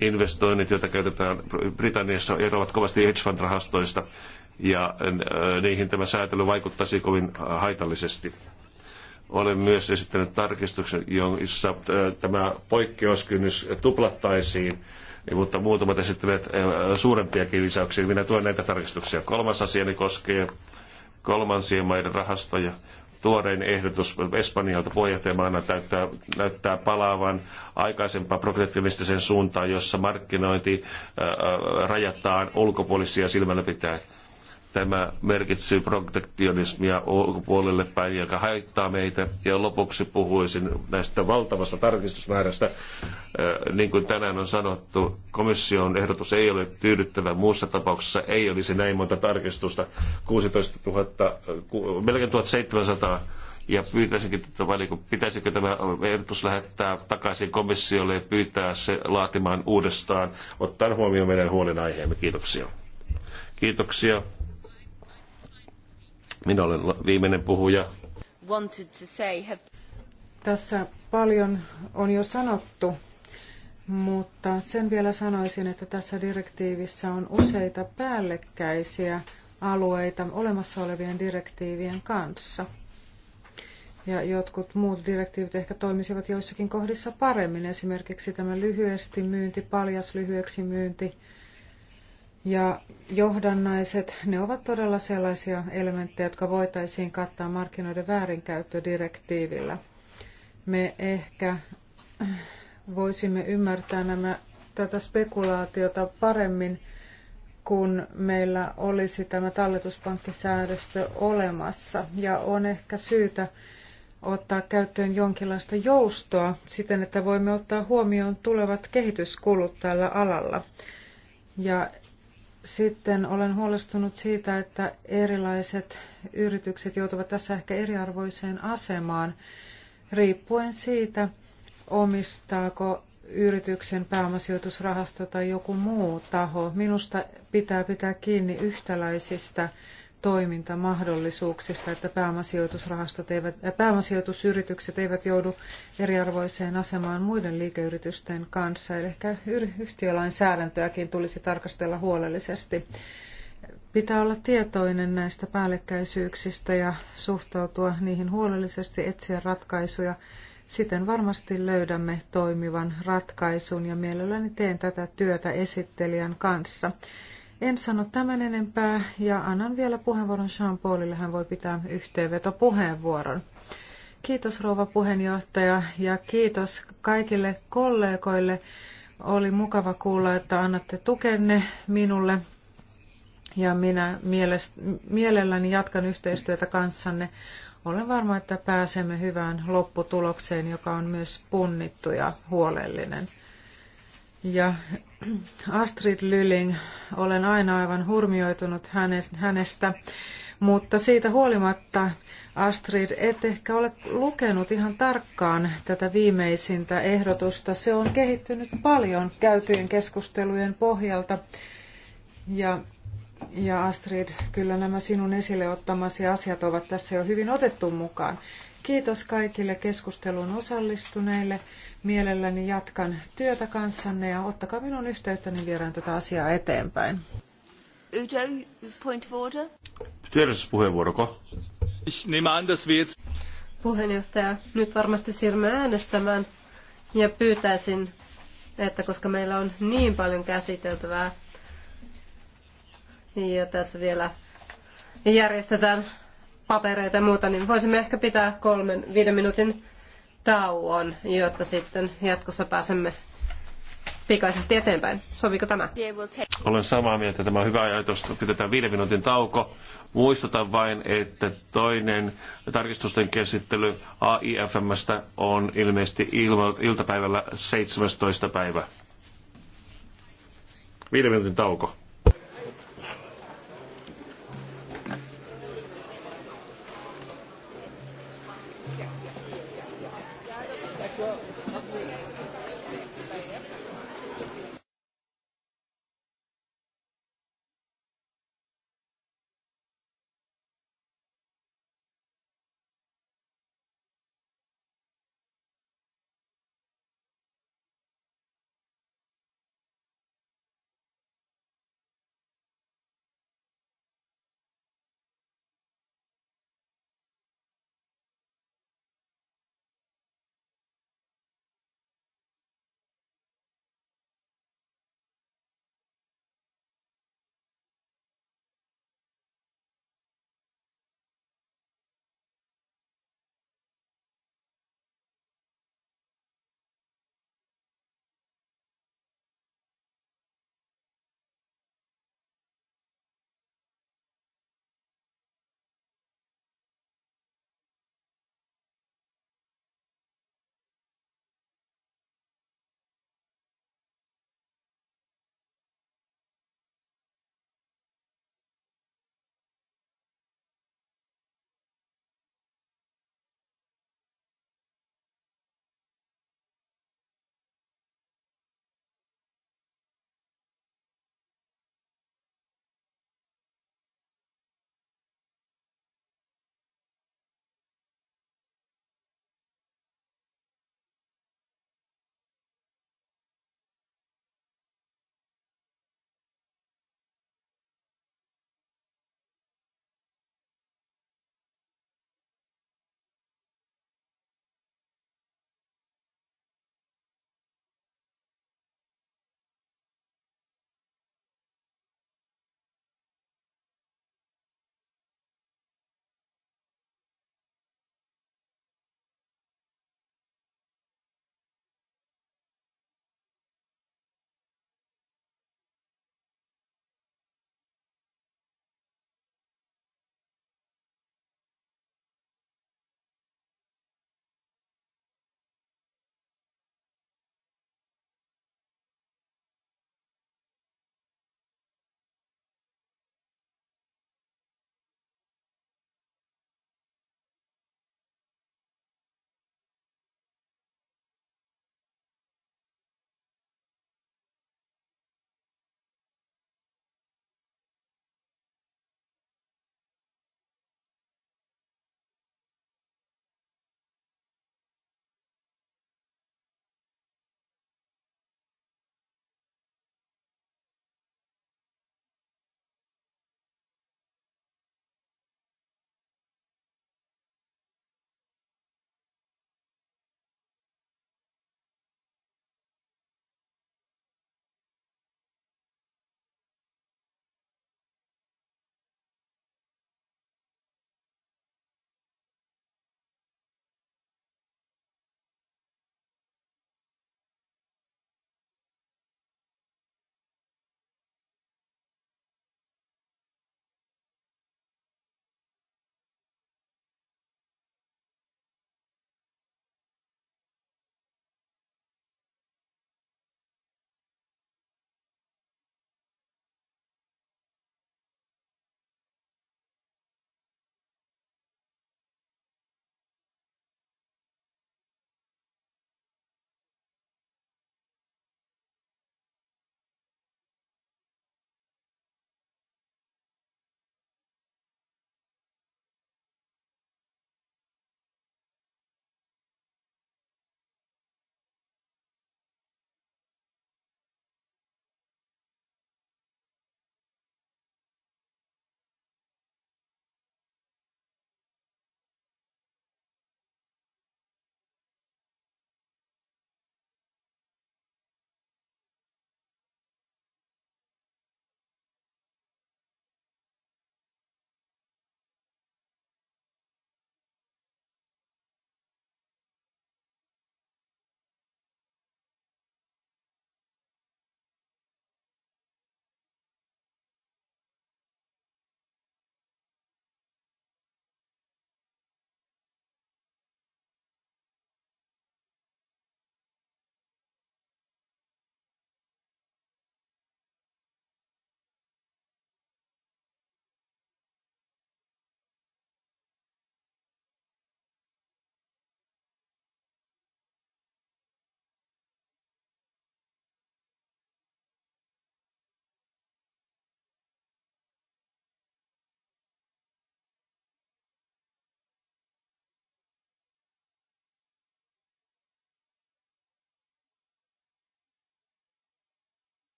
Investoinnit, joita käytetään Britanniassa, eroavat kovasti hedge fund-rahastoista, ja äh, niihin tämä säätely vaikuttaisi kovin äh, haitallisesti olen myös esittänyt tarkistuksen, jossa äh, tämä poikkeuskynnys tuplattaisiin niin, mutta muutamat esittävät eh, suurempiakin lisäyksiä. Minä tuen näitä tarkistuksia. Kolmas asiani koskee kolmansien maiden rahastoja. Tuorein ehdotus Espanjalta puheenjohtajamaana täyttää, näyttää palaavan aikaisempaa protektionistiseen suuntaan, jossa markkinointi eh, eh, rajataan ulkopuolisia silmällä pitää Tämä merkitsee protektionismia ulkopuolelle päin, joka haittaa meitä. Ja lopuksi puhuisin näistä valtavasta tarkistusmäärästä. Äh, niin kuin tänään on sanottu, komission ehdotus ei ole tyydyttävä. Muussa tapauksessa ei olisi näin monta tarkistusta. 16 000, melkein 1700 ja pyytäisinkin, että pitäisikö tämä ehdotus lähettää takaisin komissiolle ja pyytää se laatimaan uudestaan, ottaen huomioon meidän huolenaiheemme. Kiitoksia. Kiitoksia. Minä olen viimeinen puhuja. Tässä paljon on jo sanottu, mutta sen vielä sanoisin, että tässä direktiivissä on useita päällekkäisiä alueita olemassa olevien direktiivien kanssa. Ja jotkut muut direktiivit ehkä toimisivat joissakin kohdissa paremmin, esimerkiksi tämä lyhyesti myynti, paljas lyhyeksi myynti, ja johdannaiset, ne ovat todella sellaisia elementtejä, jotka voitaisiin kattaa markkinoiden väärinkäyttödirektiivillä. Me ehkä voisimme ymmärtää nämä, tätä spekulaatiota paremmin, kun meillä olisi tämä talletuspankkisäädöstö olemassa. Ja on ehkä syytä ottaa käyttöön jonkinlaista joustoa siten, että voimme ottaa huomioon tulevat kehityskulut tällä alalla. Ja sitten olen huolestunut siitä, että erilaiset yritykset joutuvat tässä ehkä eriarvoiseen asemaan riippuen siitä, omistaako yrityksen pääomasijoitusrahasto tai joku muu taho. Minusta pitää pitää kiinni yhtäläisistä toimintamahdollisuuksista, että pääomasijoitusrahastot eivät, äh, pääomasijoitusyritykset eivät joudu eriarvoiseen asemaan muiden liikeyritysten kanssa. Eli ehkä yhtiölainsäädäntöäkin tulisi tarkastella huolellisesti. Pitää olla tietoinen näistä päällekkäisyyksistä ja suhtautua niihin huolellisesti, etsiä ratkaisuja. Siten varmasti löydämme toimivan ratkaisun ja mielelläni teen tätä työtä esittelijän kanssa. En sano tämän enempää ja annan vielä puheenvuoron Jean Paulille. Hän voi pitää yhteenvetopuheenvuoron. Kiitos rouva puheenjohtaja ja kiitos kaikille kollegoille. Oli mukava kuulla, että annatte tukenne minulle ja minä mielelläni jatkan yhteistyötä kanssanne. Olen varma, että pääsemme hyvään lopputulokseen, joka on myös punnittu ja huolellinen. Ja Astrid Lyling. Olen aina aivan hurmioitunut hänestä, mutta siitä huolimatta Astrid, et ehkä ole lukenut ihan tarkkaan tätä viimeisintä ehdotusta. Se on kehittynyt paljon käytyjen keskustelujen pohjalta. Ja, ja Astrid, kyllä nämä sinun esille ottamasi asiat ovat tässä jo hyvin otettu mukaan. Kiitos kaikille keskustelun osallistuneille. Mielelläni jatkan työtä kanssanne ja ottakaa minun yhteyttä, niin viedään tätä asiaa eteenpäin. Udo, point of order. Työllisyyspuheenvuoroko? Ich Puheenjohtaja, nyt varmasti siirrymme äänestämään ja pyytäisin, että koska meillä on niin paljon käsiteltävää ja tässä vielä järjestetään papereita ja muuta, niin voisimme ehkä pitää kolmen, viiden minuutin tauon, jotta sitten jatkossa pääsemme pikaisesti eteenpäin. Soviiko tämä? Olen samaa mieltä. Tämä on hyvä ajatus. Pidetään viiden minuutin tauko. Muistutan vain, että toinen tarkistusten käsittely AIFMstä on ilmeisesti iltapäivällä 17. päivä. Viiden minuutin tauko.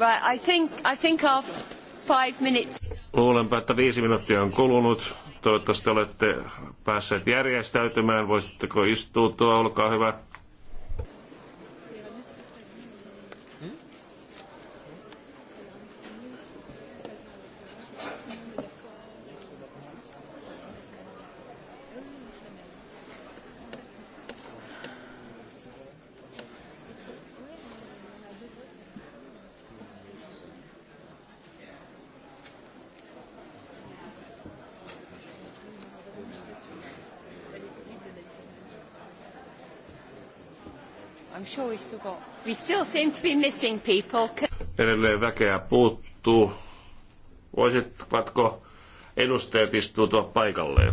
Right, I think, I think our five minutes... Luulenpa, että viisi minuuttia on kulunut. Toivottavasti olette päässeet järjestäytymään. Voisitteko istua tuo, olkaa hyvä. Edelleen väkeä puuttuu. Voisitko edustajat istua paikalleen?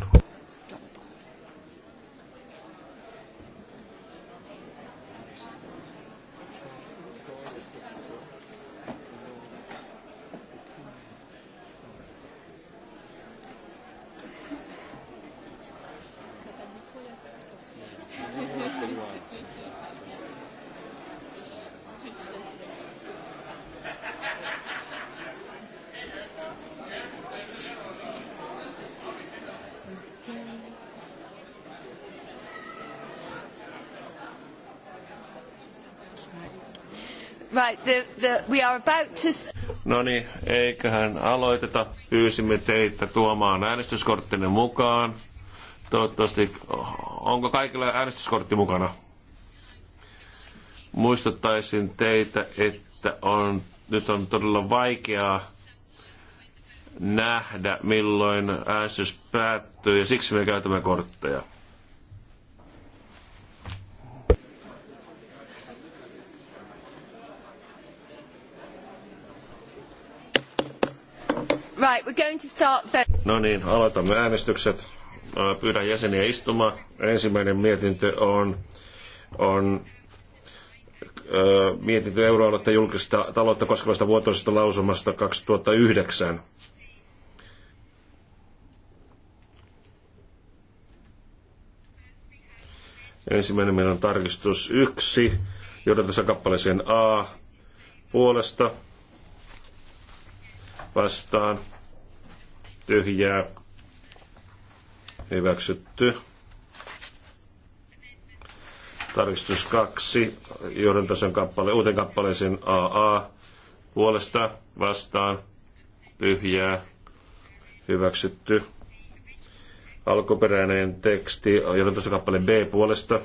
that we are about to... No niin, eiköhän aloiteta. Pyysimme teitä tuomaan äänestyskorttinne mukaan. Toivottavasti, onko kaikilla äänestyskortti mukana? Muistuttaisin teitä, että on, nyt on todella vaikeaa nähdä, milloin äänestys päättyy, ja siksi me käytämme kortteja. Right, we're going to start... No niin, aloitamme äänestykset. Pyydän jäseniä istumaan. Ensimmäinen mietintö on, on mietintö euroaluetta julkista taloutta koskevasta vuotuisesta lausumasta 2009. Ensimmäinen meillä on tarkistus 1, tässä kappaleeseen A puolesta vastaan tyhjää hyväksytty. Tarkistus 2, johdantason kappale, uuteen kappaleeseen AA, puolesta vastaan tyhjää hyväksytty. Alkuperäinen teksti, johdantason kappale B puolesta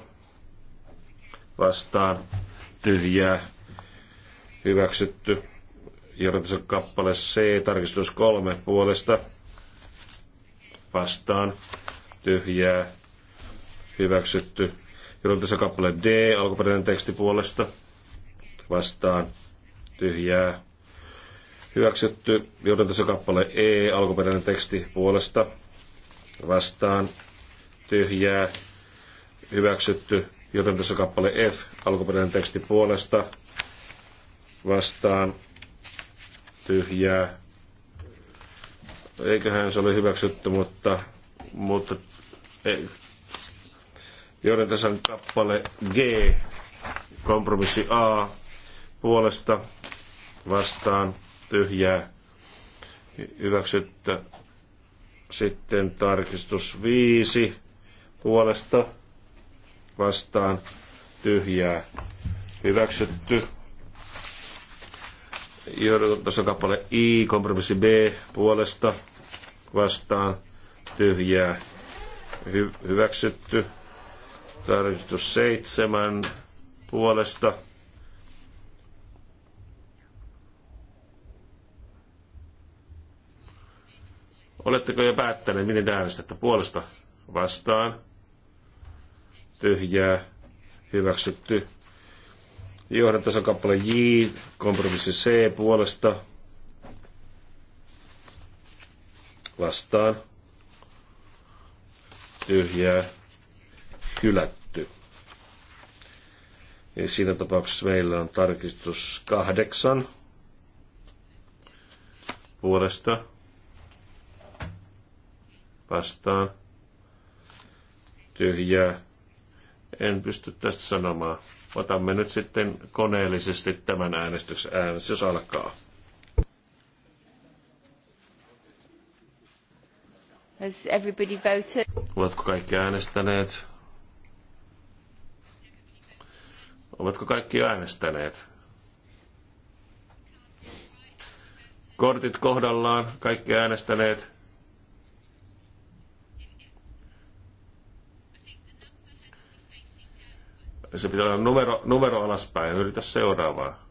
vastaan tyhjää hyväksytty. Johdantason kappale C, tarkistus 3 puolesta vastaan tyhjää hyväksytty. tässä kappale D, alkuperäinen teksti puolesta vastaan tyhjää hyväksytty. tässä kappale E, alkuperäinen teksti puolesta vastaan tyhjää hyväksytty. tässä kappale F, alkuperäinen teksti puolesta vastaan tyhjää eiköhän se ole hyväksytty, mutta, mutta ei. tasan kappale G, kompromissi A, puolesta vastaan tyhjää hyväksyttä. Sitten tarkistus 5, puolesta vastaan tyhjää hyväksytty. Tuossa on kappale I, kompromissi B puolesta vastaan tyhjää hy- hyväksytty. Tarkistus seitsemän puolesta. Oletteko jo päättäneet, miten äänestätte puolesta vastaan? Tyhjää, hyväksytty. Johdantason kappale J, kompromissi C puolesta vastaan tyhjää hylätty. Ja siinä tapauksessa meillä on tarkistus kahdeksan puolesta vastaan tyhjää. En pysty tästä sanomaan. Otamme nyt sitten koneellisesti tämän äänestyksen. Äänestys alkaa. Has everybody voted? Ovatko kaikki äänestäneet? Ovatko kaikki äänestäneet? Kortit kohdallaan, kaikki äänestäneet. se pitää olla numero, numero alaspäin, yritä seuraavaa.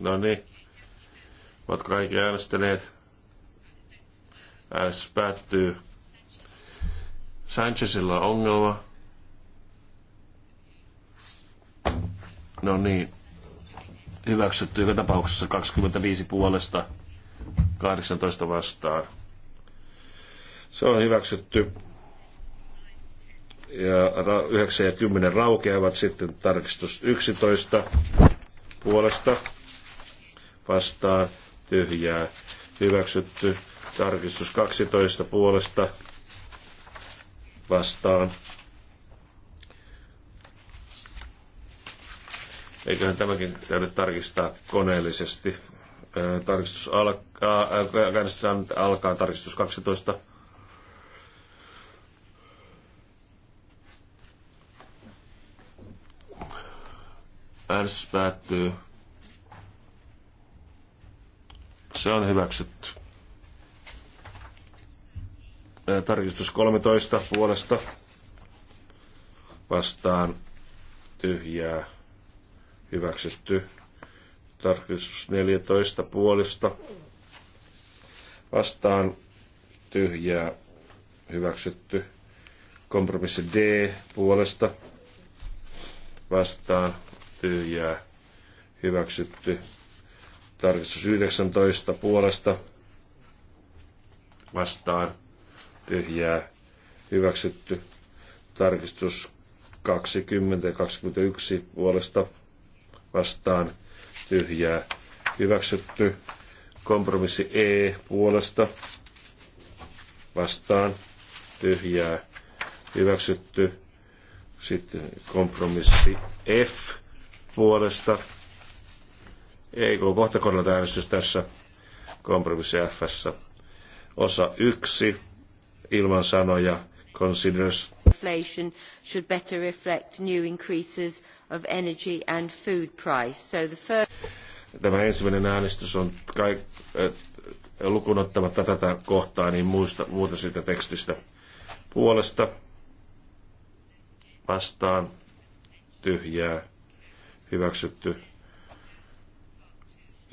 No niin, ovatko kaikki äänestäneet? Äänestys päättyy. Sanchezilla on ongelma. No niin, hyväksytty joka tapauksessa 25 puolesta, 18 vastaan. Se on hyväksytty ja 9 ja 10 raukeavat sitten tarkistus 11 puolesta vastaan tyhjää hyväksytty. Tarkistus 12 puolesta vastaan. Eiköhän tämäkin täytyy tarkistaa koneellisesti. Tarkistus alkaa, äänestys alkaa tarkistus 12 Äänestys päättyy. Se on hyväksytty. Tarkistus 13 puolesta vastaan tyhjää hyväksytty. Tarkistus 14 puolesta vastaan tyhjää hyväksytty. Kompromissi D puolesta vastaan tyhjää hyväksytty. Tarkistus 19 puolesta vastaan tyhjää hyväksytty. Tarkistus 20 ja 21 puolesta vastaan tyhjää hyväksytty. Kompromissi E puolesta vastaan tyhjää hyväksytty. Sitten kompromissi F vuodesta. Ei, kun kohta kohdalta äänestys tässä kompromissi F. Osa 1 ilman sanoja considers inflation should better reflect new increases of energy and food price. So the first... Tämä ensimmäinen äänestys on kaik, lukunottamatta tätä kohtaa, niin muista, muuta siitä tekstistä puolesta vastaan tyhjää hyväksytty.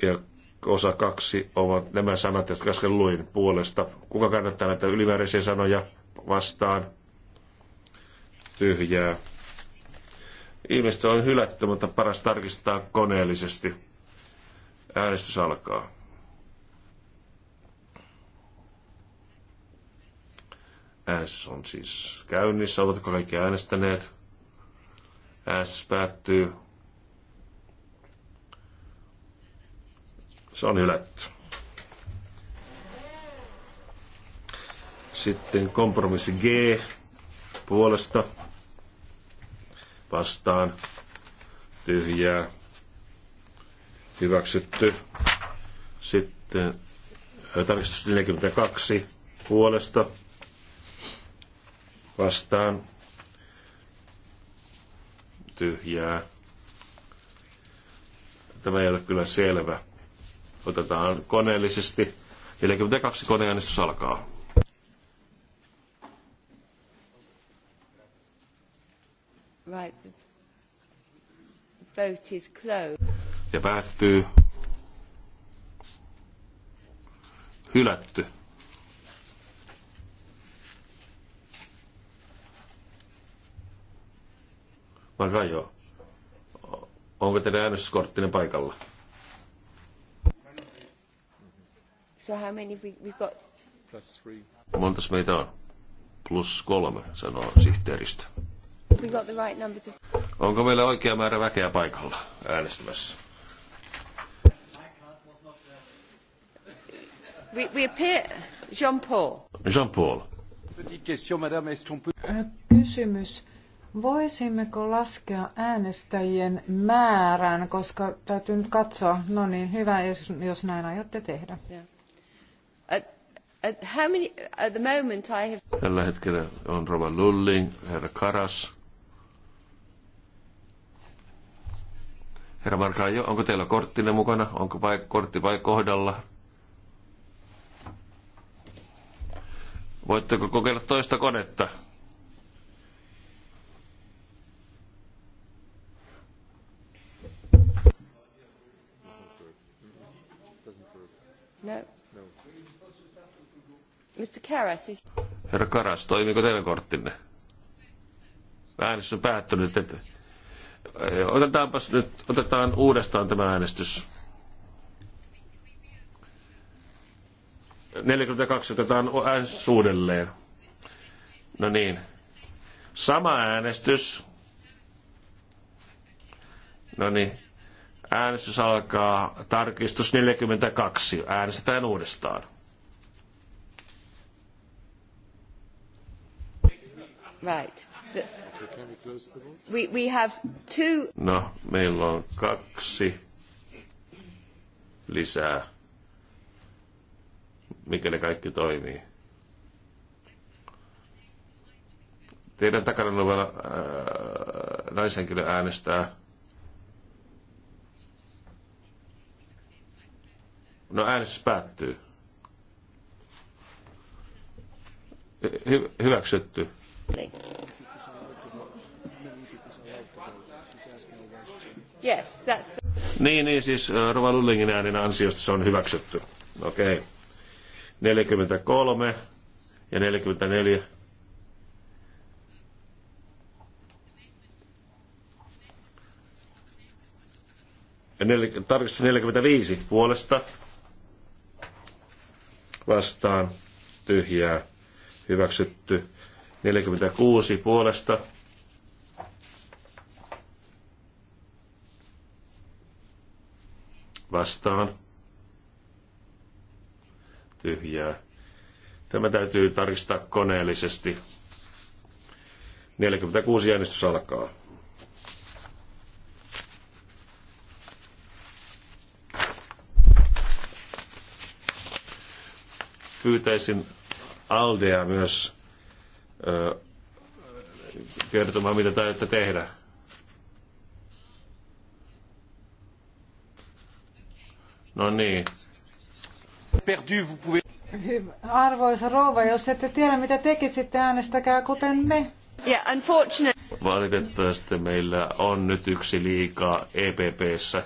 Ja osa kaksi ovat nämä sanat, jotka äsken luin puolesta. Kuka kannattaa näitä ylimääräisiä sanoja vastaan? Tyhjää. Ilmeisesti on hylätty, mutta paras tarkistaa koneellisesti. Äänestys alkaa. Äänestys on siis käynnissä. Oletko kaikki äänestäneet? Äänestys päättyy. Se on hylätty. Sitten kompromissi G puolesta vastaan tyhjää hyväksytty. Sitten tarkistus 42 puolesta vastaan tyhjää. Tämä ei ole kyllä selvä. Otetaan koneellisesti. 42 koneäänestys alkaa. Right. The vote is closed. Ja päättyy. Hylätty. joo. onko teidän äänestyskorttinen paikalla? So how many we, we've got? Plus three. Montas meitä on? Plus kolme, sanoo sihteeristö. We got the right numbers of... Onko meillä oikea määrä väkeä paikalla äänestämässä? We, we appear... Jean-Paul. Jean-Paul. Petite question, madame, est-ce qu'on peut... Äh, kysymys. Voisimmeko laskea äänestäjien määrän, koska täytyy nyt katsoa, no niin, hyvä, jos, jos näin aiotte tehdä. Yeah. Tällä hetkellä on Rova Lulling, herra Karas. Herra Markaajo, onko teillä korttinne mukana? Onko vai, kortti vai kohdalla? Voitteko kokeilla toista konetta? Mr. is... Herra Karas, toimiko teidän korttinne? Äänestys on päättynyt. Että... Eh, otetaanpas nyt, otetaan uudestaan tämä äänestys. 42 otetaan äänestys uudelleen. No niin. Sama äänestys. No niin. Äänestys alkaa. Tarkistus 42. Äänestetään uudestaan. Right. We, we have two... No, meillä on kaksi lisää, mikäli kaikki toimii. Teidän takana vielä äh, naishenkilö äänestää. No äänestys päättyy. Hy- hyväksytty properly. Yes, that's... Niin, niin, siis äh, Rova Lullingin äänen ansiosta se on hyväksytty. Okei. Okay. 43 ja 44. Ja nel, tarkistus 45 puolesta vastaan tyhjää hyväksytty 46 puolesta. Vastaan. Tyhjää. Tämä täytyy tarkistaa koneellisesti. 46 äänestys alkaa. Pyytäisin Aldea myös kertomaan, mitä täytyy tehdä. No niin. Arvoisa rouva, jos ette tiedä mitä tekisitte, äänestäkää kuten me. Yeah, unfortunate. Valitettavasti meillä on nyt yksi liikaa EPPssä.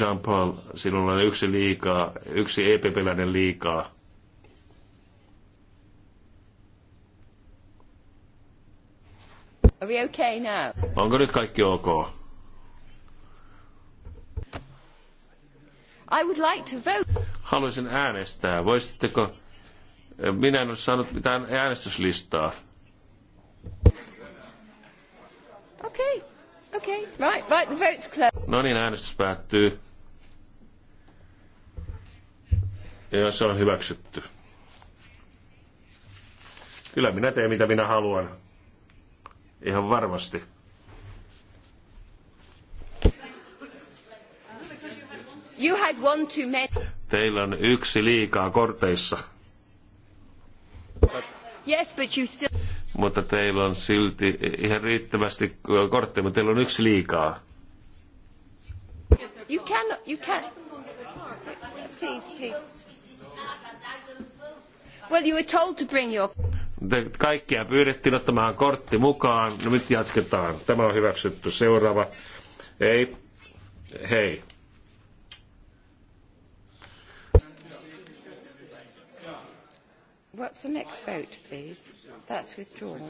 Jean-Paul, sinulla on yksi liikaa, yksi EPP-läinen liikaa. Are we okay now? Onko nyt kaikki ok? I would like to vote. Haluaisin äänestää. Voisitteko... Minä en ole saanut mitään äänestyslistaa. Okay. Okay. Right, right. The vote's closed. No niin, äänestys päättyy. Ja se on hyväksytty. Kyllä minä teen mitä minä haluan. Ihan varmasti. You had one too many. Teillä on yksi liikaa korteissa. Yes, but you still... Mutta teillä on silti ihan riittävästi kortteja, mutta teillä on yksi liikaa. You cannot, you can... Please, please. Well, you were told to bring your... Kaikkia pyydettiin ottamaan kortti mukaan. No nyt jatketaan. Tämä on hyväksytty. Seuraava. Ei. Hei. What's the next vote, please? That's withdrawn.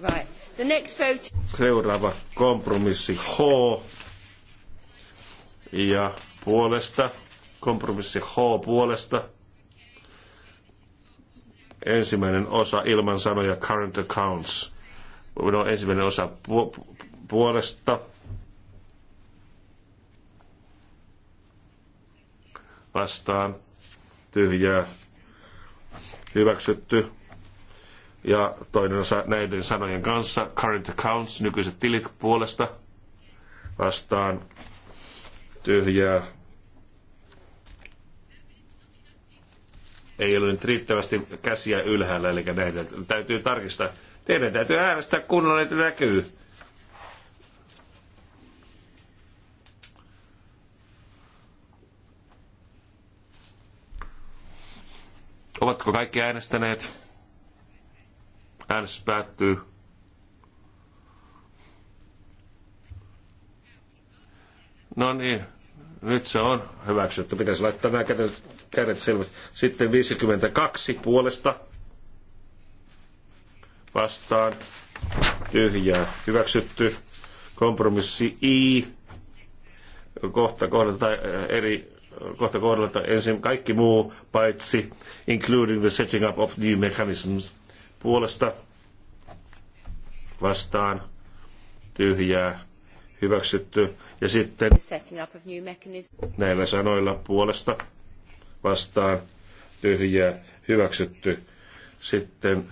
Right. The next vote. Seuraava kompromissi H. Ja puolesta. Kompromissi H puolesta ensimmäinen osa ilman sanoja current accounts. No ensimmäinen osa pu- puolesta. Vastaan. Tyhjää. Hyväksytty. Ja toinen osa näiden sanojen kanssa. Current accounts, nykyiset tilit puolesta. Vastaan. Tyhjää ei ole nyt riittävästi käsiä ylhäällä, eli näitä täytyy tarkistaa. Teidän täytyy äänestää kunnolla, niin että näkyy. Ovatko kaikki äänestäneet? Äänestys päättyy. No niin, nyt se on hyväksytty. Pitäisi laittaa nämä kädet kädet selvästi. Sitten 52 puolesta vastaan tyhjää hyväksytty. Kompromissi I kohta kohdalta eh, eri kohta kohdalta ensin kaikki muu paitsi including the setting up of new mechanisms puolesta vastaan tyhjää hyväksytty ja sitten näillä sanoilla puolesta vastaan tyhjää hyväksytty. Sitten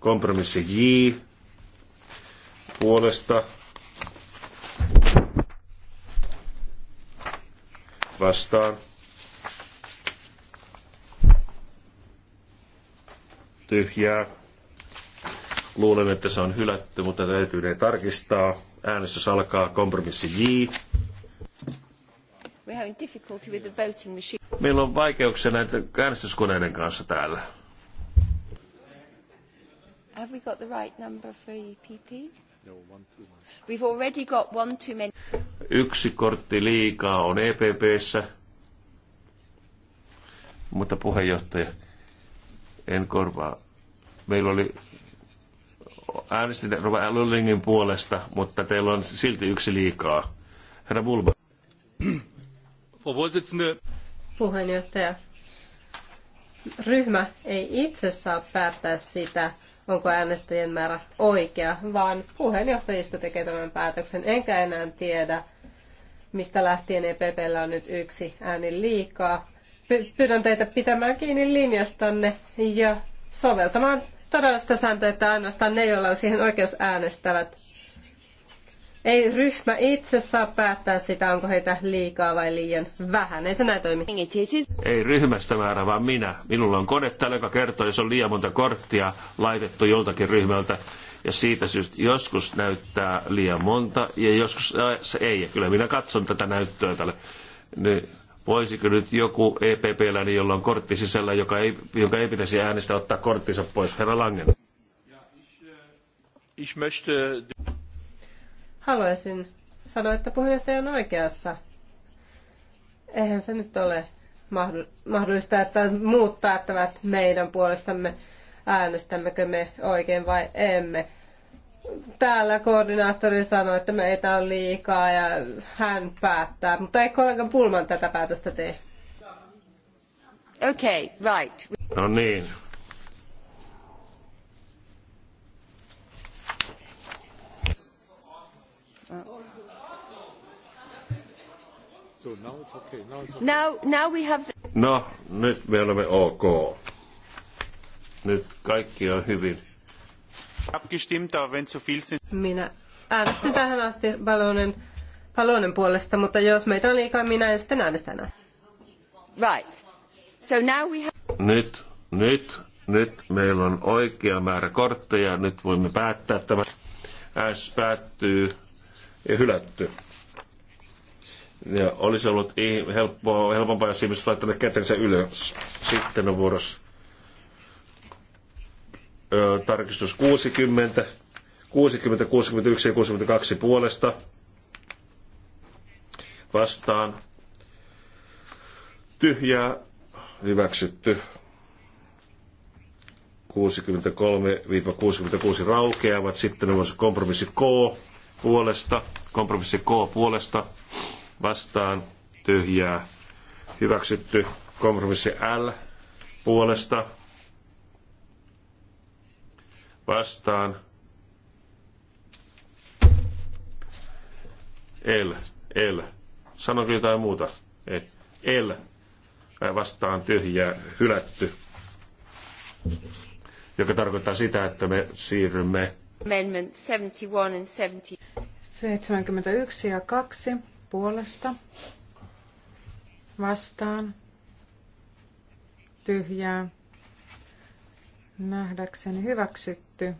kompromissi J puolesta vastaan tyhjää. Luulen, että se on hylätty, mutta täytyy ne tarkistaa. Äänestys alkaa kompromissi J. We're having difficulty with the voting machine. Meillä on vaikeuksia näiden äänestyskoneiden kanssa täällä. Have we got the right number for EPP? No, one We've already got one too many. Yksi kortti liikaa on EPPssä. Mutta puheenjohtaja, en korvaa. Meillä oli äänestin Rova Lullingin puolesta, mutta teillä on silti yksi liikaa. Herra Bulba puheenjohtaja. Ryhmä ei itse saa päättää sitä, onko äänestäjien määrä oikea, vaan puheenjohtajisto tekee tämän päätöksen. Enkä enää tiedä, mistä lähtien EPPllä on nyt yksi ääni liikaa. Pyydän teitä pitämään kiinni linjastanne ja soveltamaan todellista sääntöä, että ainoastaan ne, joilla on siihen oikeus äänestävät. Ei ryhmä itse saa päättää sitä, onko heitä liikaa vai liian vähän. Ei se näin toimi. Ei ryhmästä määrä, vaan minä. Minulla on kone täällä, joka kertoo, jos on liian monta korttia laitettu joltakin ryhmältä. Ja siitä syystä joskus näyttää liian monta ja joskus äh, ei. Ja kyllä minä katson tätä näyttöä tälle. Niin voisiko nyt joku EPP-läinen, jolla on kortti sisällä, joka ei, jonka ei pitäisi äänestä ottaa korttinsa pois? Herra Langen. Äh, Haluaisin sanoa, että puheenjohtaja on oikeassa. Eihän se nyt ole mahdollista, että muut päättävät meidän puolestamme, äänestämmekö me oikein vai emme. Täällä koordinaattori sanoi, että meitä on liikaa ja hän päättää, mutta ei kollega Pulman tätä päätöstä tee. Okay, right. No niin, So now it's okay. Now it's okay. Now, now we have... No, nyt me olemme ok. Nyt kaikki on hyvin. Abgestimmt, aber wenn zu viel sind... Minä äänestin tähän asti Balonen, Balonen puolesta, mutta jos meitä on liikaa, minä en sitten äänestä enää. Right. So now we have... Nyt, nyt, nyt meillä on oikea määrä kortteja. Nyt voimme päättää tämä. S päättyy ja hylätty. Ja olisi ollut helppoa, helpompaa, jos ihmiset laittaneet kätensä ylös. Sitten on vuorossa ö, tarkistus 60, 60, 61 ja 62 puolesta vastaan. Tyhjää hyväksytty. 63-66 raukeavat. Sitten on kompromissi K puolesta. Kompromissi K puolesta vastaan tyhjää hyväksytty. Kompromissi L puolesta vastaan L, L. Sanoiko jotain muuta? Ei. L vastaan tyhjää hylätty, joka tarkoittaa sitä, että me siirrymme Amendment 71 and 70. 71 ja 2 puolesta vastaan tyhjää nähdäkseni hyväksytty.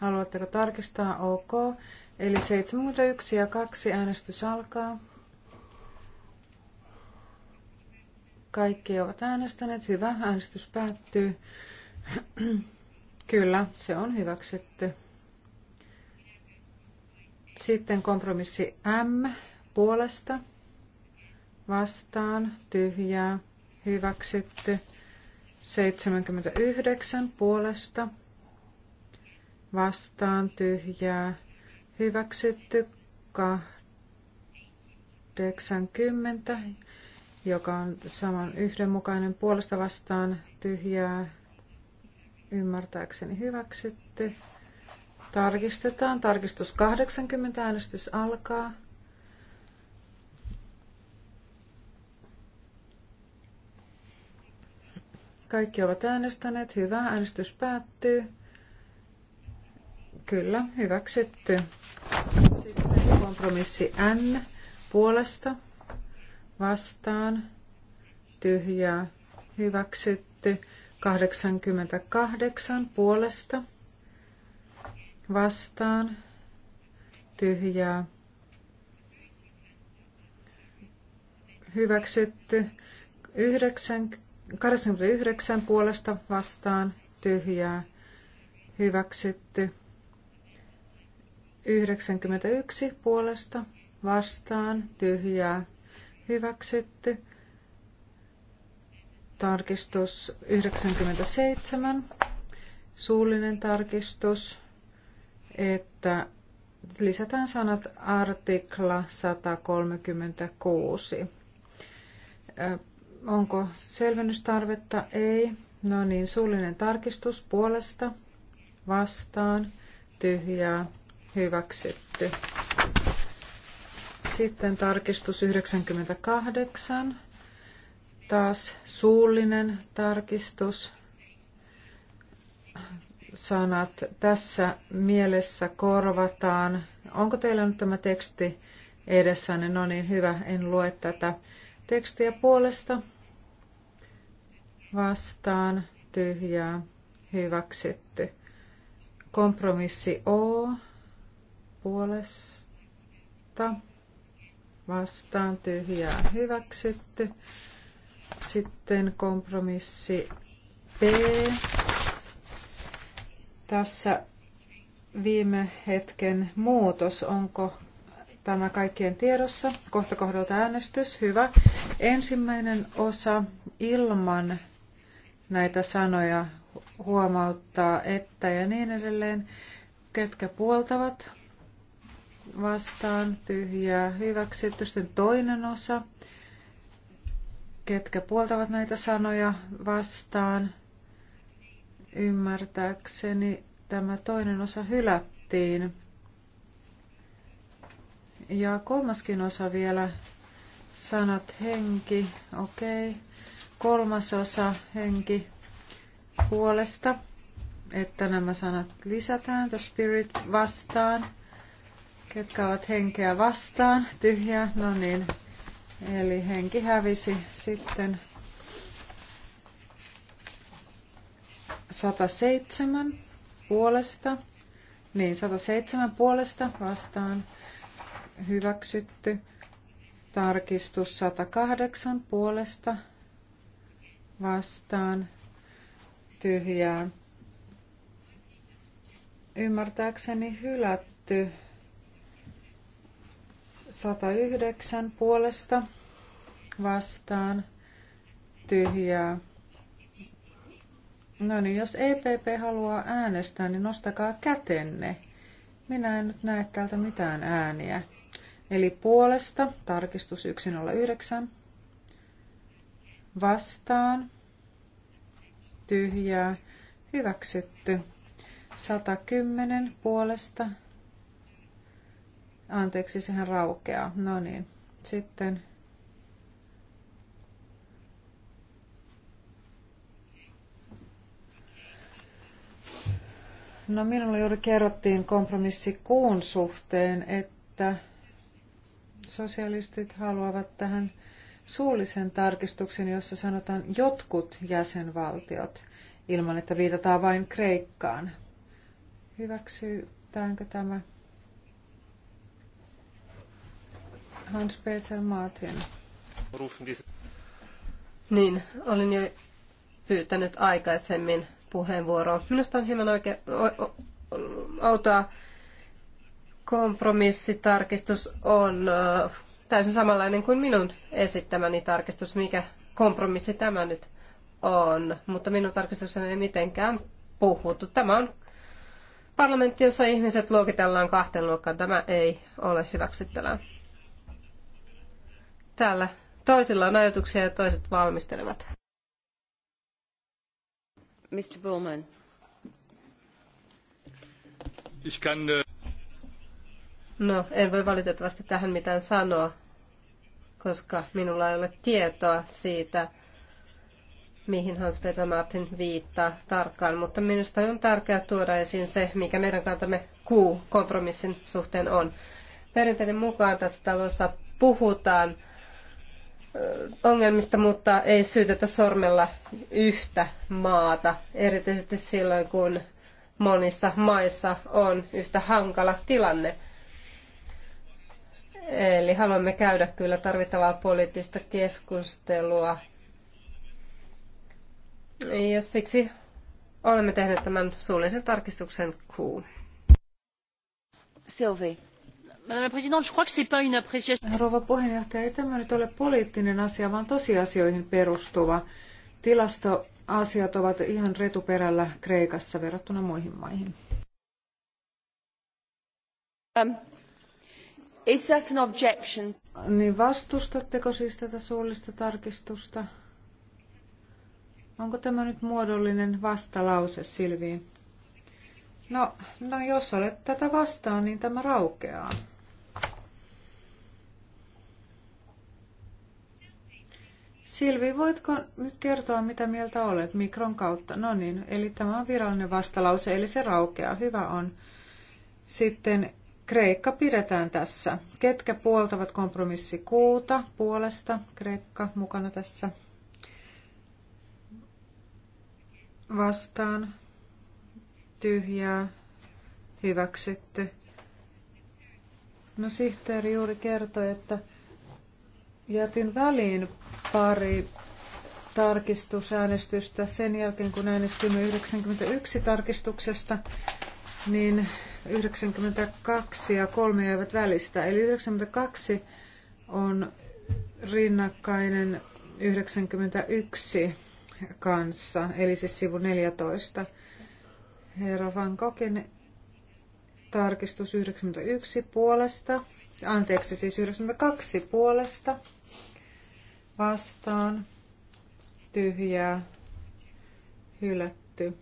Haluatteko tarkistaa? OK. Eli 71 ja 2 äänestys alkaa. Kaikki ovat äänestäneet. Hyvä, äänestys päättyy. Kyllä, se on hyväksytty. Sitten kompromissi M puolesta vastaan tyhjää hyväksytty. 79 puolesta vastaan tyhjää hyväksytty. 80, joka on saman yhdenmukainen puolesta vastaan tyhjää ymmärtääkseni hyväksytty. Tarkistetaan. Tarkistus 80. Äänestys alkaa. Kaikki ovat äänestäneet. Hyvä. Äänestys päättyy. Kyllä, hyväksytty. Sitten kompromissi N puolesta vastaan tyhjää hyväksytty. 88 puolesta vastaan, tyhjää, hyväksytty, 9, 89 puolesta vastaan, tyhjää, hyväksytty, 91 puolesta vastaan, tyhjää, hyväksytty, tarkistus 97, suullinen tarkistus että lisätään sanat artikla 136. Onko selvennystarvetta? Ei. No niin, suullinen tarkistus puolesta, vastaan, tyhjää, hyväksytty. Sitten tarkistus 98. Taas suullinen tarkistus sanat tässä mielessä korvataan. Onko teillä nyt tämä teksti edessänne? No niin, hyvä, en lue tätä tekstiä puolesta. Vastaan, tyhjää, hyväksytty. Kompromissi O puolesta. Vastaan, tyhjää, hyväksytty. Sitten kompromissi P tässä viime hetken muutos? Onko tämä kaikkien tiedossa? Kohta kohdalta äänestys. Hyvä. Ensimmäinen osa ilman näitä sanoja huomauttaa, että ja niin edelleen. Ketkä puoltavat? Vastaan, tyhjää, hyväksytty. Sitten toinen osa. Ketkä puoltavat näitä sanoja? Vastaan, Ymmärtääkseni tämä toinen osa hylättiin. Ja kolmaskin osa vielä, sanat henki, okei. Okay. Kolmas osa henki puolesta, että nämä sanat lisätään, the spirit vastaan. Ketkä ovat henkeä vastaan, tyhjä, no niin. Eli henki hävisi sitten 107 puolesta, niin 107 puolesta vastaan hyväksytty. Tarkistus 108 puolesta vastaan tyhjää. Ymmärtääkseni hylätty. 109 puolesta vastaan tyhjää No niin, jos EPP haluaa äänestää, niin nostakaa kätenne. Minä en nyt näe täältä mitään ääniä. Eli puolesta, tarkistus 109. Vastaan, tyhjää, hyväksytty. 110 puolesta. Anteeksi, sehän raukeaa. No niin, sitten No minulle juuri kerrottiin kompromissi kuun suhteen, että sosialistit haluavat tähän suullisen tarkistuksen, jossa sanotaan jotkut jäsenvaltiot, ilman että viitataan vain Kreikkaan. Hyväksytäänkö tämä? Hans-Peter Martin. Niin, olin jo pyytänyt aikaisemmin puheenvuoroa. Minusta on hieman oikein outoa kompromissitarkistus on ö, täysin samanlainen kuin minun esittämäni tarkistus, mikä kompromissi tämä nyt on, mutta minun tarkistukseni ei mitenkään puhuttu. Tämä on parlamentti, jossa ihmiset luokitellaan kahteen luokkaan. Tämä ei ole hyväksyttävää. Täällä toisilla on ajatuksia ja toiset valmistelevat. Mr. Ich kann, äh, No, en voi valitettavasti tähän mitään sanoa, koska minulla ei ole tietoa siitä, mihin Hans-Peter Martin viittaa tarkkaan, mutta minusta on tärkeää tuoda esiin se, mikä meidän kantamme Q-kompromissin suhteen on. Perinteiden mukaan tässä talossa puhutaan ongelmista, mutta ei syytetä sormella yhtä maata, erityisesti silloin kun monissa maissa on yhtä hankala tilanne. Eli haluamme käydä kyllä tarvittavaa poliittista keskustelua. Ja siksi olemme tehneet tämän suullisen tarkistuksen Q. Sylvie. Rouva puheenjohtaja, ei tämä nyt ole poliittinen asia, vaan tosiasioihin perustuva. Tilastoasiat ovat ihan retuperällä Kreikassa verrattuna muihin maihin. Um, is that an objection? Niin vastustatteko siis tätä suullista tarkistusta? Onko tämä nyt muodollinen vastalause, Silviin? No, no jos olet tätä vastaan, niin tämä raukeaa. Silvi, voitko nyt kertoa, mitä mieltä olet mikron kautta? No niin, eli tämä on virallinen vastalause, eli se raukeaa. Hyvä on. Sitten Kreikka pidetään tässä. Ketkä puoltavat kompromissi kuuta puolesta? Kreikka mukana tässä. Vastaan. Tyhjää. Hyväksytty. No sihteeri juuri kertoi, että jätin väliin pari tarkistusäänestystä sen jälkeen, kun äänestimme 91 tarkistuksesta, niin 92 ja 3 jäivät välistä. Eli 92 on rinnakkainen 91 kanssa, eli siis sivu 14. Herra Van Kokin tarkistus 91 puolesta, anteeksi siis 92 puolesta vastaan, tyhjää, hylätty.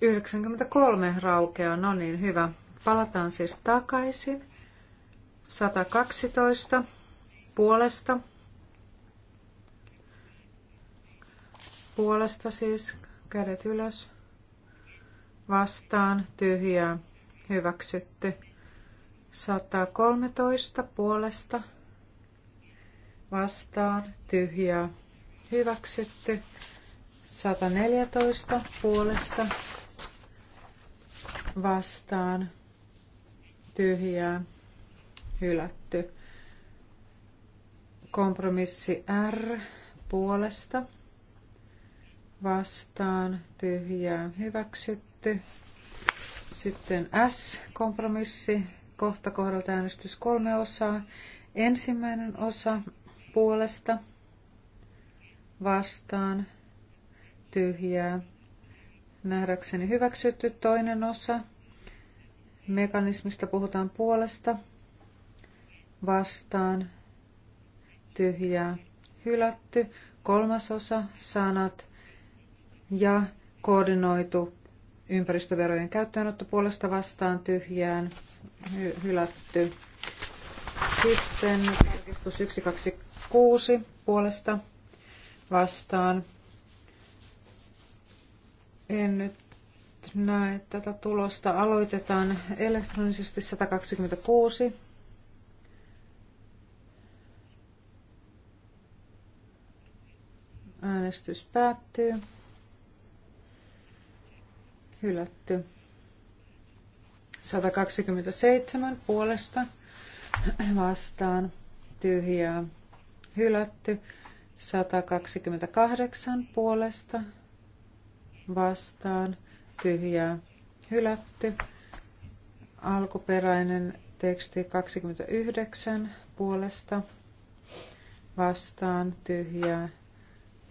Yhdeksänkymmentäkolme raukeaa, no niin hyvä. Palataan siis takaisin. 112 puolesta. Puolesta siis kädet ylös. Vastaan tyhjää hyväksytty. 113 puolesta vastaan tyhjää hyväksytty. 114 puolesta vastaan tyhjää hylätty. Kompromissi R puolesta vastaan tyhjää hyväksytty. Sitten S-kompromissi, kohta kohdalta äänestys kolme osaa. Ensimmäinen osa puolesta, vastaan, tyhjää, nähdäkseni hyväksytty. Toinen osa, mekanismista puhutaan puolesta, vastaan, tyhjää, hylätty. Kolmas osa, sanat ja koordinoitu Ympäristöverojen käyttöönotto puolesta vastaan tyhjään hy- hylätty. Sitten tarkistus 126 puolesta vastaan. En nyt näe tätä tulosta. Aloitetaan elektronisesti 126. Äänestys päättyy hylätty. 127 puolesta vastaan tyhjää hylätty. 128 puolesta vastaan tyhjää hylätty. Alkuperäinen teksti 29 puolesta vastaan tyhjää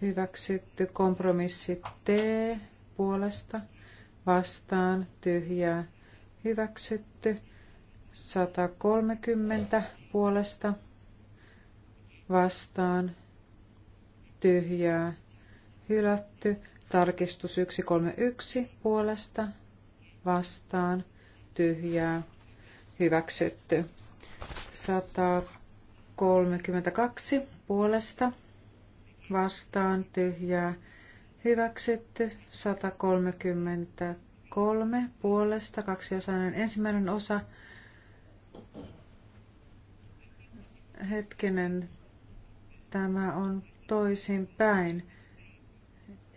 hyväksytty. Kompromissi T puolesta vastaan tyhjää hyväksytty. 130 puolesta vastaan tyhjää hylätty. Tarkistus 131 puolesta vastaan tyhjää hyväksytty. 132 puolesta vastaan tyhjää Hyväksytty 133 puolesta, kaksiosainen ensimmäinen osa. Hetkinen, tämä on toisin päin.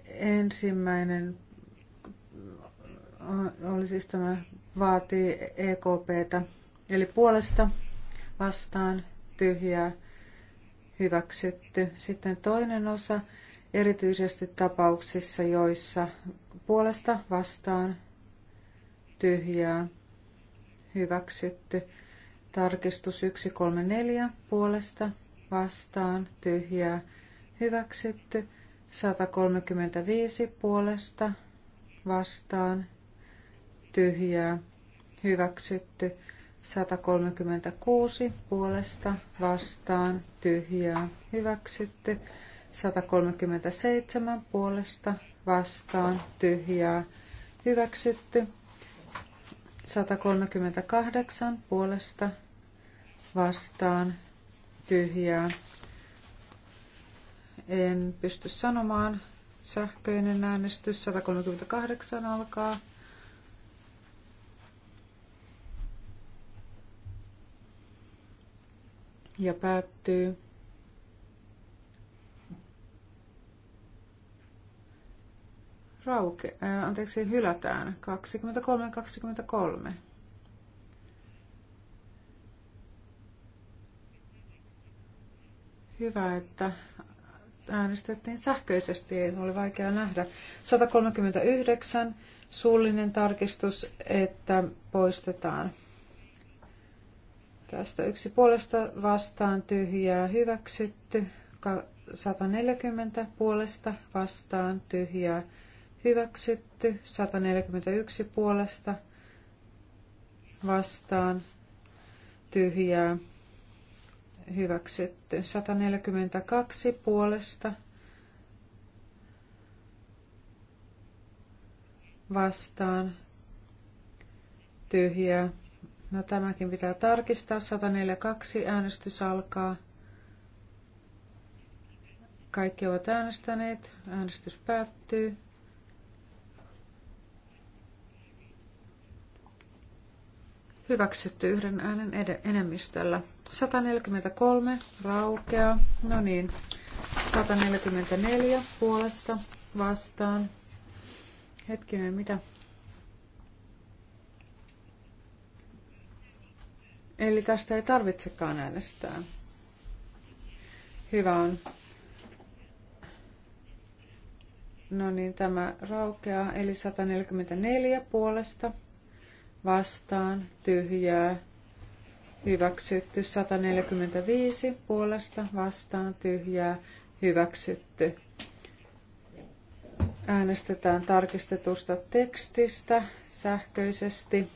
Ensimmäinen oli siis tämä vaatii EKPtä, eli puolesta vastaan tyhjää hyväksytty. Sitten toinen osa erityisesti tapauksissa, joissa puolesta vastaan tyhjää hyväksytty. Tarkistus 134 puolesta vastaan tyhjää hyväksytty. 135 puolesta vastaan tyhjää hyväksytty. 136 puolesta vastaan tyhjää hyväksytty. 137 puolesta vastaan tyhjää hyväksytty. 138 puolesta vastaan tyhjää. En pysty sanomaan. Sähköinen äänestys 138 alkaa. Ja päättyy. rauke, äh, anteeksi, hylätään 23, 23. Hyvä, että äänestettiin sähköisesti, ei ole vaikea nähdä. 139, suullinen tarkistus, että poistetaan. Tästä yksi puolesta vastaan tyhjää hyväksytty, 140 puolesta vastaan tyhjää hyväksytty 141 puolesta vastaan tyhjää hyväksytty 142 puolesta vastaan tyhjää. No tämäkin pitää tarkistaa. 142 äänestys alkaa. Kaikki ovat äänestäneet. Äänestys päättyy. Hyväksytty yhden äänen enemmistöllä. 143 raukeaa. No niin. 144 puolesta vastaan. Hetkinen, mitä? Eli tästä ei tarvitsekaan äänestää. Hyvä on. No niin, tämä raukeaa, eli 144 puolesta vastaan tyhjää hyväksytty. 145 puolesta vastaan tyhjää hyväksytty. Äänestetään tarkistetusta tekstistä sähköisesti.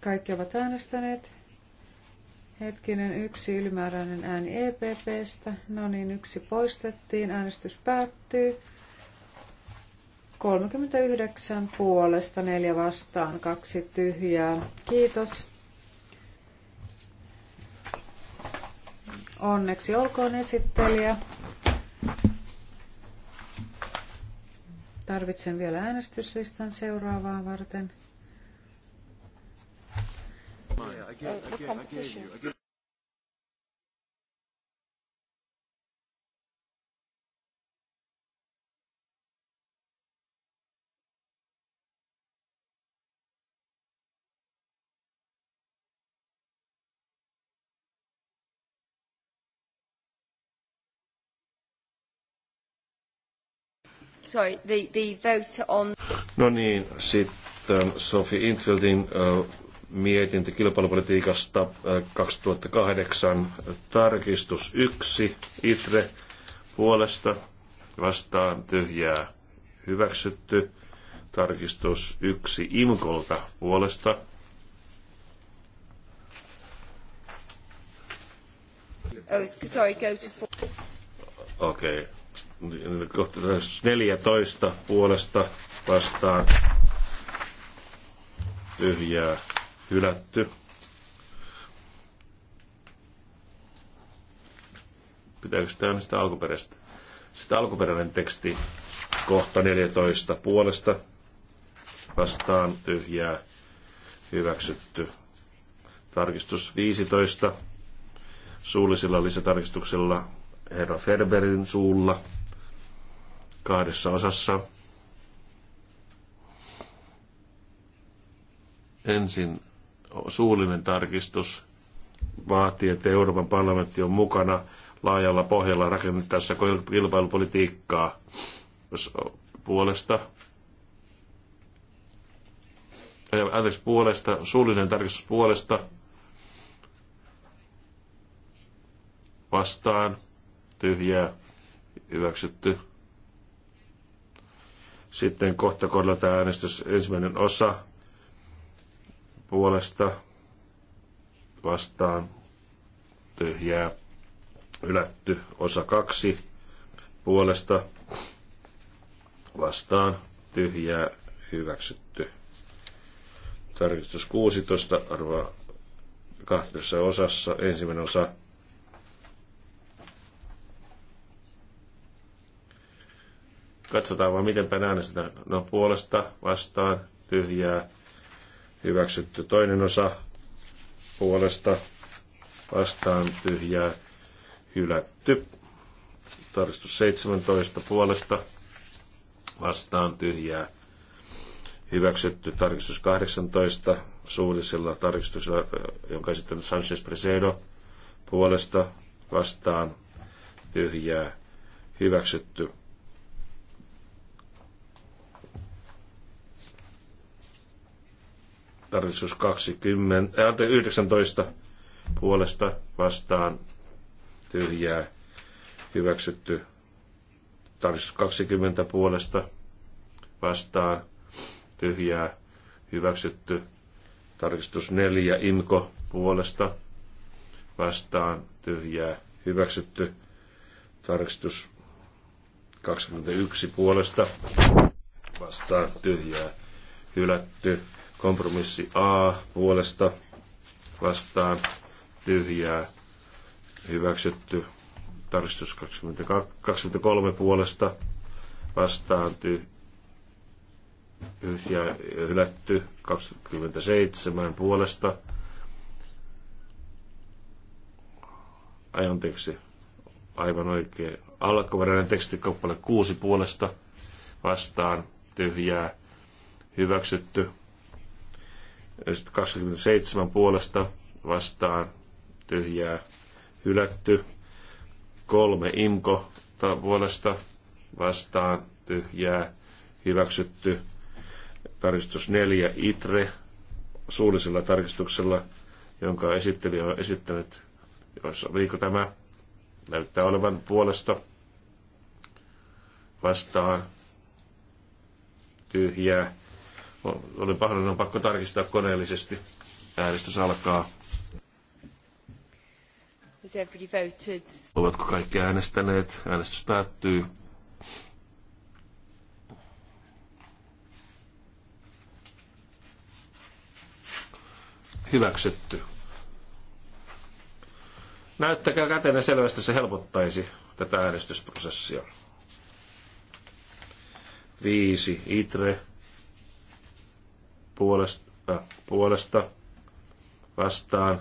Kaikki ovat äänestäneet. Hetkinen, yksi ylimääräinen ääni EPPstä. No niin, yksi poistettiin. Äänestys päättyy. 39 puolesta, neljä vastaan, kaksi tyhjää. Kiitos. Onneksi olkoon esittelijä. Tarvitsen vielä äänestyslistan seuraavaa varten. sorry, the, the vote on... No niin, sitten Sofi Intveldin mietintö kilpailupolitiikasta 2008, tarkistus 1, ITRE puolesta, vastaan tyhjää hyväksytty, tarkistus 1 IMKOLta puolesta, Oh, sorry, go to four. Okei. Okay 14 puolesta vastaan tyhjää hylätty. Pitääkö sitä aina sitä alkuperäistä? Sitä alkuperäinen teksti kohta 14 puolesta vastaan tyhjää hyväksytty. Tarkistus 15 suullisilla lisätarkistuksilla herra Ferberin suulla kahdessa osassa. Ensin suullinen tarkistus vaatii, että Euroopan parlamentti on mukana laajalla pohjalla rakennettaessa kilpailupolitiikkaa puolesta. Anteeksi, puolesta, suullinen tarkistus puolesta vastaan, tyhjää, hyväksytty. Sitten kohta kohdalla tämä äänestys ensimmäinen osa puolesta vastaan tyhjää ylätty osa kaksi puolesta vastaan tyhjää hyväksytty. Tarkistus 16 arvoa kahdessa osassa. Ensimmäinen osa Katsotaan vaan, miten äänestetään. No puolesta, vastaan, tyhjää, hyväksytty. Toinen osa puolesta, vastaan, tyhjää, hylätty. Tarkistus 17 puolesta, vastaan, tyhjää, hyväksytty. Tarkistus 18 suullisella tarkistuksella, jonka sitten Sanchez Presedo puolesta, vastaan, tyhjää, hyväksytty Tarkistus 20, äh, 19 puolesta vastaan tyhjää hyväksytty. Tarkistus 20 puolesta vastaan tyhjää hyväksytty. Tarkistus 4 imko puolesta vastaan tyhjää hyväksytty. Tarkistus 21 puolesta vastaan tyhjää hylätty. Kompromissi A puolesta vastaan tyhjää hyväksytty. Tarkistus 23 puolesta vastaan tyhjää hylätty. 27 puolesta ajan teksti aivan oikein. Alkuperäinen kappale kuusi puolesta vastaan tyhjää hyväksytty. 27 puolesta vastaan tyhjää hylätty. Kolme imko puolesta vastaan tyhjää hyväksytty. Tarkistus neljä itre suullisella tarkistuksella, jonka esittelijä on esittänyt. Jos oliko tämä? Näyttää olevan puolesta vastaan tyhjää oli pahoillani, on pakko tarkistaa koneellisesti. Äänestys alkaa. Ovatko kaikki äänestäneet? Äänestys päättyy. Hyväksytty. Näyttäkää kätenä selvästi, se helpottaisi tätä äänestysprosessia. Viisi, itre, puolesta, äh, puolesta vastaan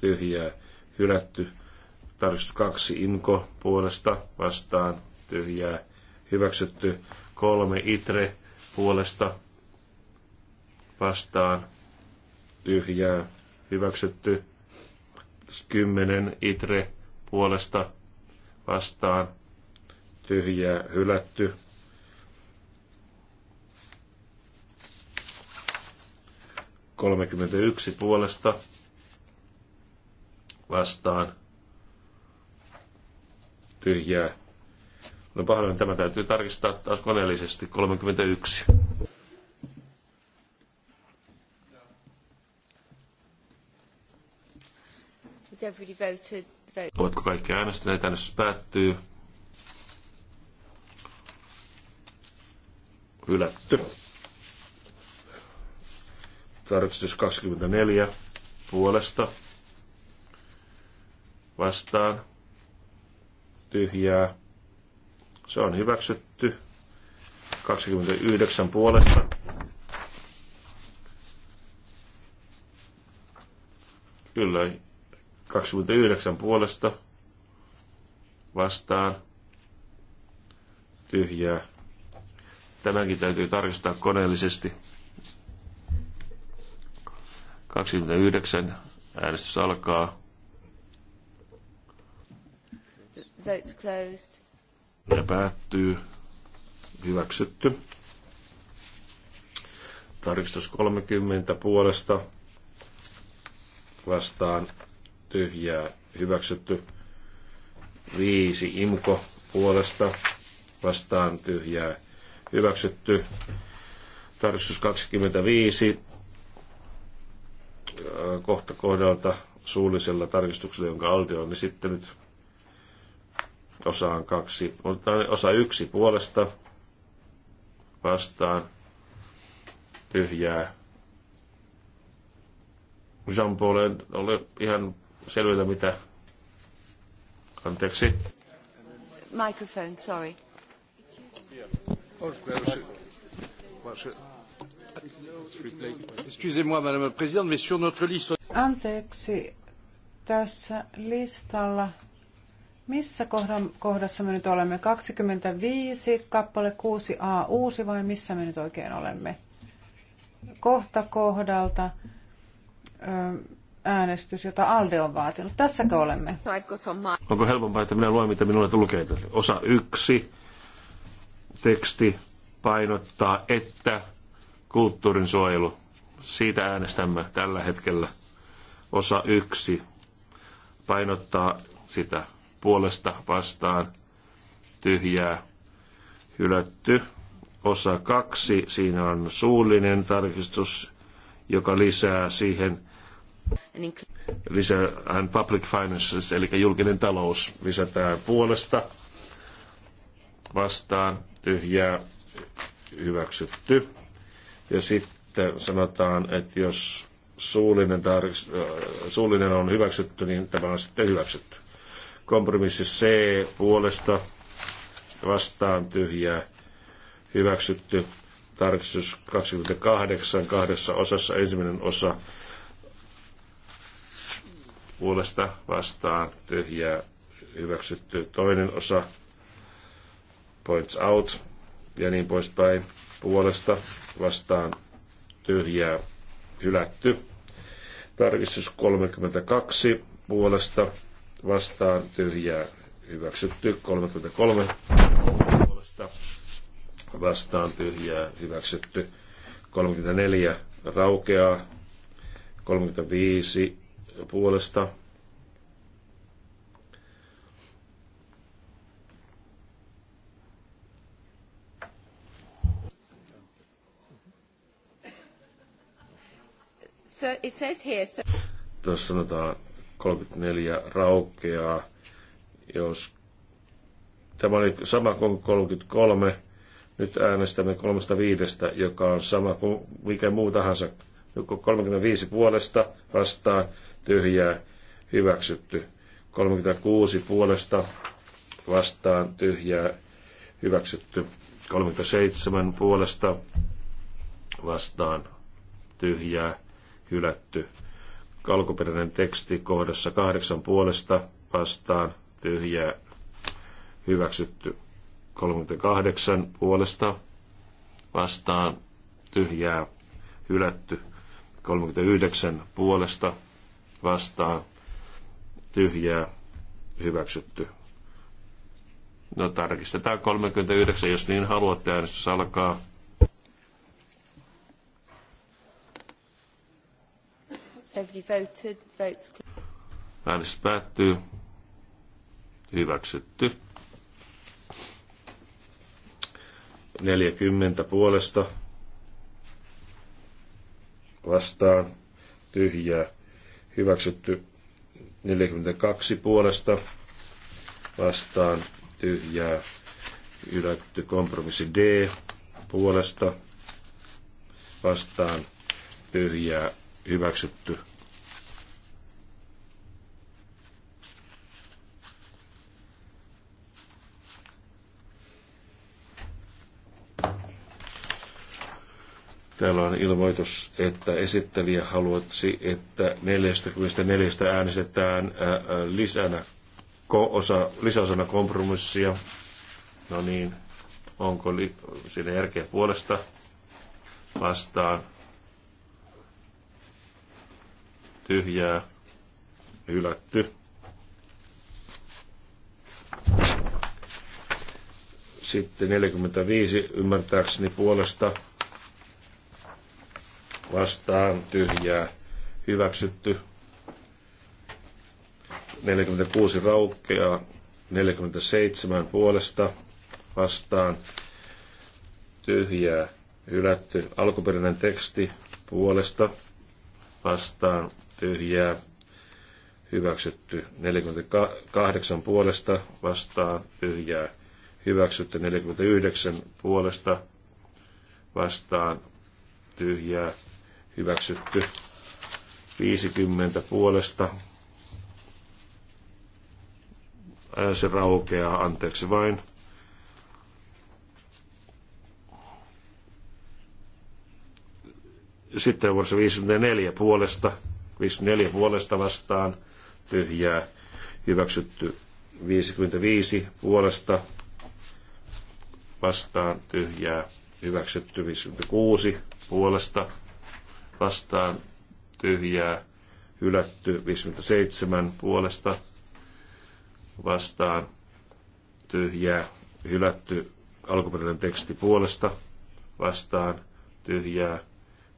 tyhjää hylätty. Tarkistus kaksi Imko puolesta vastaan tyhjää hyväksytty. kolme Itre puolesta vastaan tyhjää hyväksytty. kymmenen Itre puolesta vastaan tyhjää hylätty. 31 puolesta vastaan tyhjää. No pahoin, tämä täytyy tarkistaa taas koneellisesti. 31. Ovatko kaikki äänestäneet? Äänestys päättyy. Hylätty. Tarkistus 24 puolesta vastaan tyhjää. Se on hyväksytty. 29 puolesta. Kyllä, 29 puolesta vastaan tyhjää. Tämäkin täytyy tarkistaa koneellisesti. 29. Äänestys alkaa. Votes closed. Ja päättyy. Hyväksytty. Tarkistus 30 puolesta vastaan tyhjää hyväksytty. 5 imko puolesta vastaan tyhjää hyväksytty. Tarkistus 25 Äh, kohta kohdalta suullisella tarkistuksella, jonka Aldi on esittänyt osaan kaksi, osa yksi puolesta vastaan tyhjää. Jean-Paul, en ole ihan selvillä mitä. Anteeksi. Microphone, sorry. Anteeksi, tässä listalla, missä kohdassa me nyt olemme? 25, kappale 6a uusi vai missä me nyt oikein olemme? Kohta kohdalta äänestys, jota Alde on vaatinut. Tässäkö olemme? Onko helpompaa, että minä luen, mitä minulle lukee? Osa yksi, teksti painottaa, että kulttuurin suojelu. Siitä äänestämme tällä hetkellä. Osa yksi painottaa sitä puolesta vastaan tyhjää hylätty. Osa kaksi, siinä on suullinen tarkistus, joka lisää siihen lisään public finances, eli julkinen talous lisätään puolesta vastaan tyhjää hyväksytty. Ja sitten sanotaan, että jos suullinen, tarks, äh, suullinen on hyväksytty, niin tämä on sitten hyväksytty. Kompromissi C puolesta vastaan tyhjää hyväksytty. Tarkistus 28 kahdessa osassa. Ensimmäinen osa puolesta vastaan tyhjää hyväksytty. Toinen osa points out ja niin poispäin puolesta vastaan tyhjää hylätty. Tarkistus 32 puolesta vastaan tyhjää hyväksytty. 33 puolesta vastaan tyhjää hyväksytty. 34 raukeaa. 35 puolesta it says here... Tuossa sanotaan 34 raukeaa, jos tämä oli sama kuin 33, nyt äänestämme 35, joka on sama kuin mikä muu tahansa, joko 35 puolesta vastaan, tyhjää, hyväksytty. 36 puolesta vastaan, tyhjää, hyväksytty. 37 puolesta vastaan, tyhjää, hylätty. Alkuperäinen teksti kohdassa kahdeksan puolesta vastaan tyhjää hyväksytty. 38 puolesta vastaan tyhjää hylätty. 39 puolesta vastaan tyhjää hyväksytty. No tarkistetaan 39, jos niin haluatte, äänestys alkaa. Everybody Äänestys päättyy. Hyväksytty. 40 puolesta vastaan tyhjää. Hyväksytty 42 puolesta vastaan tyhjää. Hylätty kompromissi D puolesta vastaan tyhjää hyväksytty. Täällä on ilmoitus, että esittelijä haluaisi, että 44 äänestetään lisänä, osa, lisäosana kompromissia. No niin, onko li, siinä järkeä puolesta vastaan? tyhjää, hylätty. Sitten 45 ymmärtääkseni puolesta vastaan tyhjää, hyväksytty. 46 raukeaa, 47 puolesta vastaan tyhjää, hylätty. Alkuperäinen teksti puolesta vastaan tyhjää hyväksytty 48 puolesta vastaan tyhjää hyväksytty 49 puolesta vastaan tyhjää hyväksytty 50 puolesta se raukeaa, anteeksi vain. Sitten vuorossa 54 puolesta 54 puolesta vastaan, tyhjää, hyväksytty 55 puolesta vastaan, tyhjää, hyväksytty 56 puolesta vastaan, tyhjää, hylätty 57 puolesta vastaan, tyhjää, hylätty alkuperäinen teksti puolesta vastaan, tyhjää,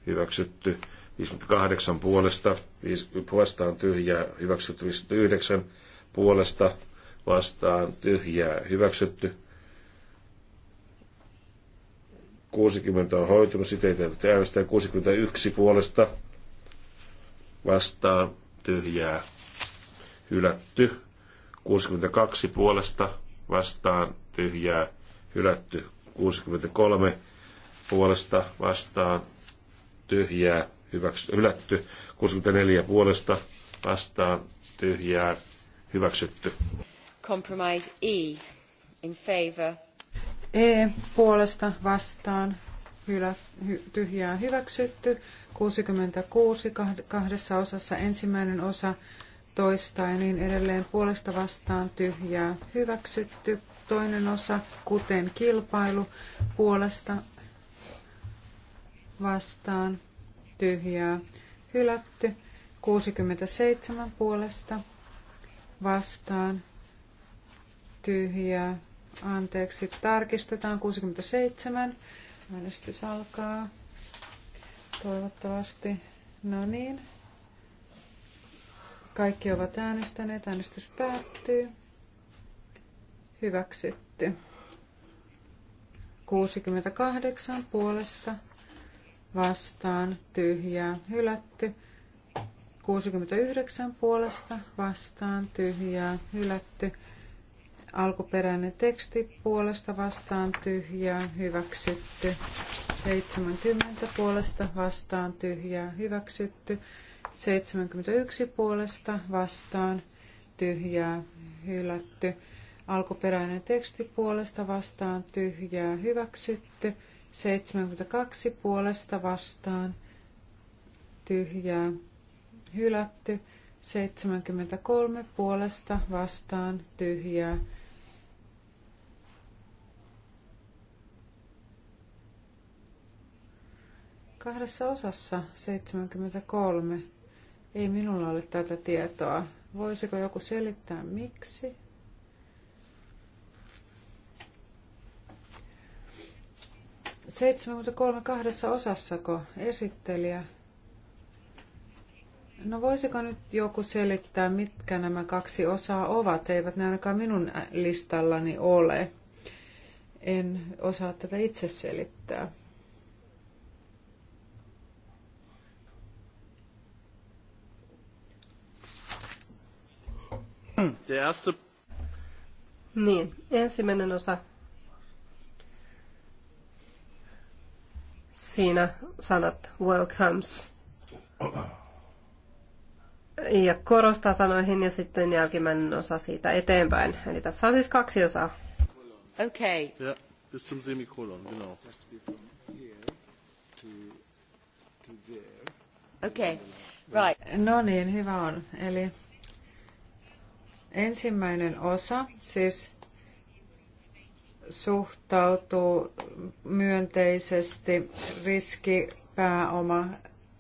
hyväksytty 58 puolesta, 50 vastaan tyhjää, hyväksytty 59 puolesta, vastaan tyhjää, hyväksytty 60 on hoitunut, sitä ei täytyy äänestää 61 puolesta, vastaan tyhjää, hylätty 62 puolesta, vastaan tyhjää, hylätty 63 puolesta, vastaan tyhjää, hyväksy, hylätty, 64 puolesta vastaan tyhjää hyväksytty. Compromise E in favor. E puolesta vastaan hylä, hy, tyhjää hyväksytty. 66 kahdessa osassa ensimmäinen osa toista ja niin edelleen puolesta vastaan tyhjää hyväksytty. Toinen osa, kuten kilpailu, puolesta vastaan tyhjää hylätty. 67 puolesta vastaan tyhjää. Anteeksi, tarkistetaan 67. Äänestys alkaa. Toivottavasti. No niin. Kaikki ovat äänestäneet. Äänestys päättyy. Hyväksytty. 68 puolesta vastaan tyhjää hylätty. 69 puolesta vastaan tyhjää hylätty. Alkuperäinen teksti puolesta vastaan tyhjää hyväksytty. 70 puolesta vastaan tyhjää hyväksytty. 71 puolesta vastaan tyhjää hylätty. Alkuperäinen teksti puolesta vastaan tyhjää hyväksytty. 72 puolesta vastaan tyhjää hylätty. 73 puolesta vastaan tyhjää kahdessa osassa 73. Ei minulla ole tätä tietoa. Voisiko joku selittää miksi? 73 kahdessa osassako esittelijä? No voisiko nyt joku selittää, mitkä nämä kaksi osaa ovat? Eivät ne ainakaan minun listallani ole. En osaa tätä itse selittää. Hmm, niin, ensimmäinen osa Siinä sanat welcomes ja korostaa sanoihin ja sitten jälkimmäinen osa siitä eteenpäin. Eli tässä on siis kaksi osaa. Okei. Okay. Ja, bis zum Semikolon, genau. Okei, okay. right. No niin, hyvä on. Eli ensimmäinen osa, siis suhtautuu myönteisesti riskipääoma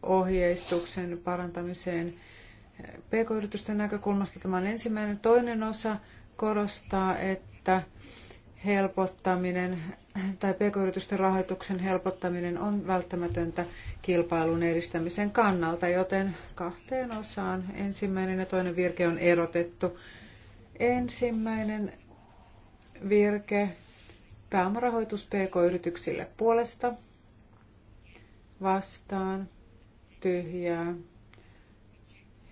ohjeistuksen parantamiseen pk-yritysten näkökulmasta. Tämä on ensimmäinen. Toinen osa korostaa, että helpottaminen tai pk-yritysten rahoituksen helpottaminen on välttämätöntä kilpailun edistämisen kannalta, joten kahteen osaan ensimmäinen ja toinen virke on erotettu. Ensimmäinen virke Pääomarahoitus PK-yrityksille puolesta. Vastaan. Tyhjää.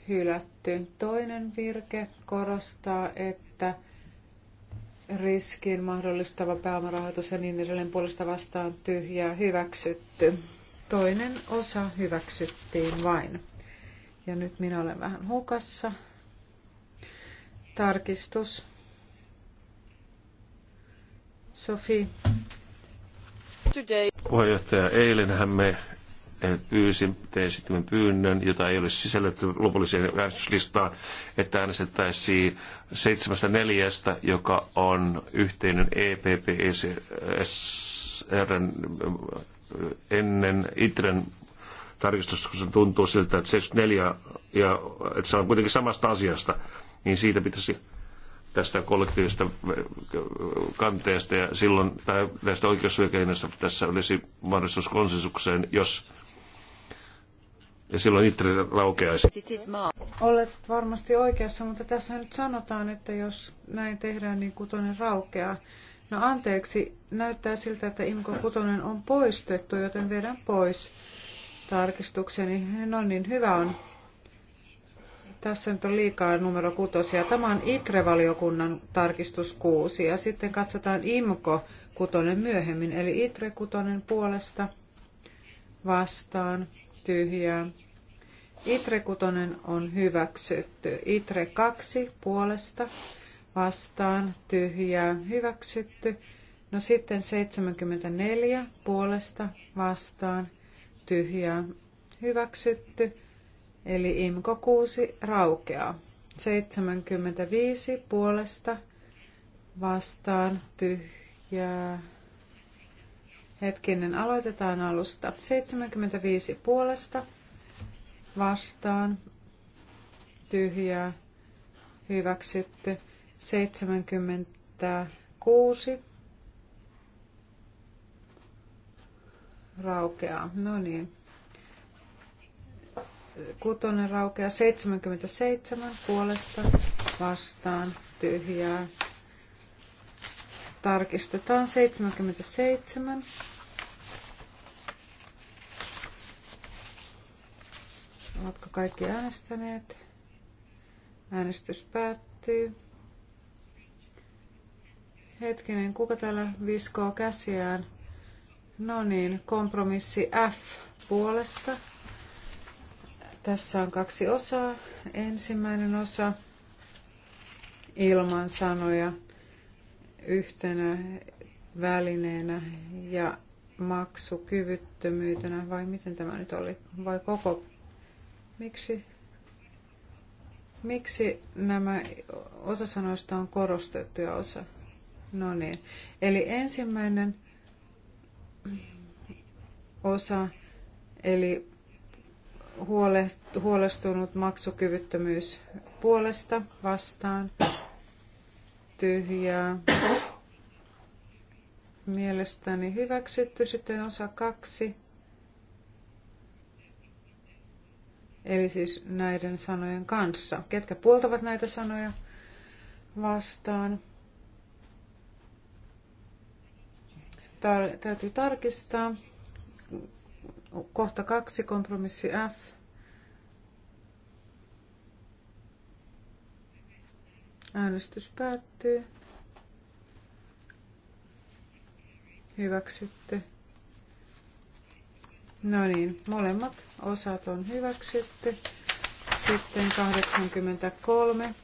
Hylätty. Toinen virke korostaa, että riskin mahdollistava pääomarahoitus ja niin edelleen puolesta vastaan tyhjää hyväksytty. Toinen osa hyväksyttiin vain. Ja nyt minä olen vähän hukassa. Tarkistus Sofi. Puheenjohtaja, eilenhän me eh, pyysin, tein sitten pyynnön, jota ei ole sisällytetty lopulliseen äänestyslistaan, että äänestettäisiin seitsemästä neljästä, joka on yhteinen EPP, e eh, ennen ITREN tarkistusta, kun se tuntuu siltä, että 74 ja että se on kuitenkin samasta asiasta, niin siitä pitäisi tästä kollektiivisesta äh, kanteesta ja silloin tai näistä oikeusyökeinoista tässä olisi mahdollisuus konsensukseen, jos ja silloin itse laukeaisi. Olet varmasti oikeassa, mutta tässä nyt sanotaan, että jos näin tehdään, niin kutonen raukeaa. No anteeksi, näyttää siltä, että Imko Kutonen on poistettu, joten vedän pois tarkistukseni. No niin, hyvä on. Tässä nyt on liikaa numero kutosia. Tämä on ITRE-valiokunnan tarkistus kuusi ja sitten katsotaan IMKO kutonen myöhemmin. Eli ITRE kutonen puolesta vastaan tyhjää. ITRE kutonen on hyväksytty. ITRE kaksi puolesta vastaan tyhjää hyväksytty. No sitten 74 puolesta vastaan tyhjää hyväksytty. Eli IMKO 6 raukeaa. 75 puolesta vastaan tyhjää. Hetkinen, aloitetaan alusta. 75 puolesta vastaan tyhjää. Hyväksytty. 76 raukeaa. No niin kutonen raukea 77 puolesta vastaan tyhjää. Tarkistetaan 77. Ovatko kaikki äänestäneet? Äänestys päättyy. Hetkinen, kuka täällä viskoo käsiään? No niin, kompromissi F puolesta tässä on kaksi osaa. Ensimmäinen osa ilman sanoja yhtenä välineenä ja maksukyvyttömyytenä, vai miten tämä nyt oli, vai koko, miksi, miksi nämä osa sanoista on korostettuja osa? No niin, eli ensimmäinen osa, eli huolestunut maksukyvyttömyys puolesta vastaan. Tyhjää. Mielestäni hyväksytty. Sitten osa kaksi. Eli siis näiden sanojen kanssa. Ketkä puoltavat näitä sanoja vastaan? Tää täytyy tarkistaa. Kohta kaksi, kompromissi F. Äänestys päättyy. Hyväksytty. No niin, molemmat osat on hyväksytty. Sitten 83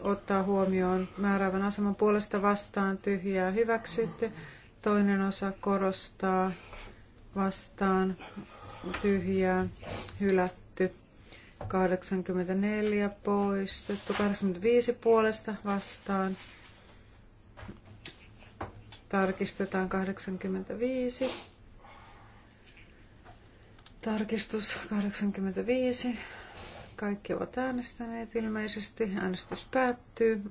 ottaa huomioon määräävän aseman puolesta vastaan tyhjää hyväksytty. Toinen osa korostaa vastaan tyhjää, hylätty. 84 poistettu, 85 puolesta vastaan. Tarkistetaan 85. Tarkistus 85. Kaikki ovat äänestäneet ilmeisesti. Äänestys päättyy.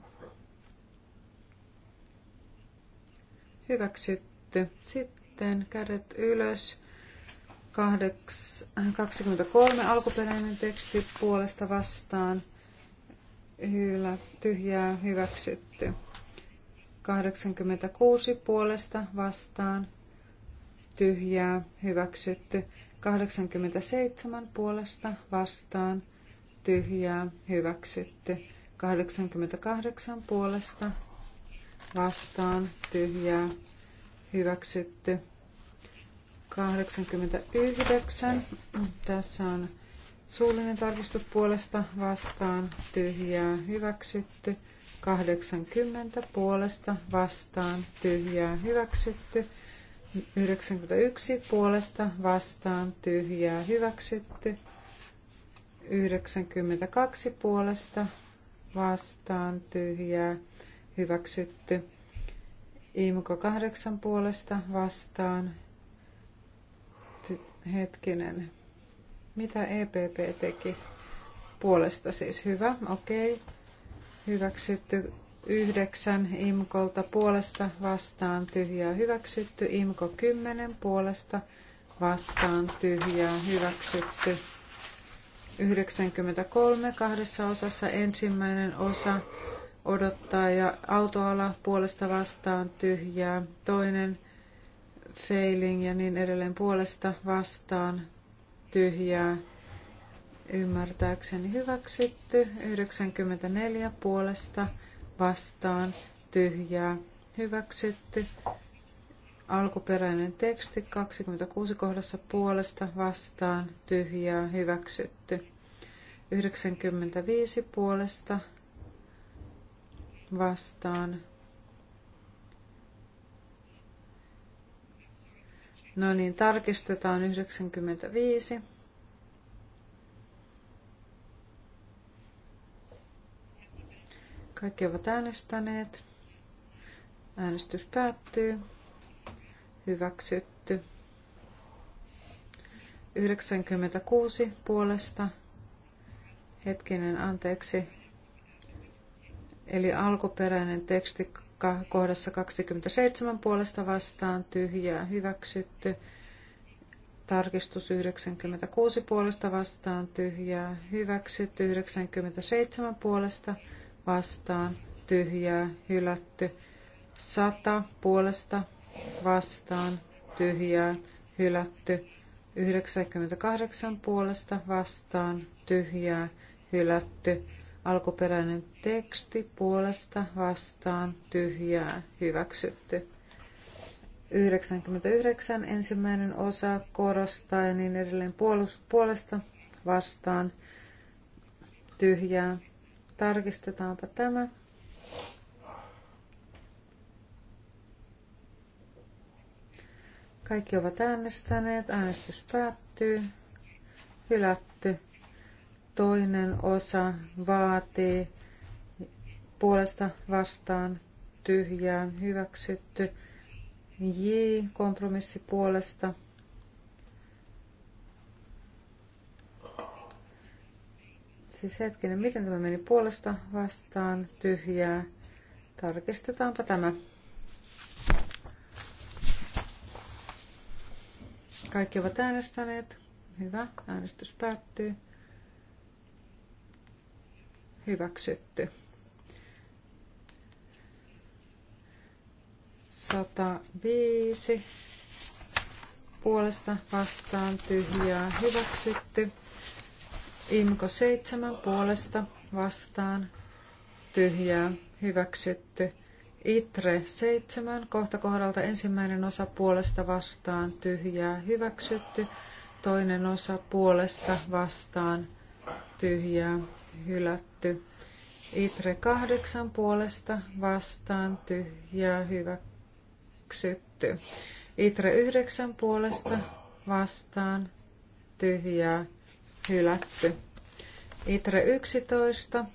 Hyväksytty. Sitten kädet ylös. 23 alkuperäinen teksti puolesta vastaan. Hylä, tyhjää hyväksytty. 86 puolesta vastaan. Tyhjää hyväksytty. 87 puolesta vastaan. Tyhjää hyväksytty. 88 puolesta vastaan tyhjää hyväksytty. 89. Tässä on suullinen tarkistus puolesta vastaan tyhjää hyväksytty. 80 puolesta vastaan tyhjää hyväksytty. 91 puolesta vastaan tyhjää hyväksytty. 92 puolesta vastaan tyhjää hyväksytty. Imko kahdeksan puolesta vastaan. Ty- hetkinen. Mitä EPP teki? Puolesta siis hyvä, okei. Okay. Hyväksytty yhdeksän Imkolta puolesta vastaan tyhjää hyväksytty. Imko kymmenen puolesta vastaan tyhjää hyväksytty. 93 kahdessa osassa ensimmäinen osa odottaa ja autoala puolesta vastaan tyhjää, toinen failing ja niin edelleen puolesta vastaan tyhjää, ymmärtääkseni hyväksytty, 94 puolesta vastaan tyhjää, hyväksytty, alkuperäinen teksti 26 kohdassa puolesta vastaan tyhjää, hyväksytty. 95 puolesta vastaan. No niin, tarkistetaan 95. Kaikki ovat äänestäneet. Äänestys päättyy. Hyväksytty. 96 puolesta. Hetkinen, anteeksi. Eli alkuperäinen teksti kohdassa 27 puolesta vastaan tyhjää hyväksytty. Tarkistus 96 puolesta vastaan tyhjää hyväksytty. 97 puolesta vastaan tyhjää hylätty. 100 puolesta vastaan tyhjää hylätty. 98 puolesta vastaan tyhjää hylätty. Alkuperäinen teksti puolesta vastaan tyhjää hyväksytty. 99 ensimmäinen osa korostaa ja niin edelleen puolesta vastaan tyhjää. Tarkistetaanpa tämä. Kaikki ovat äänestäneet. Äänestys päättyy. Hylät. Toinen osa vaatii puolesta vastaan tyhjään hyväksytty. J. Kompromissi puolesta siis hetkinen, miten tämä meni puolesta vastaan, tyhjää. Tarkistetaanpa tämä. Kaikki ovat äänestäneet. Hyvä, äänestys päättyy hyväksytty. 105 puolesta vastaan tyhjää hyväksytty. Imko 7 puolesta vastaan tyhjää hyväksytty. Itre 7 kohta kohdalta ensimmäinen osa puolesta vastaan tyhjää hyväksytty. Toinen osa puolesta vastaan tyhjää hylätty. Itre kahdeksan puolesta vastaan tyhjää hyväksytty. Itre yhdeksän puolesta vastaan tyhjää hylätty. Itre yksitoista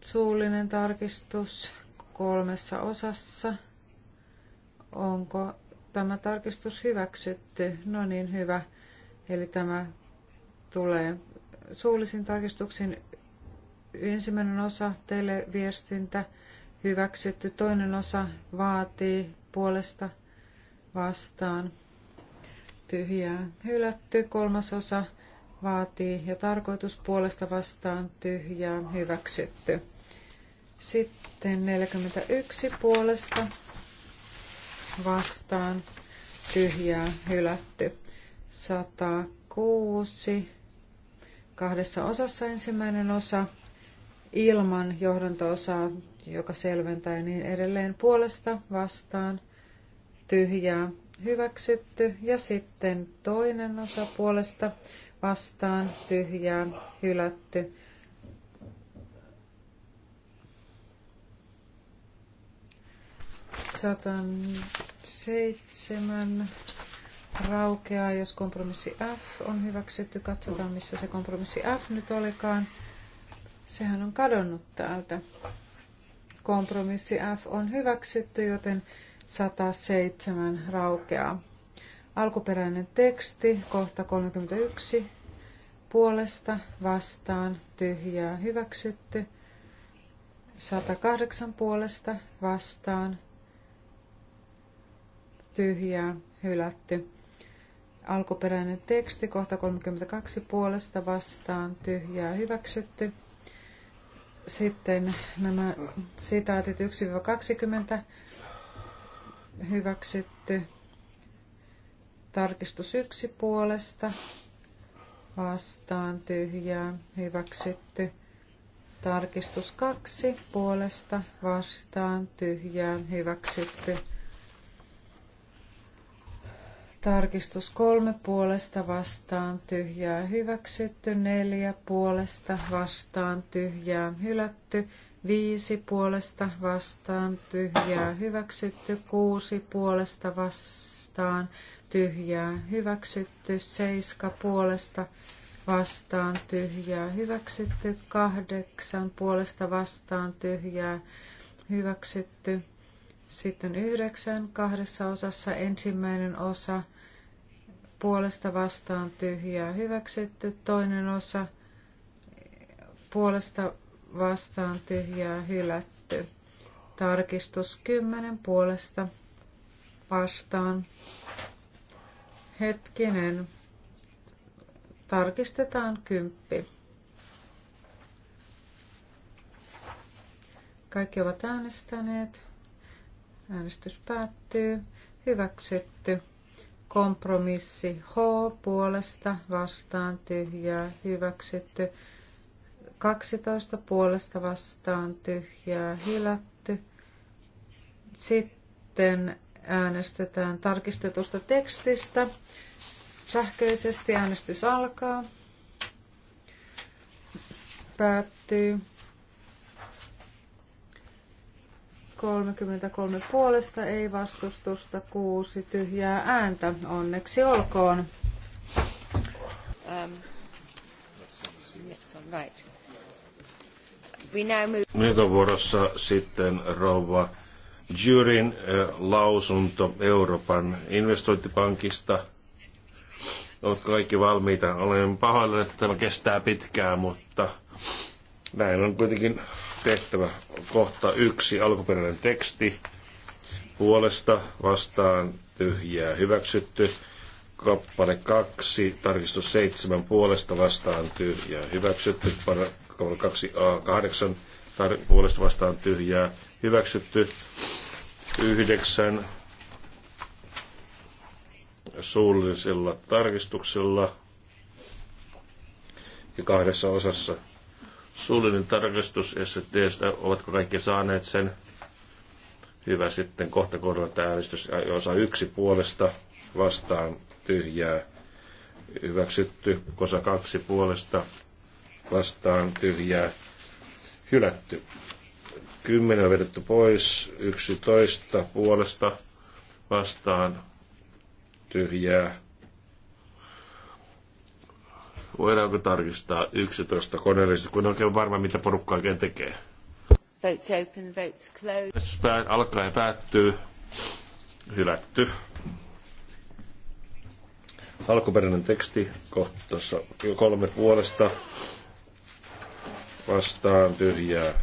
suullinen tarkistus kolmessa osassa. Onko tämä tarkistus hyväksytty? No niin, hyvä. Eli tämä tulee suullisin tarkistuksen ensimmäinen osa televiestintä hyväksytty, toinen osa vaatii puolesta vastaan tyhjää hylätty, kolmas osa vaatii ja tarkoitus puolesta vastaan tyhjää hyväksytty. Sitten 41 puolesta vastaan tyhjää hylätty. 106 kahdessa osassa. Ensimmäinen osa ilman johdanto-osaa, joka selventää ja niin edelleen puolesta vastaan tyhjää hyväksytty. Ja sitten toinen osa puolesta vastaan tyhjää hylätty. Satan seitsemän raukeaa, jos kompromissi F on hyväksytty. Katsotaan, missä se kompromissi F nyt olekaan. Sehän on kadonnut täältä. Kompromissi F on hyväksytty, joten 107 raukeaa. Alkuperäinen teksti, kohta 31, puolesta, vastaan, tyhjää, hyväksytty. 108 puolesta, vastaan, tyhjää, hylätty. Alkuperäinen teksti, kohta 32 puolesta vastaan, tyhjää hyväksytty. Sitten nämä sitaatit 1-20 hyväksytty. Tarkistus 1 puolesta vastaan, tyhjää hyväksytty. Tarkistus 2 puolesta vastaan, tyhjää hyväksytty Tarkistus kolme puolesta vastaan tyhjää hyväksytty, neljä puolesta vastaan tyhjää hylätty, viisi puolesta vastaan tyhjää hyväksytty, kuusi puolesta vastaan tyhjää hyväksytty, seiska puolesta vastaan tyhjää hyväksytty, kahdeksan puolesta vastaan tyhjää hyväksytty, sitten yhdeksän kahdessa osassa ensimmäinen osa – puolesta vastaan tyhjää hyväksytty, toinen osa puolesta vastaan tyhjää hylätty. Tarkistus 10 puolesta vastaan. Hetkinen. Tarkistetaan kymppi. Kaikki ovat äänestäneet. Äänestys päättyy. Hyväksytty. Kompromissi H puolesta vastaan tyhjää hyväksytty. 12 puolesta vastaan tyhjää hylätty. Sitten äänestetään tarkistetusta tekstistä. Sähköisesti äänestys alkaa. Päättyy. 33 puolesta, ei vastustusta, kuusi tyhjää ääntä. Onneksi olkoon. Um, Nyt on vuorossa sitten rouva Jurin eh, lausunto Euroopan investointipankista. Oletko kaikki valmiita? Olen pahoillani, että tämä kestää pitkään, mutta näin on kuitenkin tehtävä kohta yksi alkuperäinen teksti puolesta vastaan tyhjää hyväksytty. Kappale kaksi, tarkistus seitsemän puolesta vastaan tyhjää hyväksytty. Kappale kaksi A kahdeksan tar- puolesta vastaan tyhjää hyväksytty. Yhdeksän suullisella tarkistuksella ja kahdessa osassa Suullinen tarkastus SDstä, ovatko kaikki saaneet sen? Hyvä sitten kohta tämä äänestys osa yksi puolesta vastaan tyhjää. Hyväksytty osa kaksi puolesta vastaan tyhjää. Hylätty. 10 on vedetty pois, 11 puolesta vastaan tyhjää Voidaanko tarkistaa 11 koneellisesti, kun oikein varma, mitä porukka oikein tekee? Votes open, votes Alkaa ja päättyy. Hylätty. Alkuperäinen teksti kohtassa kolme puolesta vastaan tyhjää.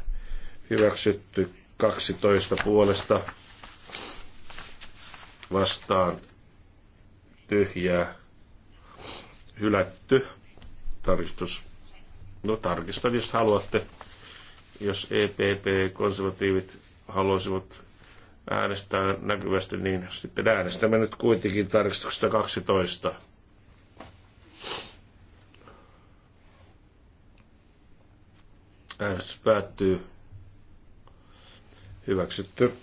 Hyväksytty 12 puolesta vastaan tyhjää. Hylätty tarkistus. No tarkistan, jos haluatte. Jos EPP-konservatiivit haluaisivat äänestää näkyvästi, niin sitten äänestämme nyt kuitenkin tarkistuksesta 12. Äänestys päättyy. Hyväksytty.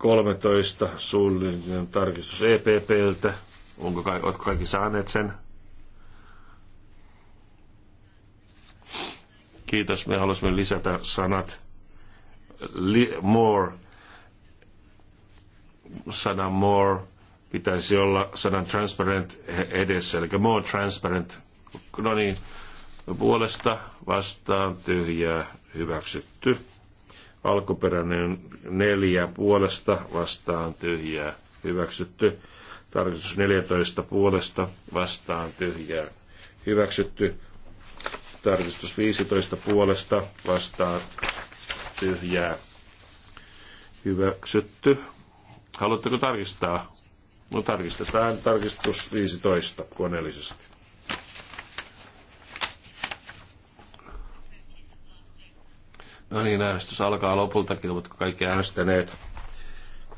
13 suullinen tarkistus EPPltä. Onko ka- oletko kaikki saaneet sen? Kiitos. Me haluaisimme lisätä sanat li- more. Sana more pitäisi olla sanan transparent edessä, eli more transparent. No niin, puolesta vastaan tyhjää hyväksytty. Alkuperäinen neljä puolesta vastaan tyhjää. Hyväksytty. Tarkistus 14 puolesta vastaan tyhjää. Hyväksytty. Tarkistus 15 puolesta vastaan tyhjää. Hyväksytty. Haluatteko tarkistaa? No tarkistetaan tarkistus 15 koneellisesti. No niin, äänestys alkaa lopultakin, mutta kaikki äänestäneet.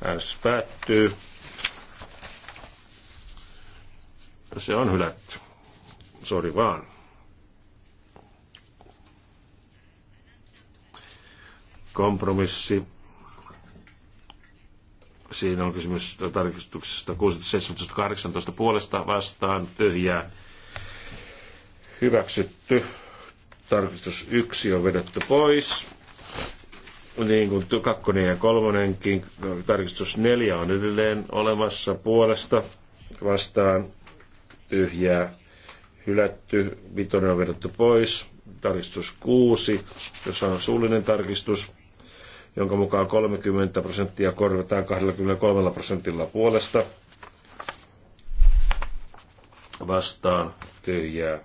Äänestys päättyy. Se on hylätty. Sori vaan. Kompromissi. Siinä on kysymys tarkistuksesta 17 puolesta vastaan tyhjää. Hyväksytty. Tarkistus 1 on vedetty pois niin kuin kakkonen ja kolmonenkin, tarkistus neljä on edelleen olemassa puolesta vastaan tyhjää hylätty, vitonen on vedetty pois, tarkistus kuusi, jossa on suullinen tarkistus, jonka mukaan 30 prosenttia korvataan 23 prosentilla puolesta vastaan tyhjää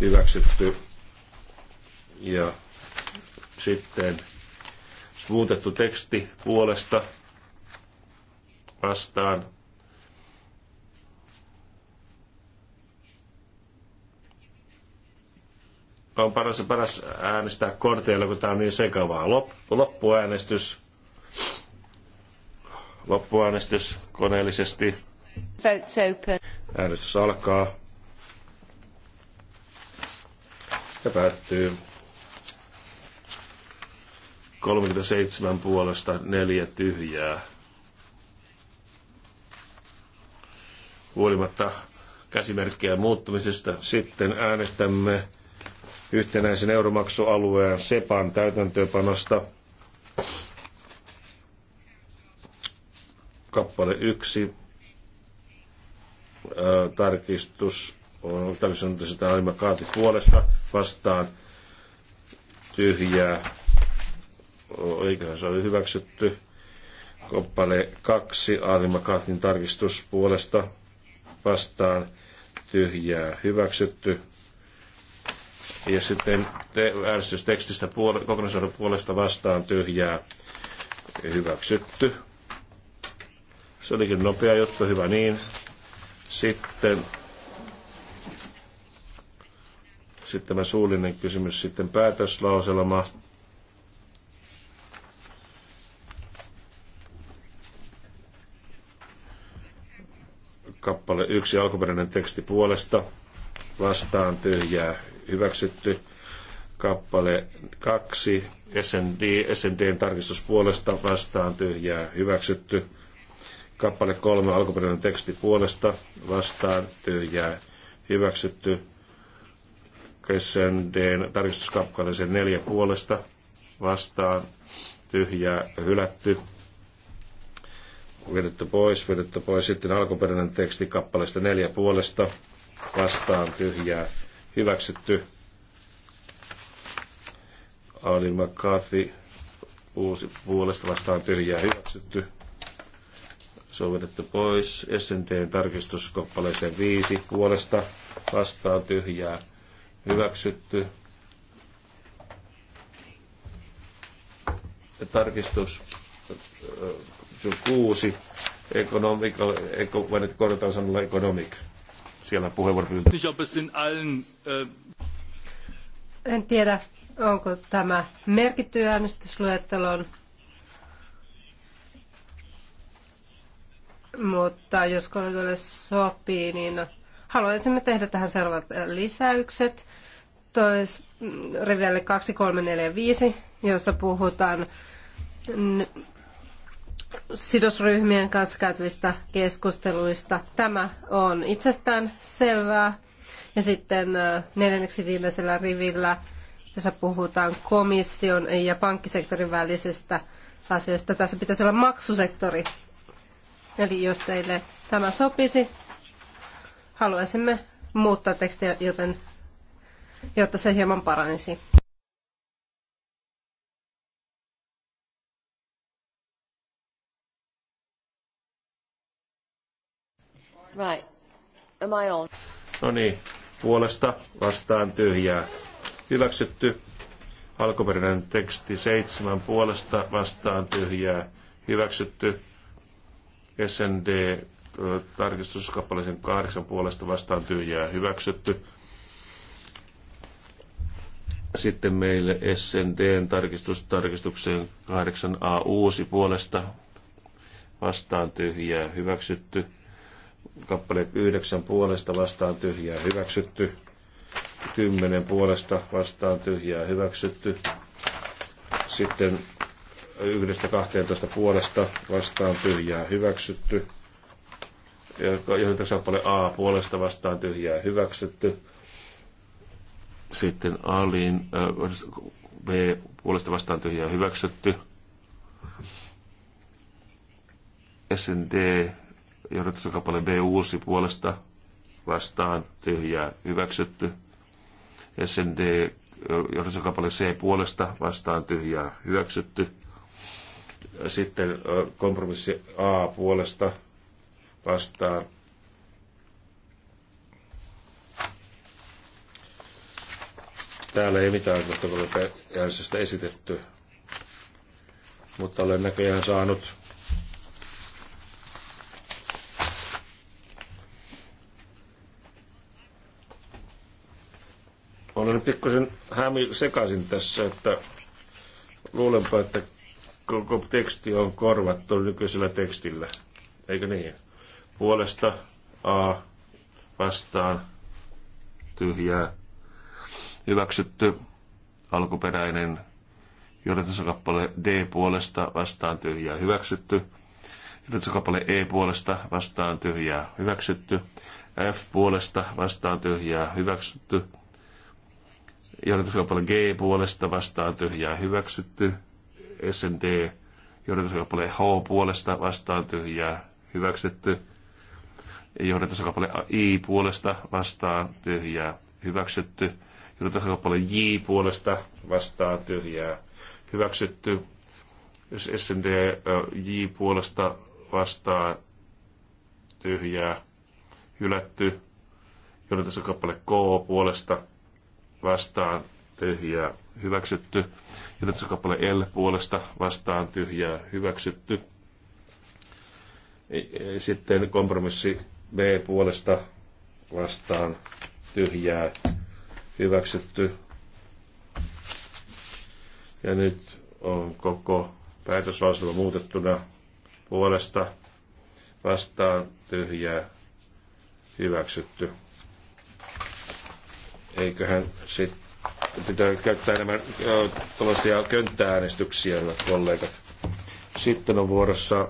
hyväksytty ja sitten muutettu teksti puolesta vastaan. On paras, paras äänestää korteilla, kun tämä on niin sekavaa. loppu loppuäänestys. Loppuäänestys koneellisesti. Votes open. Äänestys alkaa. Ja päättyy. 37 puolesta neljä tyhjää. Huolimatta käsimerkkejä muuttumisesta sitten äänestämme yhtenäisen euromaksualueen SEPAN täytäntöönpanosta. Kappale 1. Tarkistus on tällaisen sitä puolesta vastaan tyhjää oikeastaan se oli hyväksytty. koppale 2, Aali Makatin tarkistus puolesta vastaan tyhjää hyväksytty. Ja sitten äänestystekstistä puole, kokonaisuuden puolesta vastaan tyhjää hyväksytty. Se olikin nopea juttu, hyvä niin. Sitten, sitten tämä suullinen kysymys, sitten päätöslauselma kappale yksi alkuperäinen teksti puolesta, vastaan tyhjää hyväksytty. Kappale kaksi SND, SNDn tarkistus puolesta, vastaan tyhjää hyväksytty. Kappale kolme alkuperäinen teksti puolesta, vastaan tyhjää hyväksytty. SNDn tarkistuskappaleeseen neljä puolesta, vastaan tyhjää hylätty vedetty pois, vedetty pois. Sitten alkuperäinen teksti kappaleesta neljä puolesta vastaan tyhjää hyväksytty. Alin McCarthy uusi puolesta vastaan tyhjää hyväksytty. Se on vedetty pois. SNTn tarkistus kappaleeseen viisi puolesta vastaan tyhjää hyväksytty. Tarkistus 6, economical, eco, vai nyt korjataan sanalla economic. Siellä puheenvuoro En tiedä, onko tämä merkitty äänestysluetteloon, mutta jos kollegoille sopii, niin haluaisimme tehdä tähän seuraavat lisäykset. Tois rivelle 2, 3, 4, 5, jossa puhutaan sidosryhmien kanssa käytävistä keskusteluista. Tämä on itsestään selvää. Ja sitten neljänneksi viimeisellä rivillä, jossa puhutaan komission ja pankkisektorin välisistä asioista. Tässä pitäisi olla maksusektori. Eli jos teille tämä sopisi, haluaisimme muuttaa tekstiä, joten, jotta se hieman paranisi. Right. Am I on? No niin, puolesta vastaan tyhjää. Hyväksytty. Alkuperäinen teksti seitsemän puolesta vastaan tyhjää. Hyväksytty. SND tarkistuskappaleen kahdeksan puolesta vastaan tyhjää. Hyväksytty. Sitten meille SNDn tarkistustarkistukseen 8a uusi puolesta vastaan tyhjää hyväksytty kappale 9 puolesta vastaan tyhjää hyväksytty. 10 puolesta vastaan tyhjää hyväksytty. Sitten 11 12 puolesta vastaan tyhjää hyväksytty. Johdantosan kappale A puolesta vastaan tyhjää hyväksytty. Sitten Alin äh, B puolesta vastaan tyhjää hyväksytty. SND Johdatuskapale B uusi puolesta vastaan tyhjää hyväksytty. SND johdatuskapale C puolesta vastaan tyhjää hyväksytty. Sitten kompromissi A puolesta vastaan Täällä ei mitään kohtakolle esitetty, mutta olen näköjään saanut on pikkusen hämi sekaisin tässä, että luulenpa, että koko teksti on korvattu nykyisellä tekstillä. Eikö niin? Puolesta A vastaan tyhjää hyväksytty alkuperäinen johdatusosakappale D puolesta vastaan tyhjää hyväksytty. Johdatusosakappale E puolesta vastaan tyhjää hyväksytty. F puolesta vastaan tyhjää hyväksytty. Johdatuskappale G puolesta vastaa tyhjää hyväksytty. SND johdatuskappale H puolesta vastaa tyhjää hyväksytty. Johdatuskappale I puolesta vastaa tyhjää hyväksytty. Johdatuskappale J puolesta vastaa tyhjää hyväksytty. SND J puolesta vastaa tyhjää hylätty. Johdatuskappale K puolesta vastaan tyhjää hyväksytty. Jotenkin L puolesta vastaan tyhjää hyväksytty. Sitten kompromissi B puolesta vastaan tyhjää hyväksytty. Ja nyt on koko päätöslauselma muutettuna puolesta vastaan tyhjää hyväksytty. Eiköhän sitten pitää käyttää enemmän tällaisia könttääänestyksiä, hyvät kollegat. Sitten on vuorossa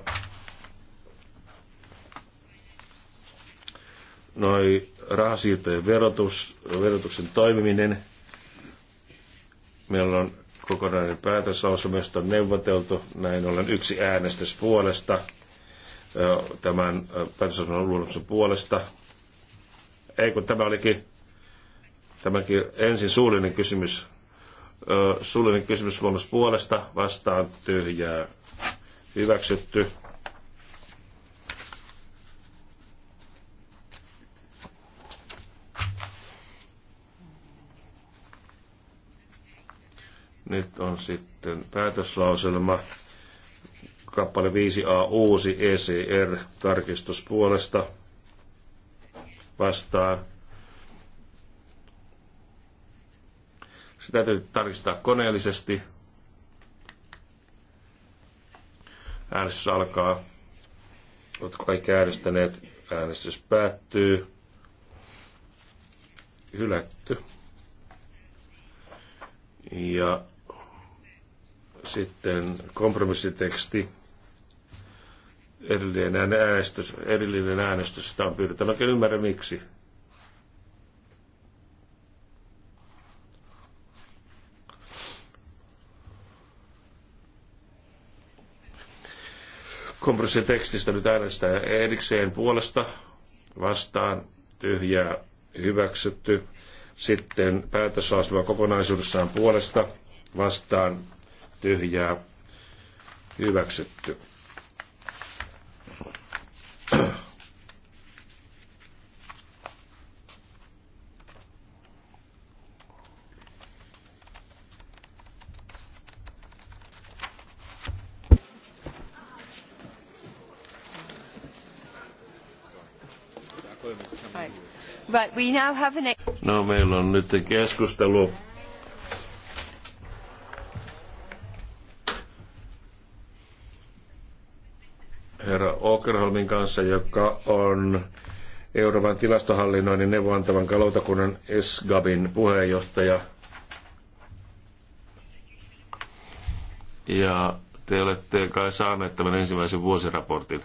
noin rahasiirtojen verotus, verotuksen toimiminen. Meillä on kokonainen päätösosa, myös on neuvoteltu. Näin ollen yksi äänestys puolesta, tämän päätösosan luonnoksen puolesta. Ei kun tämä olikin Tämäkin ensin suullinen kysymys. Suullinen kysymys luonnos puolesta vastaan tyhjää hyväksytty. Nyt on sitten päätöslauselma kappale 5a uusi ECR tarkistus puolesta vastaan Se täytyy tarkistaa koneellisesti. Äänestys alkaa. Oletko kaikki äänestäneet? Äänestys päättyy. Hylätty. Ja sitten kompromissiteksti. Erillinen äänestys, erillinen äänestys, sitä on pyydetty. oikein ymmärrä miksi. Kompromissitekstistä nyt äänestää erikseen puolesta vastaan tyhjää hyväksytty. Sitten päätösasema kokonaisuudessaan puolesta vastaan tyhjää hyväksytty. now have an... No, meillä on nyt keskustelu. Herra Okerholmin kanssa, joka on Euroopan tilastohallinnon ja neuvontavan kalautakunnan SGABin puheenjohtaja. Ja te olette kai saaneet tämän ensimmäisen vuosiraportin.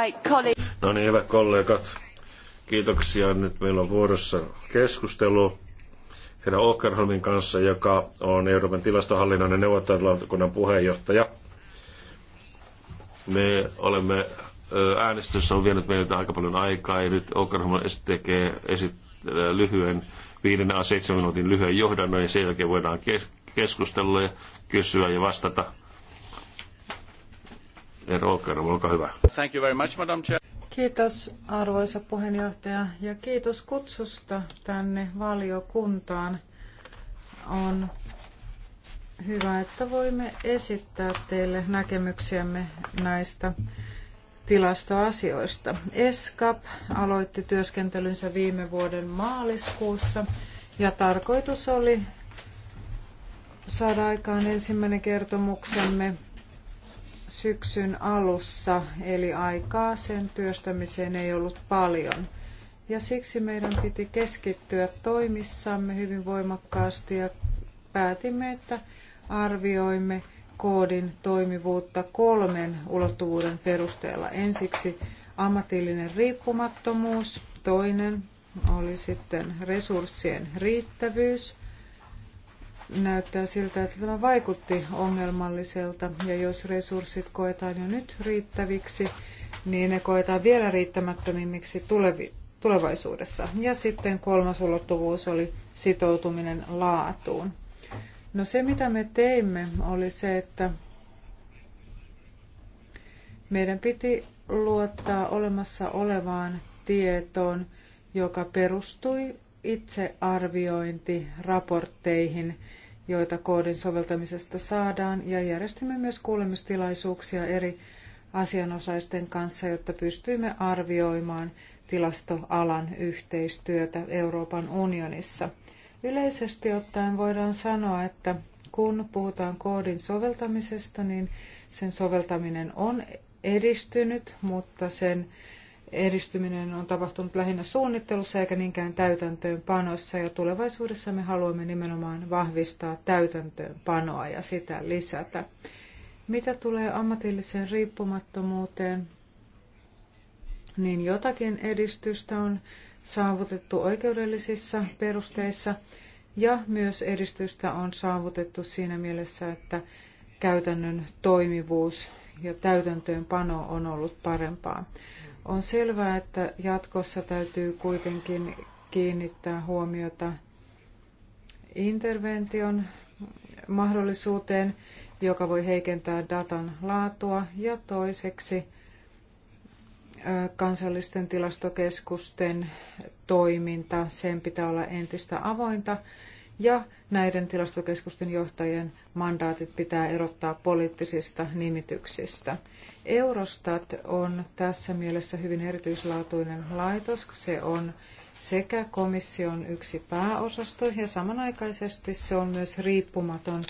Right, No niin, hyvät kollegat. Kiitoksia. Nyt meillä on vuorossa keskustelu herra Okerholmin kanssa, joka on Euroopan tilastohallinnon ja neuvottelulautakunnan puheenjohtaja. Me olemme, äänestys on vienyt meiltä aika paljon aikaa ja nyt Okerholm tekee esit, lyhyen 5-7 minuutin lyhyen johdannon ja sen jälkeen voidaan keskustella ja kysyä ja vastata olkaa hyvä. Thank you very much, Madam Chair. Kiitos arvoisa puheenjohtaja ja kiitos kutsusta tänne valiokuntaan. On hyvä, että voimme esittää teille näkemyksiämme näistä tilastoasioista. ESCAP aloitti työskentelynsä viime vuoden maaliskuussa ja tarkoitus oli saada aikaan ensimmäinen kertomuksemme syksyn alussa, eli aikaa sen työstämiseen ei ollut paljon. Ja siksi meidän piti keskittyä toimissamme hyvin voimakkaasti ja päätimme, että arvioimme koodin toimivuutta kolmen ulottuvuuden perusteella. Ensiksi ammatillinen riippumattomuus, toinen oli sitten resurssien riittävyys näyttää siltä, että tämä vaikutti ongelmalliselta ja jos resurssit koetaan jo nyt riittäviksi, niin ne koetaan vielä riittämättömimmiksi tulevi, tulevaisuudessa. Ja sitten kolmas ulottuvuus oli sitoutuminen laatuun. No se, mitä me teimme, oli se, että meidän piti luottaa olemassa olevaan tietoon, joka perustui itsearviointiraportteihin joita koodin soveltamisesta saadaan, ja järjestimme myös kuulemistilaisuuksia eri asianosaisten kanssa, jotta pystyimme arvioimaan tilastoalan yhteistyötä Euroopan unionissa. Yleisesti ottaen voidaan sanoa, että kun puhutaan koodin soveltamisesta, niin sen soveltaminen on edistynyt, mutta sen edistyminen on tapahtunut lähinnä suunnittelussa eikä niinkään täytäntöönpanossa ja tulevaisuudessa me haluamme nimenomaan vahvistaa täytäntöönpanoa ja sitä lisätä. Mitä tulee ammatilliseen riippumattomuuteen, niin jotakin edistystä on saavutettu oikeudellisissa perusteissa ja myös edistystä on saavutettu siinä mielessä, että käytännön toimivuus ja täytäntöönpano on ollut parempaa. On selvää, että jatkossa täytyy kuitenkin kiinnittää huomiota intervention mahdollisuuteen, joka voi heikentää datan laatua, ja toiseksi kansallisten tilastokeskusten toiminta, sen pitää olla entistä avointa ja näiden tilastokeskusten johtajien mandaatit pitää erottaa poliittisista nimityksistä. Eurostat on tässä mielessä hyvin erityislaatuinen laitos. Se on sekä komission yksi pääosasto ja samanaikaisesti se on myös riippumaton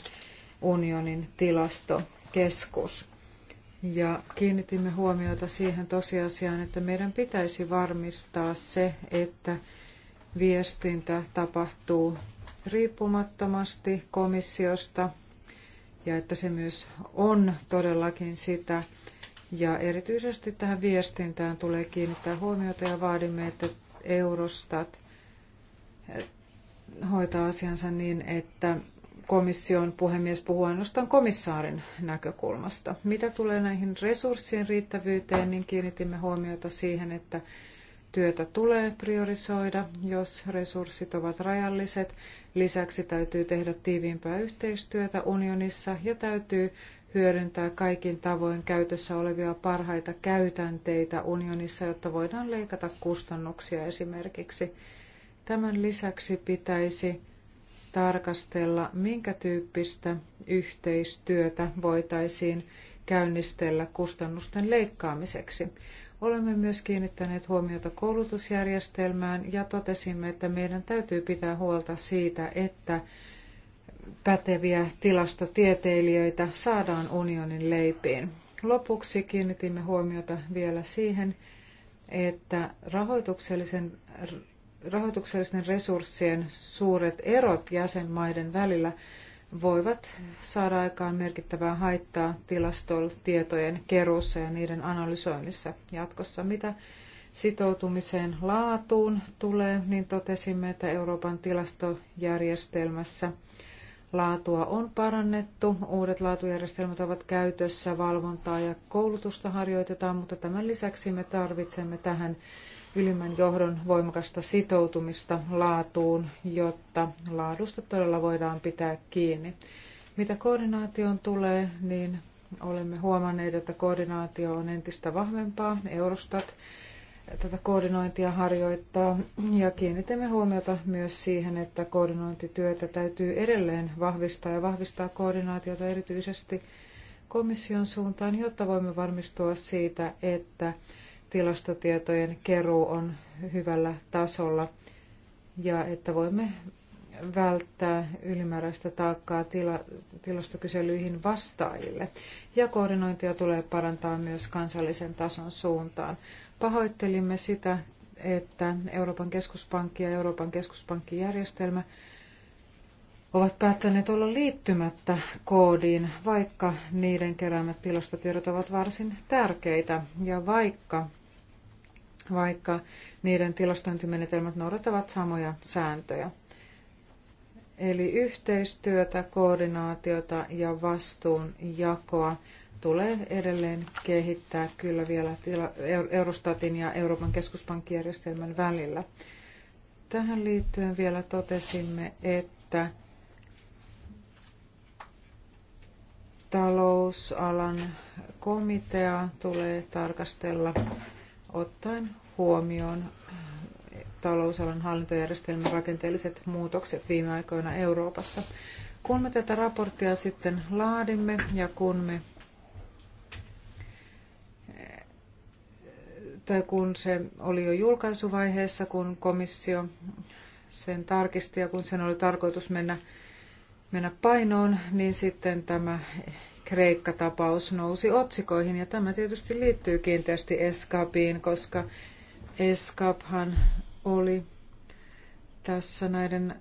unionin tilastokeskus. Ja kiinnitimme huomiota siihen tosiasiaan, että meidän pitäisi varmistaa se, että viestintä tapahtuu riippumattomasti komissiosta ja että se myös on todellakin sitä. Ja erityisesti tähän viestintään tulee kiinnittää huomiota ja vaadimme, että Eurostat eh, hoitaa asiansa niin, että komission puhemies puhuu ainoastaan komissaarin näkökulmasta. Mitä tulee näihin resurssien riittävyyteen, niin kiinnitimme huomiota siihen, että Työtä tulee priorisoida, jos resurssit ovat rajalliset. Lisäksi täytyy tehdä tiiviimpää yhteistyötä unionissa ja täytyy hyödyntää kaikin tavoin käytössä olevia parhaita käytänteitä unionissa, jotta voidaan leikata kustannuksia esimerkiksi. Tämän lisäksi pitäisi tarkastella, minkä tyyppistä yhteistyötä voitaisiin käynnistellä kustannusten leikkaamiseksi. Olemme myös kiinnittäneet huomiota koulutusjärjestelmään ja totesimme, että meidän täytyy pitää huolta siitä, että päteviä tilastotieteilijöitä saadaan unionin leipiin. Lopuksi kiinnitimme huomiota vielä siihen, että rahoituksellisen, rahoituksellisten resurssien suuret erot jäsenmaiden välillä – voivat saada aikaan merkittävää haittaa tilastotietojen keruussa ja niiden analysoinnissa jatkossa. Mitä sitoutumiseen laatuun tulee, niin totesimme, että Euroopan tilastojärjestelmässä laatua on parannettu. Uudet laatujärjestelmät ovat käytössä, valvontaa ja koulutusta harjoitetaan, mutta tämän lisäksi me tarvitsemme tähän ylimmän johdon voimakasta sitoutumista laatuun, jotta laadusta todella voidaan pitää kiinni. Mitä koordinaatioon tulee, niin olemme huomanneet, että koordinaatio on entistä vahvempaa. Eurostat tätä koordinointia harjoittaa ja kiinnitämme huomiota myös siihen, että koordinointityötä täytyy edelleen vahvistaa ja vahvistaa koordinaatiota erityisesti komission suuntaan, jotta voimme varmistua siitä, että tilastotietojen keruu on hyvällä tasolla ja että voimme välttää ylimääräistä taakkaa tila, tilastokyselyihin vastaajille. Ja koordinointia tulee parantaa myös kansallisen tason suuntaan. Pahoittelimme sitä, että Euroopan keskuspankki ja Euroopan keskuspankkijärjestelmä ovat päättäneet olla liittymättä koodiin, vaikka niiden keräämät tilastotiedot ovat varsin tärkeitä ja vaikka vaikka niiden tilastointimenetelmät noudattavat samoja sääntöjä. Eli yhteistyötä, koordinaatiota ja vastuunjakoa tulee edelleen kehittää kyllä vielä Eurostatin ja Euroopan keskuspankkijärjestelmän välillä. Tähän liittyen vielä totesimme, että talousalan komitea tulee tarkastella ottaen huomioon äh, talousalan hallintojärjestelmän rakenteelliset muutokset viime aikoina Euroopassa. Kun me tätä raporttia sitten laadimme ja kun me äh, tai kun se oli jo julkaisuvaiheessa, kun komissio sen tarkisti ja kun sen oli tarkoitus mennä, mennä painoon, niin sitten tämä Kreikka-tapaus nousi otsikoihin ja tämä tietysti liittyy kiinteästi Eskapiin, koska Eskaphan oli tässä näiden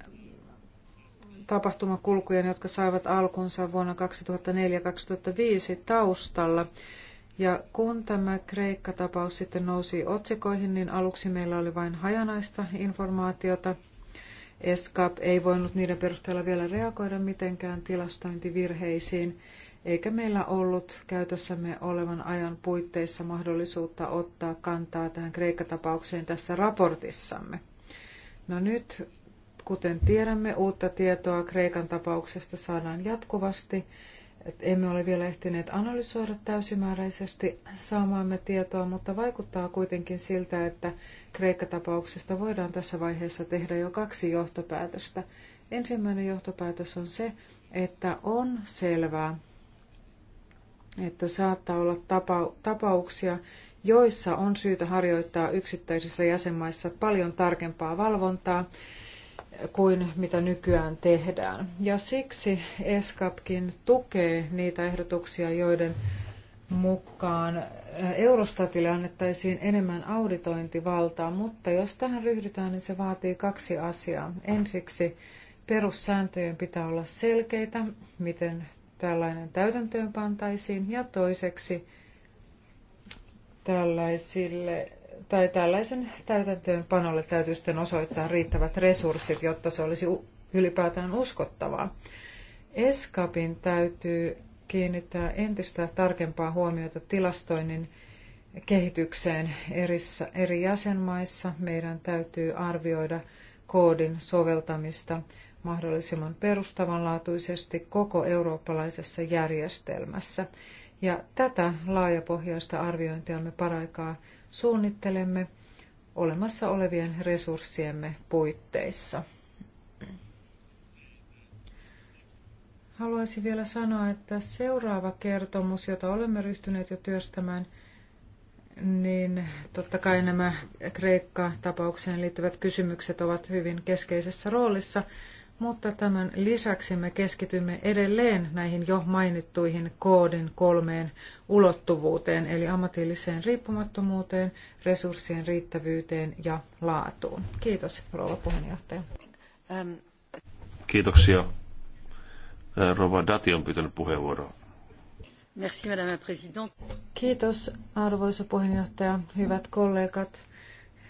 tapahtumakulkujen, jotka saivat alkunsa vuonna 2004-2005 taustalla. Ja kun tämä Kreikka-tapaus sitten nousi otsikoihin, niin aluksi meillä oli vain hajanaista informaatiota. ESCAP ei voinut niiden perusteella vielä reagoida mitenkään tilastointivirheisiin eikä meillä ollut käytössämme olevan ajan puitteissa mahdollisuutta ottaa kantaa tähän Kreikka-tapaukseen tässä raportissamme. No nyt, kuten tiedämme, uutta tietoa Kreikan tapauksesta saadaan jatkuvasti. Et emme ole vielä ehtineet analysoida täysimääräisesti saamaamme tietoa, mutta vaikuttaa kuitenkin siltä, että Kreikka-tapauksesta voidaan tässä vaiheessa tehdä jo kaksi johtopäätöstä. Ensimmäinen johtopäätös on se, että on selvää, että saattaa olla tapauksia, joissa on syytä harjoittaa yksittäisissä jäsenmaissa paljon tarkempaa valvontaa kuin mitä nykyään tehdään. Ja siksi ESCAPkin tukee niitä ehdotuksia, joiden mukaan Eurostatille annettaisiin enemmän auditointivaltaa, mutta jos tähän ryhdytään, niin se vaatii kaksi asiaa. Ensiksi perussääntöjen pitää olla selkeitä, miten tällainen täytäntöön pantaisiin ja toiseksi tällaisille tai tällaisen täytäntöönpanolle täytyy sitten osoittaa riittävät resurssit, jotta se olisi ylipäätään uskottavaa. Eskapin täytyy kiinnittää entistä tarkempaa huomiota tilastoinnin kehitykseen erissä, eri jäsenmaissa. Meidän täytyy arvioida koodin soveltamista mahdollisimman perustavanlaatuisesti koko eurooppalaisessa järjestelmässä. Ja tätä laajapohjaista arviointia me paraikaa suunnittelemme olemassa olevien resurssiemme puitteissa. Haluaisin vielä sanoa, että seuraava kertomus, jota olemme ryhtyneet jo työstämään, niin totta kai nämä Kreikka-tapaukseen liittyvät kysymykset ovat hyvin keskeisessä roolissa – mutta tämän lisäksi me keskitymme edelleen näihin jo mainittuihin koodin kolmeen ulottuvuuteen, eli ammatilliseen riippumattomuuteen, resurssien riittävyyteen ja laatuun. Kiitos, rouva puheenjohtaja. Ähm. Kiitoksia. Äh, Rova Dati on pyytänyt puheenvuoroa. Merci, madame la Kiitos, arvoisa puheenjohtaja, hyvät kollegat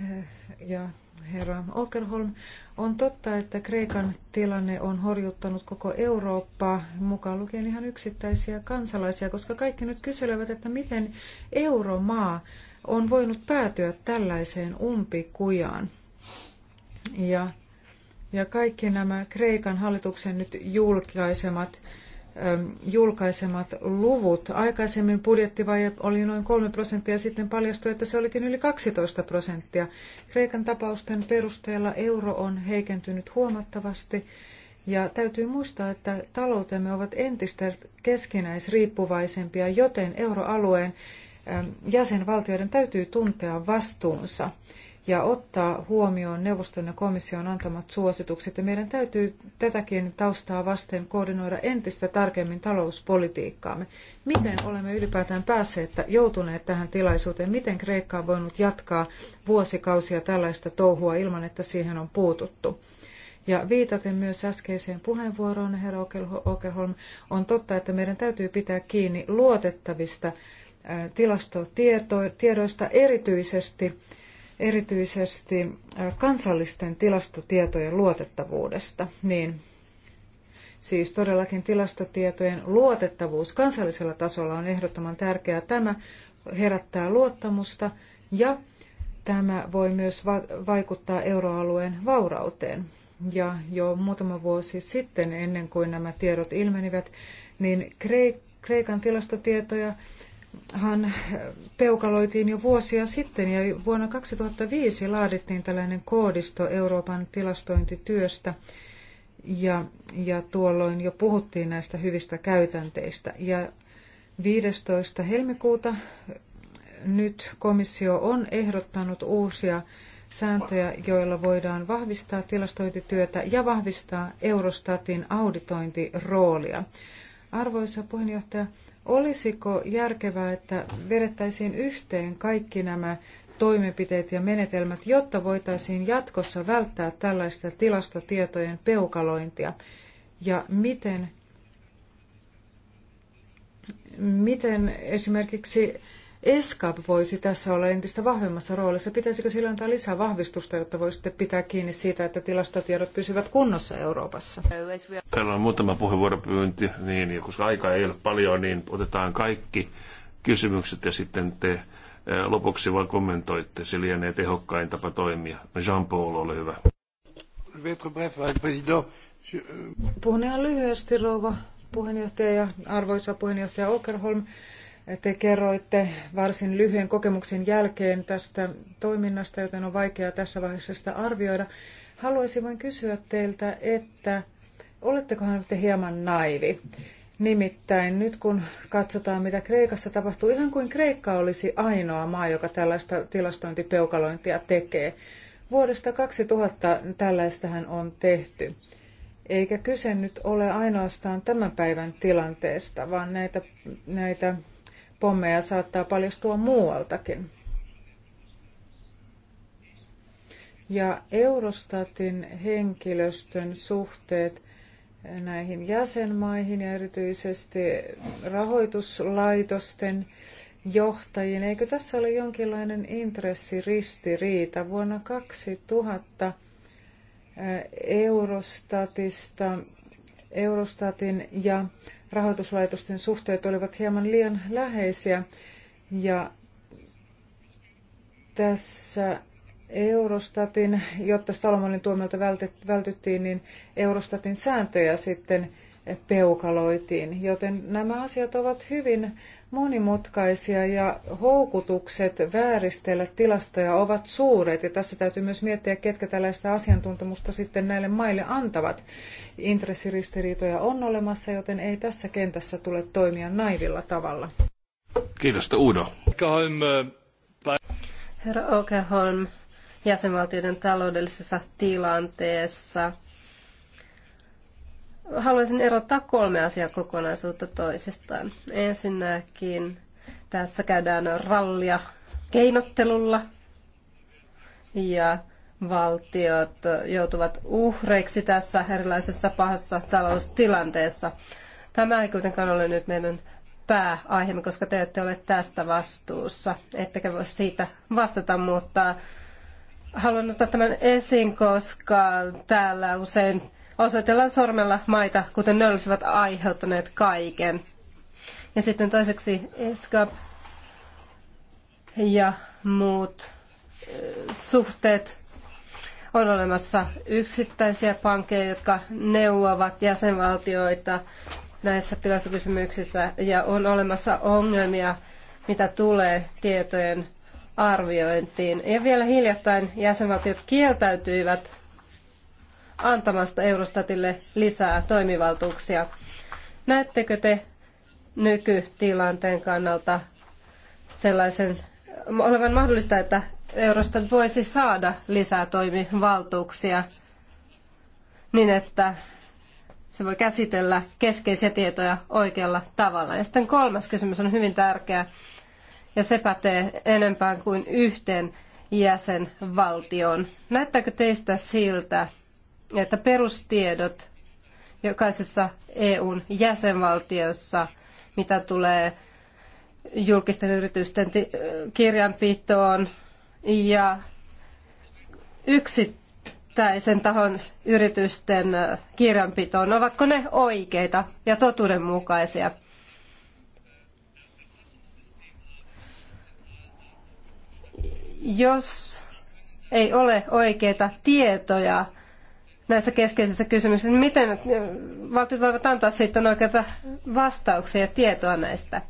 äh, ja herra Okerholm. On totta, että Kreikan tilanne on horjuttanut koko Eurooppaa, mukaan lukien ihan yksittäisiä kansalaisia, koska kaikki nyt kyselevät, että miten euromaa on voinut päätyä tällaiseen umpikujaan. Ja, ja kaikki nämä Kreikan hallituksen nyt julkaisemat julkaisemat luvut. Aikaisemmin budjettivaje oli noin 3 prosenttia ja sitten paljastui, että se olikin yli 12 prosenttia. Kreikan tapausten perusteella euro on heikentynyt huomattavasti ja täytyy muistaa, että taloutemme ovat entistä keskinäisriippuvaisempia, joten euroalueen jäsenvaltioiden täytyy tuntea vastuunsa ja ottaa huomioon neuvoston ja komission antamat suositukset. Ja meidän täytyy tätäkin taustaa vasten koordinoida entistä tarkemmin talouspolitiikkaamme. Miten olemme ylipäätään päässeet joutuneet tähän tilaisuuteen? Miten Kreikka on voinut jatkaa vuosikausia tällaista touhua ilman, että siihen on puututtu? Ja viitaten myös äskeiseen puheenvuoroon, herra Okerholm, on totta, että meidän täytyy pitää kiinni luotettavista tilastotiedoista erityisesti erityisesti äh, kansallisten tilastotietojen luotettavuudesta, niin Siis todellakin tilastotietojen luotettavuus kansallisella tasolla on ehdottoman tärkeää. Tämä herättää luottamusta ja tämä voi myös vaikuttaa euroalueen vaurauteen. Ja jo muutama vuosi sitten, ennen kuin nämä tiedot ilmenivät, niin Kreikan tilastotietoja hän peukaloitiin jo vuosia sitten ja vuonna 2005 laadittiin tällainen koodisto Euroopan tilastointityöstä ja, ja tuolloin jo puhuttiin näistä hyvistä käytänteistä. Ja 15. helmikuuta nyt komissio on ehdottanut uusia sääntöjä, joilla voidaan vahvistaa tilastointityötä ja vahvistaa Eurostatin auditointiroolia. Arvoisa puheenjohtaja, Olisiko järkevää, että vedettäisiin yhteen kaikki nämä toimenpiteet ja menetelmät, jotta voitaisiin jatkossa välttää tällaista tilastotietojen peukalointia? Ja miten, miten esimerkiksi ESCAP voisi tässä olla entistä vahvemmassa roolissa. Pitäisikö sillä antaa lisää vahvistusta, jotta voisitte pitää kiinni siitä, että tilastotiedot pysyvät kunnossa Euroopassa? Täällä on muutama puheenvuoropyynti, niin, ja koska aikaa ei ole paljon, niin otetaan kaikki kysymykset ja sitten te lopuksi vaan kommentoitte. Se lienee tehokkain tapa toimia. Jean-Paul, ole hyvä. Euh, Puhun ihan lyhyesti, rouva puheenjohtaja ja arvoisa puheenjohtaja Okerholm. Te kerroitte varsin lyhyen kokemuksen jälkeen tästä toiminnasta, joten on vaikeaa tässä vaiheessa sitä arvioida. Haluaisin vain kysyä teiltä, että olettekohan te hieman naivi? Nimittäin nyt kun katsotaan, mitä Kreikassa tapahtuu, ihan kuin Kreikka olisi ainoa maa, joka tällaista tilastointipeukalointia tekee. Vuodesta 2000 tällaistähän on tehty. Eikä kyse nyt ole ainoastaan tämän päivän tilanteesta, vaan näitä, näitä pommeja saattaa paljastua muualtakin. Ja Eurostatin henkilöstön suhteet näihin jäsenmaihin ja erityisesti rahoituslaitosten johtajiin. Eikö tässä ole jonkinlainen intressiristiriita? Vuonna 2000 Eurostatista, Eurostatin ja rahoituslaitosten suhteet olivat hieman liian läheisiä ja tässä Eurostatin, jotta Salomonin tuomiolta vältyttiin, niin Eurostatin sääntöjä sitten peukaloitiin, joten nämä asiat ovat hyvin monimutkaisia ja houkutukset vääristellä tilastoja ovat suuret. Ja tässä täytyy myös miettiä, ketkä tällaista asiantuntemusta sitten näille maille antavat. Intressiristiriitoja on olemassa, joten ei tässä kentässä tule toimia naivilla tavalla. Kiitos, Udo. Äh, Herra Okeholm, jäsenvaltioiden taloudellisessa tilanteessa – haluaisin erottaa kolme asiaa kokonaisuutta toisistaan. Ensinnäkin tässä käydään rallia keinottelulla ja valtiot joutuvat uhreiksi tässä erilaisessa pahassa taloustilanteessa. Tämä ei kuitenkaan ole nyt meidän pääaiheemme, koska te ette ole tästä vastuussa, ettekä voi siitä vastata, mutta haluan ottaa tämän esiin, koska täällä usein osoitellaan sormella maita, kuten ne olisivat aiheuttaneet kaiken. Ja sitten toiseksi ESCAP ja muut suhteet on olemassa yksittäisiä pankkeja, jotka neuvovat jäsenvaltioita näissä tilastokysymyksissä ja on olemassa ongelmia, mitä tulee tietojen arviointiin. Ja vielä hiljattain jäsenvaltiot kieltäytyivät antamasta Eurostatille lisää toimivaltuuksia. Näettekö te nykytilanteen kannalta sellaisen olevan mahdollista, että Eurostat voisi saada lisää toimivaltuuksia niin, että se voi käsitellä keskeisiä tietoja oikealla tavalla. Ja sitten kolmas kysymys on hyvin tärkeä, ja se pätee enempään kuin yhteen jäsenvaltioon. Näyttääkö teistä siltä, että perustiedot jokaisessa EUn jäsenvaltiossa, mitä tulee julkisten yritysten kirjanpitoon ja yksittäisen tahon yritysten kirjanpitoon, ovatko ne oikeita ja totuudenmukaisia. Jos ei ole oikeita tietoja, näissä keskeisissä kysymyksissä, niin miten äh, valtiot voivat antaa sitten oikeita vastauksia ja tietoa näistä?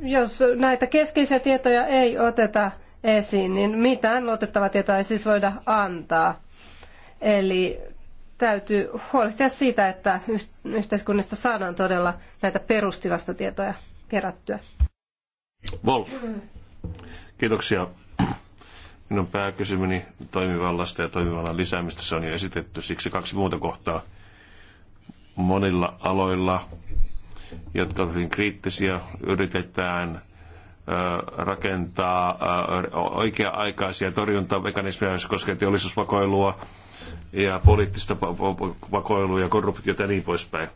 Jos näitä keskeisiä tietoja ei oteta esiin, niin mitään luotettavaa tietoa ei siis voida antaa. Eli täytyy huolehtia siitä, että yhteiskunnasta saadaan todella näitä perustilastotietoja kerättyä. Wolf, kiitoksia Minun pääkysymyni toimivallasta ja toimivallan lisäämistä se on jo esitetty, siksi kaksi muuta kohtaa. Monilla aloilla, jotka ovat hyvin kriittisiä, yritetään rakentaa oikea-aikaisia torjuntamekanismeja, jos koskee teollisuusvakoilua ja poliittista vakoilua ja korruptiota ja niin poispäin.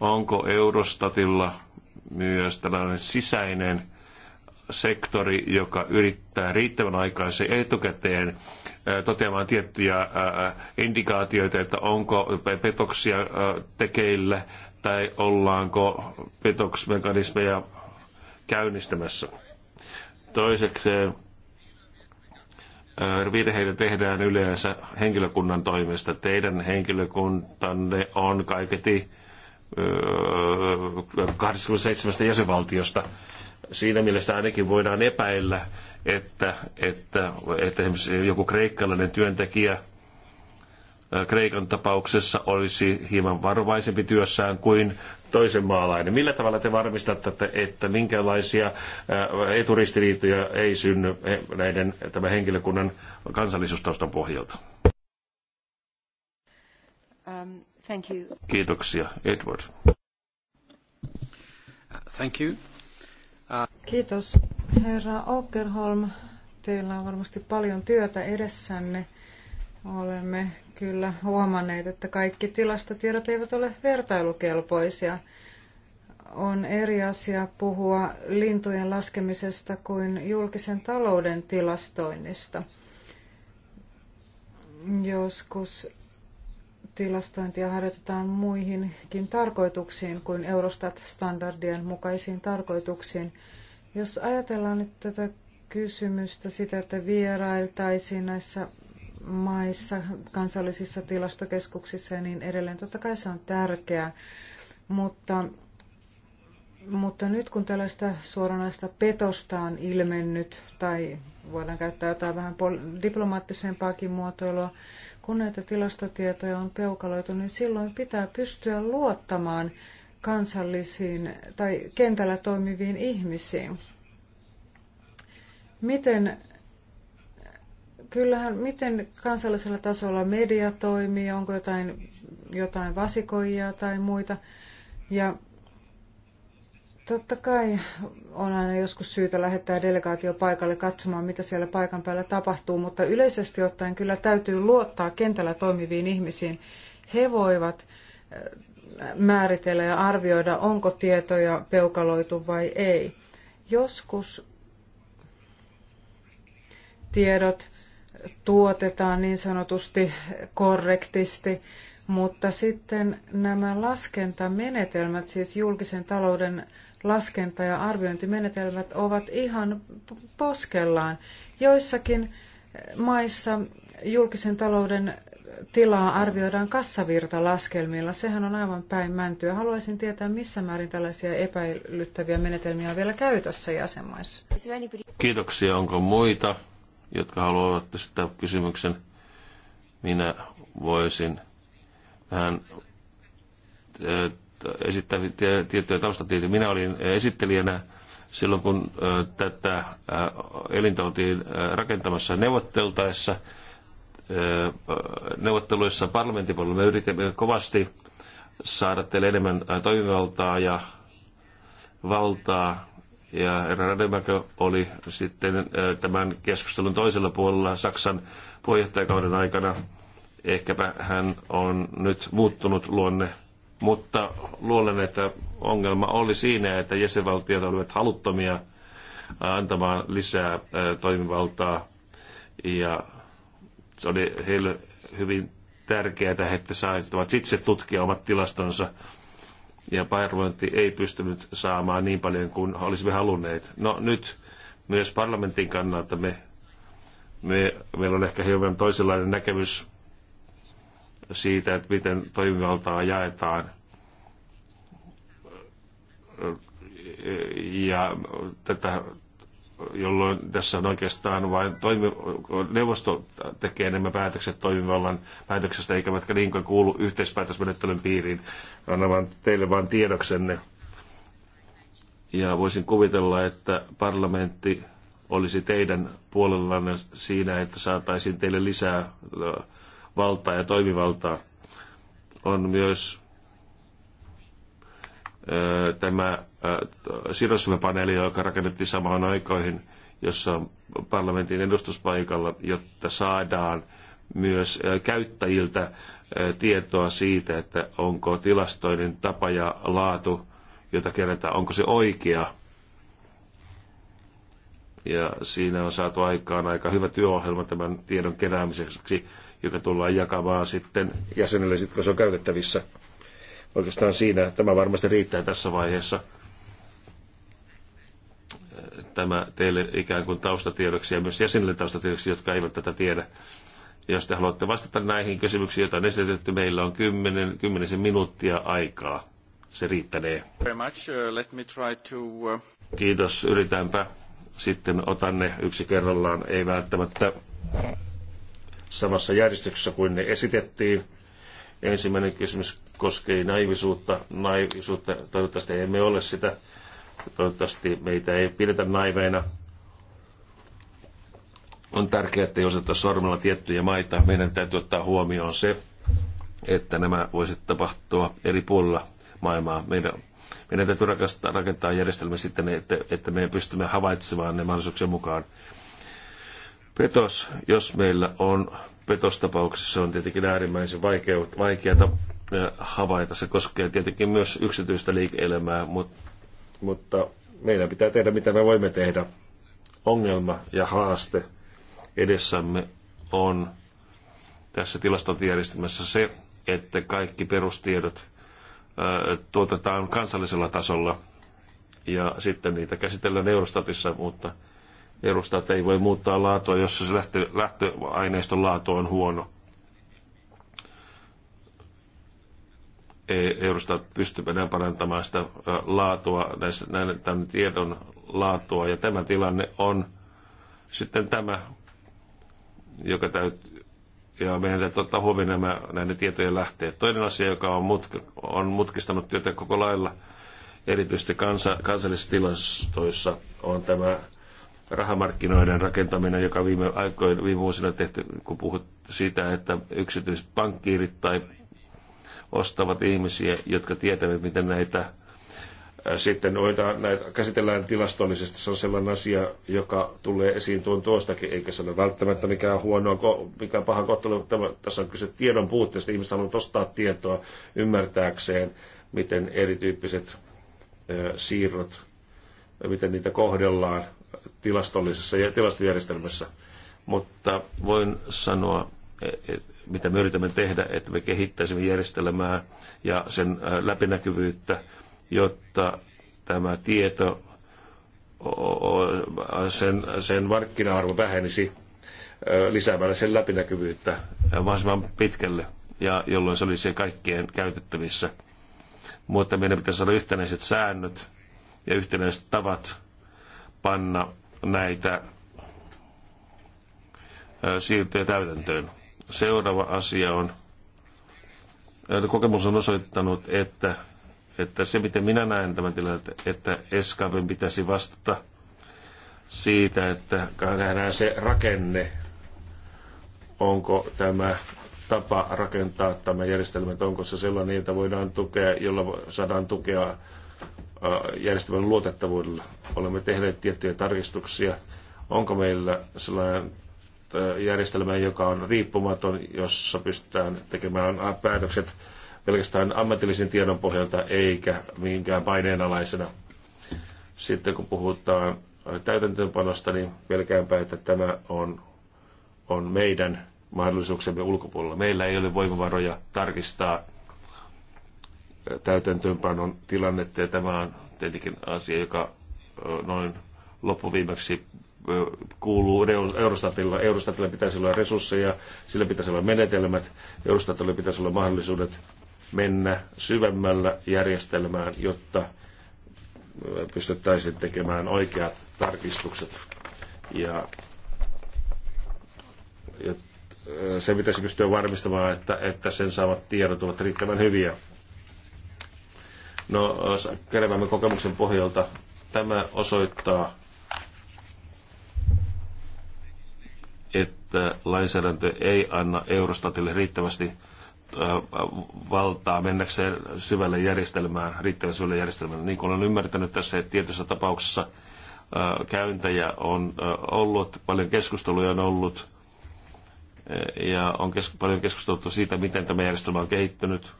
Onko Eurostatilla myös tällainen sisäinen sektori, joka yrittää riittävän aikaisen etukäteen toteamaan tiettyjä indikaatioita, että onko petoksia tekeillä tai ollaanko petoksmekanismeja käynnistämässä. Toisekseen virheitä tehdään yleensä henkilökunnan toimesta. Teidän henkilökuntanne on kaiketi 27 jäsenvaltiosta. Siinä mielessä ainakin voidaan epäillä, että, että, että esimerkiksi joku kreikkalainen työntekijä Kreikan tapauksessa olisi hieman varovaisempi työssään kuin toisen maalainen. Millä tavalla te varmistatte, että, että minkälaisia eturistiriitoja ei synny näiden tämän henkilökunnan kansallisuustaustan pohjalta? Um. Thank you. Kiitoksia. Edward. Thank you. Uh... Kiitos. Herra Åkerholm, teillä on varmasti paljon työtä edessänne. Olemme kyllä huomanneet, että kaikki tilastotiedot eivät ole vertailukelpoisia. On eri asia puhua lintujen laskemisesta kuin julkisen talouden tilastoinnista. Joskus tilastointia harjoitetaan muihinkin tarkoituksiin kuin Eurostat-standardien mukaisiin tarkoituksiin. Jos ajatellaan nyt tätä kysymystä sitä, että vierailtaisiin näissä maissa, kansallisissa tilastokeskuksissa ja niin edelleen, totta kai se on tärkeää, mutta, mutta nyt kun tällaista suoranaista petosta on ilmennyt, tai voidaan käyttää jotain vähän diplomaattisempaakin muotoilua, kun näitä tilastotietoja on peukaloitu, niin silloin pitää pystyä luottamaan kansallisiin tai kentällä toimiviin ihmisiin. Miten, kyllähän, miten kansallisella tasolla media toimii, onko jotain, jotain vasikoijia tai muita. Ja Totta kai on aina joskus syytä lähettää delegaatio paikalle katsomaan, mitä siellä paikan päällä tapahtuu, mutta yleisesti ottaen kyllä täytyy luottaa kentällä toimiviin ihmisiin. He voivat äh, määritellä ja arvioida, onko tietoja peukaloitu vai ei. Joskus tiedot tuotetaan niin sanotusti korrektisti, mutta sitten nämä laskentamenetelmät, siis julkisen talouden laskenta- ja arviointimenetelmät ovat ihan poskellaan. Joissakin maissa julkisen talouden tilaa arvioidaan kassavirtalaskelmilla. Sehän on aivan päin mäntyä. Haluaisin tietää, missä määrin tällaisia epäilyttäviä menetelmiä on vielä käytössä jäsenmaissa. Kiitoksia. Onko muita, jotka haluavat esittää kysymyksen? Minä voisin vähän Esittävien tiettyjä taustatietoja. Minä olin esittelijänä silloin, kun tätä elintä oltiin rakentamassa neuvotteltaessa, neuvotteluissa parlamentin puolella me yritimme kovasti saada teille enemmän toimivaltaa ja valtaa. Ja herra Rademäkö oli sitten tämän keskustelun toisella puolella Saksan puheenjohtajakauden aikana. Ehkäpä hän on nyt muuttunut luonne mutta luulen, että ongelma oli siinä, että jäsenvaltiot olivat haluttomia antamaan lisää toimivaltaa ja se oli heille hyvin tärkeää, että he saivat itse tutkia omat tilastonsa ja parlamentti ei pystynyt saamaan niin paljon kuin olisimme halunneet. No nyt myös parlamentin kannalta me, me, meillä on ehkä hieman toisenlainen näkemys siitä, että miten toimivaltaa jaetaan. Ja tätä, jolloin tässä on oikeastaan vain toimi, neuvosto tekee enemmän päätökset toimivallan päätöksestä, eikä vaikka kuin kuulu yhteispäätösmenettelyn piiriin. Annan vaan teille vain tiedoksenne. Ja voisin kuvitella, että parlamentti olisi teidän puolellanne siinä, että saataisiin teille lisää valtaa ja toimivaltaa. On myös tämä sidosryhmäpaneeli, joka rakennettiin samaan aikoihin, jossa on parlamentin edustuspaikalla, jotta saadaan myös käyttäjiltä tietoa siitä, että onko tilastoinnin tapa ja laatu, jota kerätään, onko se oikea. Ja siinä on saatu aikaan aika hyvä työohjelma tämän tiedon keräämiseksi joka tullaan jakamaan sitten jäsenille, sit kun se on käytettävissä. Oikeastaan siinä tämä varmasti riittää tässä vaiheessa. Tämä teille ikään kuin taustatiedoksi ja myös jäsenille taustatiedoksi, jotka eivät tätä tiedä. Jos te haluatte vastata näihin kysymyksiin, joita on esitetty, meillä on kymmenen kymmenisen minuuttia aikaa. Se riittänee. Uh, uh, Kiitos, yritänpä sitten otan ne yksi kerrallaan, ei välttämättä samassa järjestyksessä kuin ne esitettiin. Ensimmäinen kysymys koskee naivisuutta. Naivisuutta toivottavasti emme ole sitä. Toivottavasti meitä ei pidetä naiveina. On tärkeää, että jos ottaa sormella tiettyjä maita, meidän täytyy ottaa huomioon se, että nämä voisi tapahtua eri puolilla maailmaa. Meidän, meidän täytyy rakastaa, rakentaa järjestelmä sitten, että, että me pystymme havaitsemaan ne mahdollisuuksien mukaan. Petos, jos meillä on petostapauksissa, on tietenkin äärimmäisen vaikeaa havaita. Se koskee tietenkin myös yksityistä liike-elämää, mutta, mutta meidän pitää tehdä, mitä me voimme tehdä. Ongelma ja haaste edessämme on tässä tilastointijärjestelmässä se, että kaikki perustiedot tuotetaan kansallisella tasolla ja sitten niitä käsitellään Eurostatissa, mutta – että ei voi muuttaa laatua, jos se lähtö, lähtöaineiston laatu on huono. Eurostat pystyy enää parantamaan sitä laatua, näissä, näin, tämän tiedon laatua. Ja tämä tilanne on sitten tämä, joka täytyy, ja meidän täytyy ottaa huomioon nämä, näiden tietojen lähteet. Toinen asia, joka on, mutka, on mutkistanut työtä koko lailla, erityisesti kansa, kansallisissa tilastoissa, on tämä rahamarkkinoiden rakentaminen, joka viime aikoina, viime vuosina tehty, kun puhut siitä, että yksityispankkiirit tai ostavat ihmisiä, jotka tietävät, miten näitä sitten voidaan, näitä käsitellään tilastollisesti. Se on sellainen asia, joka tulee esiin tuon tuostakin, eikä se ole välttämättä mikään huono, mikään paha kohtelu. Tässä on kyse tiedon puutteesta. Ihmiset haluavat ostaa tietoa ymmärtääkseen, miten erityyppiset siirrot, miten niitä kohdellaan, tilastollisessa ja tilastojärjestelmässä. Mutta voin sanoa, e, e, mitä me yritämme tehdä, että me kehittäisimme järjestelmää ja sen läpinäkyvyyttä, jotta tämä tieto, sen, sen markkina-arvo vähenisi lisäämällä sen läpinäkyvyyttä mahdollisimman pitkälle, ja jolloin se olisi kaikkien käytettävissä. Mutta meidän pitäisi saada yhtenäiset säännöt ja yhtenäiset tavat panna näitä siirtyjä täytäntöön. Seuraava asia on, kokemus on osoittanut, että, että se miten minä näen tämän tilanteen, että Eskaven pitäisi vastata siitä, että nähdään se rakenne, onko tämä tapa rakentaa tämä järjestelmä, että onko se sellainen, jota voidaan tukea, jolla saadaan tukea järjestelmän luotettavuudella. Olemme tehneet tiettyjä tarkistuksia. Onko meillä sellainen järjestelmä, joka on riippumaton, jossa pystytään tekemään päätökset pelkästään ammatillisen tiedon pohjalta eikä minkään paineenalaisena. Sitten kun puhutaan täytäntöönpanosta, niin pelkäänpä, että tämä on, on meidän mahdollisuuksemme ulkopuolella. Meillä ei ole voimavaroja tarkistaa täytäntöönpanon tilannetta ja tämä on tietenkin asia, joka noin loppuviimeksi kuuluu Eurostatilla. Eurostatilla pitäisi olla resursseja, sillä pitäisi olla menetelmät, Eurostatilla pitäisi olla mahdollisuudet mennä syvemmällä järjestelmään, jotta pystyttäisiin tekemään oikeat tarkistukset. Ja, ja se pitäisi pystyä varmistamaan, että, että sen saavat tiedot ovat riittävän hyviä. No, keräämme kokemuksen pohjalta tämä osoittaa, että lainsäädäntö ei anna Eurostatille riittävästi valtaa mennäkseen syvälle järjestelmään, riittävän syvälle järjestelmään. Niin kuin olen ymmärtänyt tässä, että tietyissä tapauksessa käyntäjä on ollut, paljon keskusteluja on ollut, e, ja on kesk- paljon keskusteltu siitä, miten tämä järjestelmä on kehittynyt.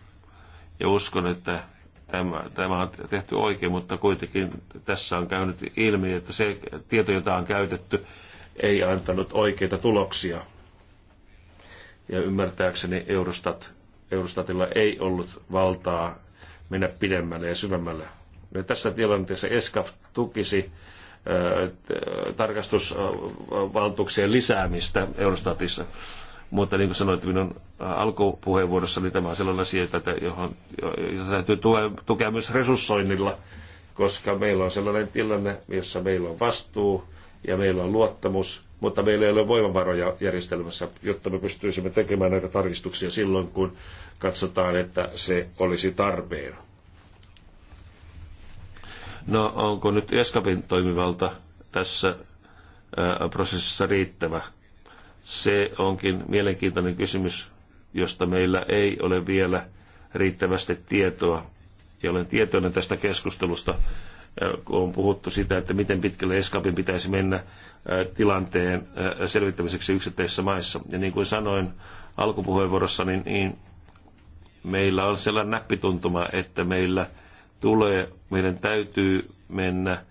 Ja uskon, että tämä, tämä on tehty oikein, mutta kuitenkin tässä on käynyt ilmi, että se tieto, jota on käytetty, ei antanut oikeita tuloksia. Ja ymmärtääkseni Eurostat, Eurostatilla ei ollut valtaa mennä pidemmälle ja syvemmälle. Ja tässä tilanteessa ESCAP tukisi tarkastusvaltuuksien lisäämistä Eurostatissa. Mutta niin kuin sanoit minun äh, alkupuheenvuorossa, niin tämä on sellainen asia, jota, johon, jota täytyy tukea myös resurssoinnilla, koska meillä on sellainen tilanne, jossa meillä on vastuu ja meillä on luottamus, mutta meillä ei ole voimavaroja järjestelmässä, jotta me pystyisimme tekemään näitä tarkistuksia silloin, kun katsotaan, että se olisi tarpeen. No onko nyt Eskapin toimivalta tässä äh, prosessissa riittävä? Se onkin mielenkiintoinen kysymys, josta meillä ei ole vielä riittävästi tietoa. Ja olen tietoinen tästä keskustelusta, kun on puhuttu sitä, että miten pitkälle eskapin pitäisi mennä tilanteen selvittämiseksi yksittäisissä maissa. Ja niin kuin sanoin alkupuheenvuorossa, niin, niin meillä on sellainen näppituntuma, että meillä tulee, meidän täytyy mennä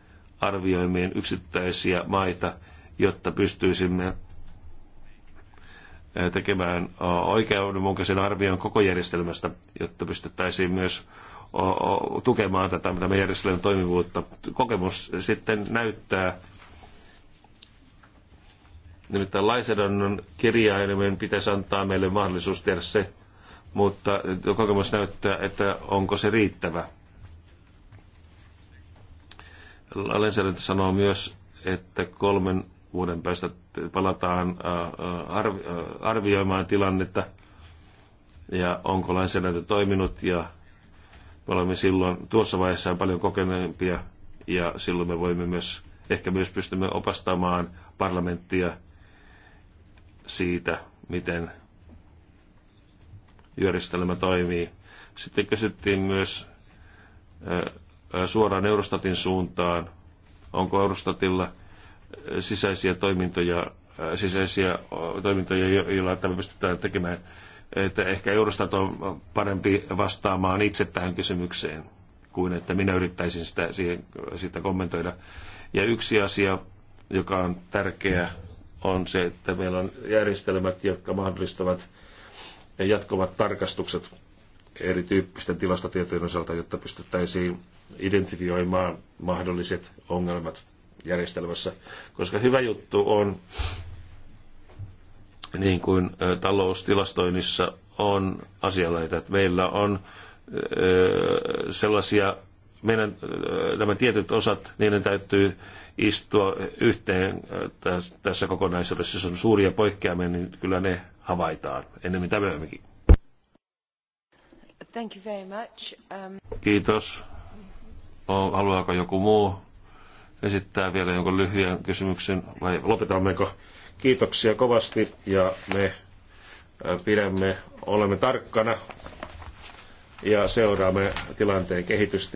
arvioimien yksittäisiä maita, jotta pystyisimme Eh, tekemään oikeudenmukaisen arvion koko järjestelmästä, jotta pystyttäisiin myös tukemaan tätä tämän järjestelmän toimivuutta. Kokemus sitten näyttää, nimittäin lainsäädännön kirjaimen pitäisi antaa meille mahdollisuus tehdä se, mutta kokemus näyttää, että onko se riittävä. Lainsäädäntö sanoo myös, että kolmen vuoden päästä palataan arvioimaan tilannetta ja onko lainsäädäntö toiminut ja me olemme silloin tuossa vaiheessa paljon kokeneempia ja silloin me voimme myös, ehkä myös pystymme opastamaan parlamenttia siitä, miten järjestelmä toimii. Sitten kysyttiin myös suoraan Eurostatin suuntaan, onko Eurostatilla sisäisiä toimintoja, äh, sisäisiä toimintoja, joilla tämä pystytään tekemään. Että ehkä Eurostat on parempi vastaamaan itse tähän kysymykseen kuin että minä yrittäisin sitä, siihen, sitä kommentoida. Ja yksi asia, joka on tärkeä, on se, että meillä on järjestelmät, jotka mahdollistavat ja jatkuvat tarkastukset erityyppisten tilastotietojen osalta, jotta pystyttäisiin identifioimaan mahdolliset ongelmat järjestelmässä. Koska hyvä juttu on, niin kuin taloustilastoinnissa on asialaita, että meillä on sellaisia, meidän nämä tietyt osat, niiden täytyy istua yhteen tässä kokonaisuudessa. Jos on suuria poikkeamia, niin kyllä ne havaitaan ennemmin tai myöhemminkin. Thank you very much. Um... Kiitos. Haluaako joku muu esittää vielä jonkun lyhyen kysymyksen vai lopetammeko? Kiitoksia kovasti ja me äh, pidämme, olemme tarkkana ja seuraamme tilanteen kehitystä.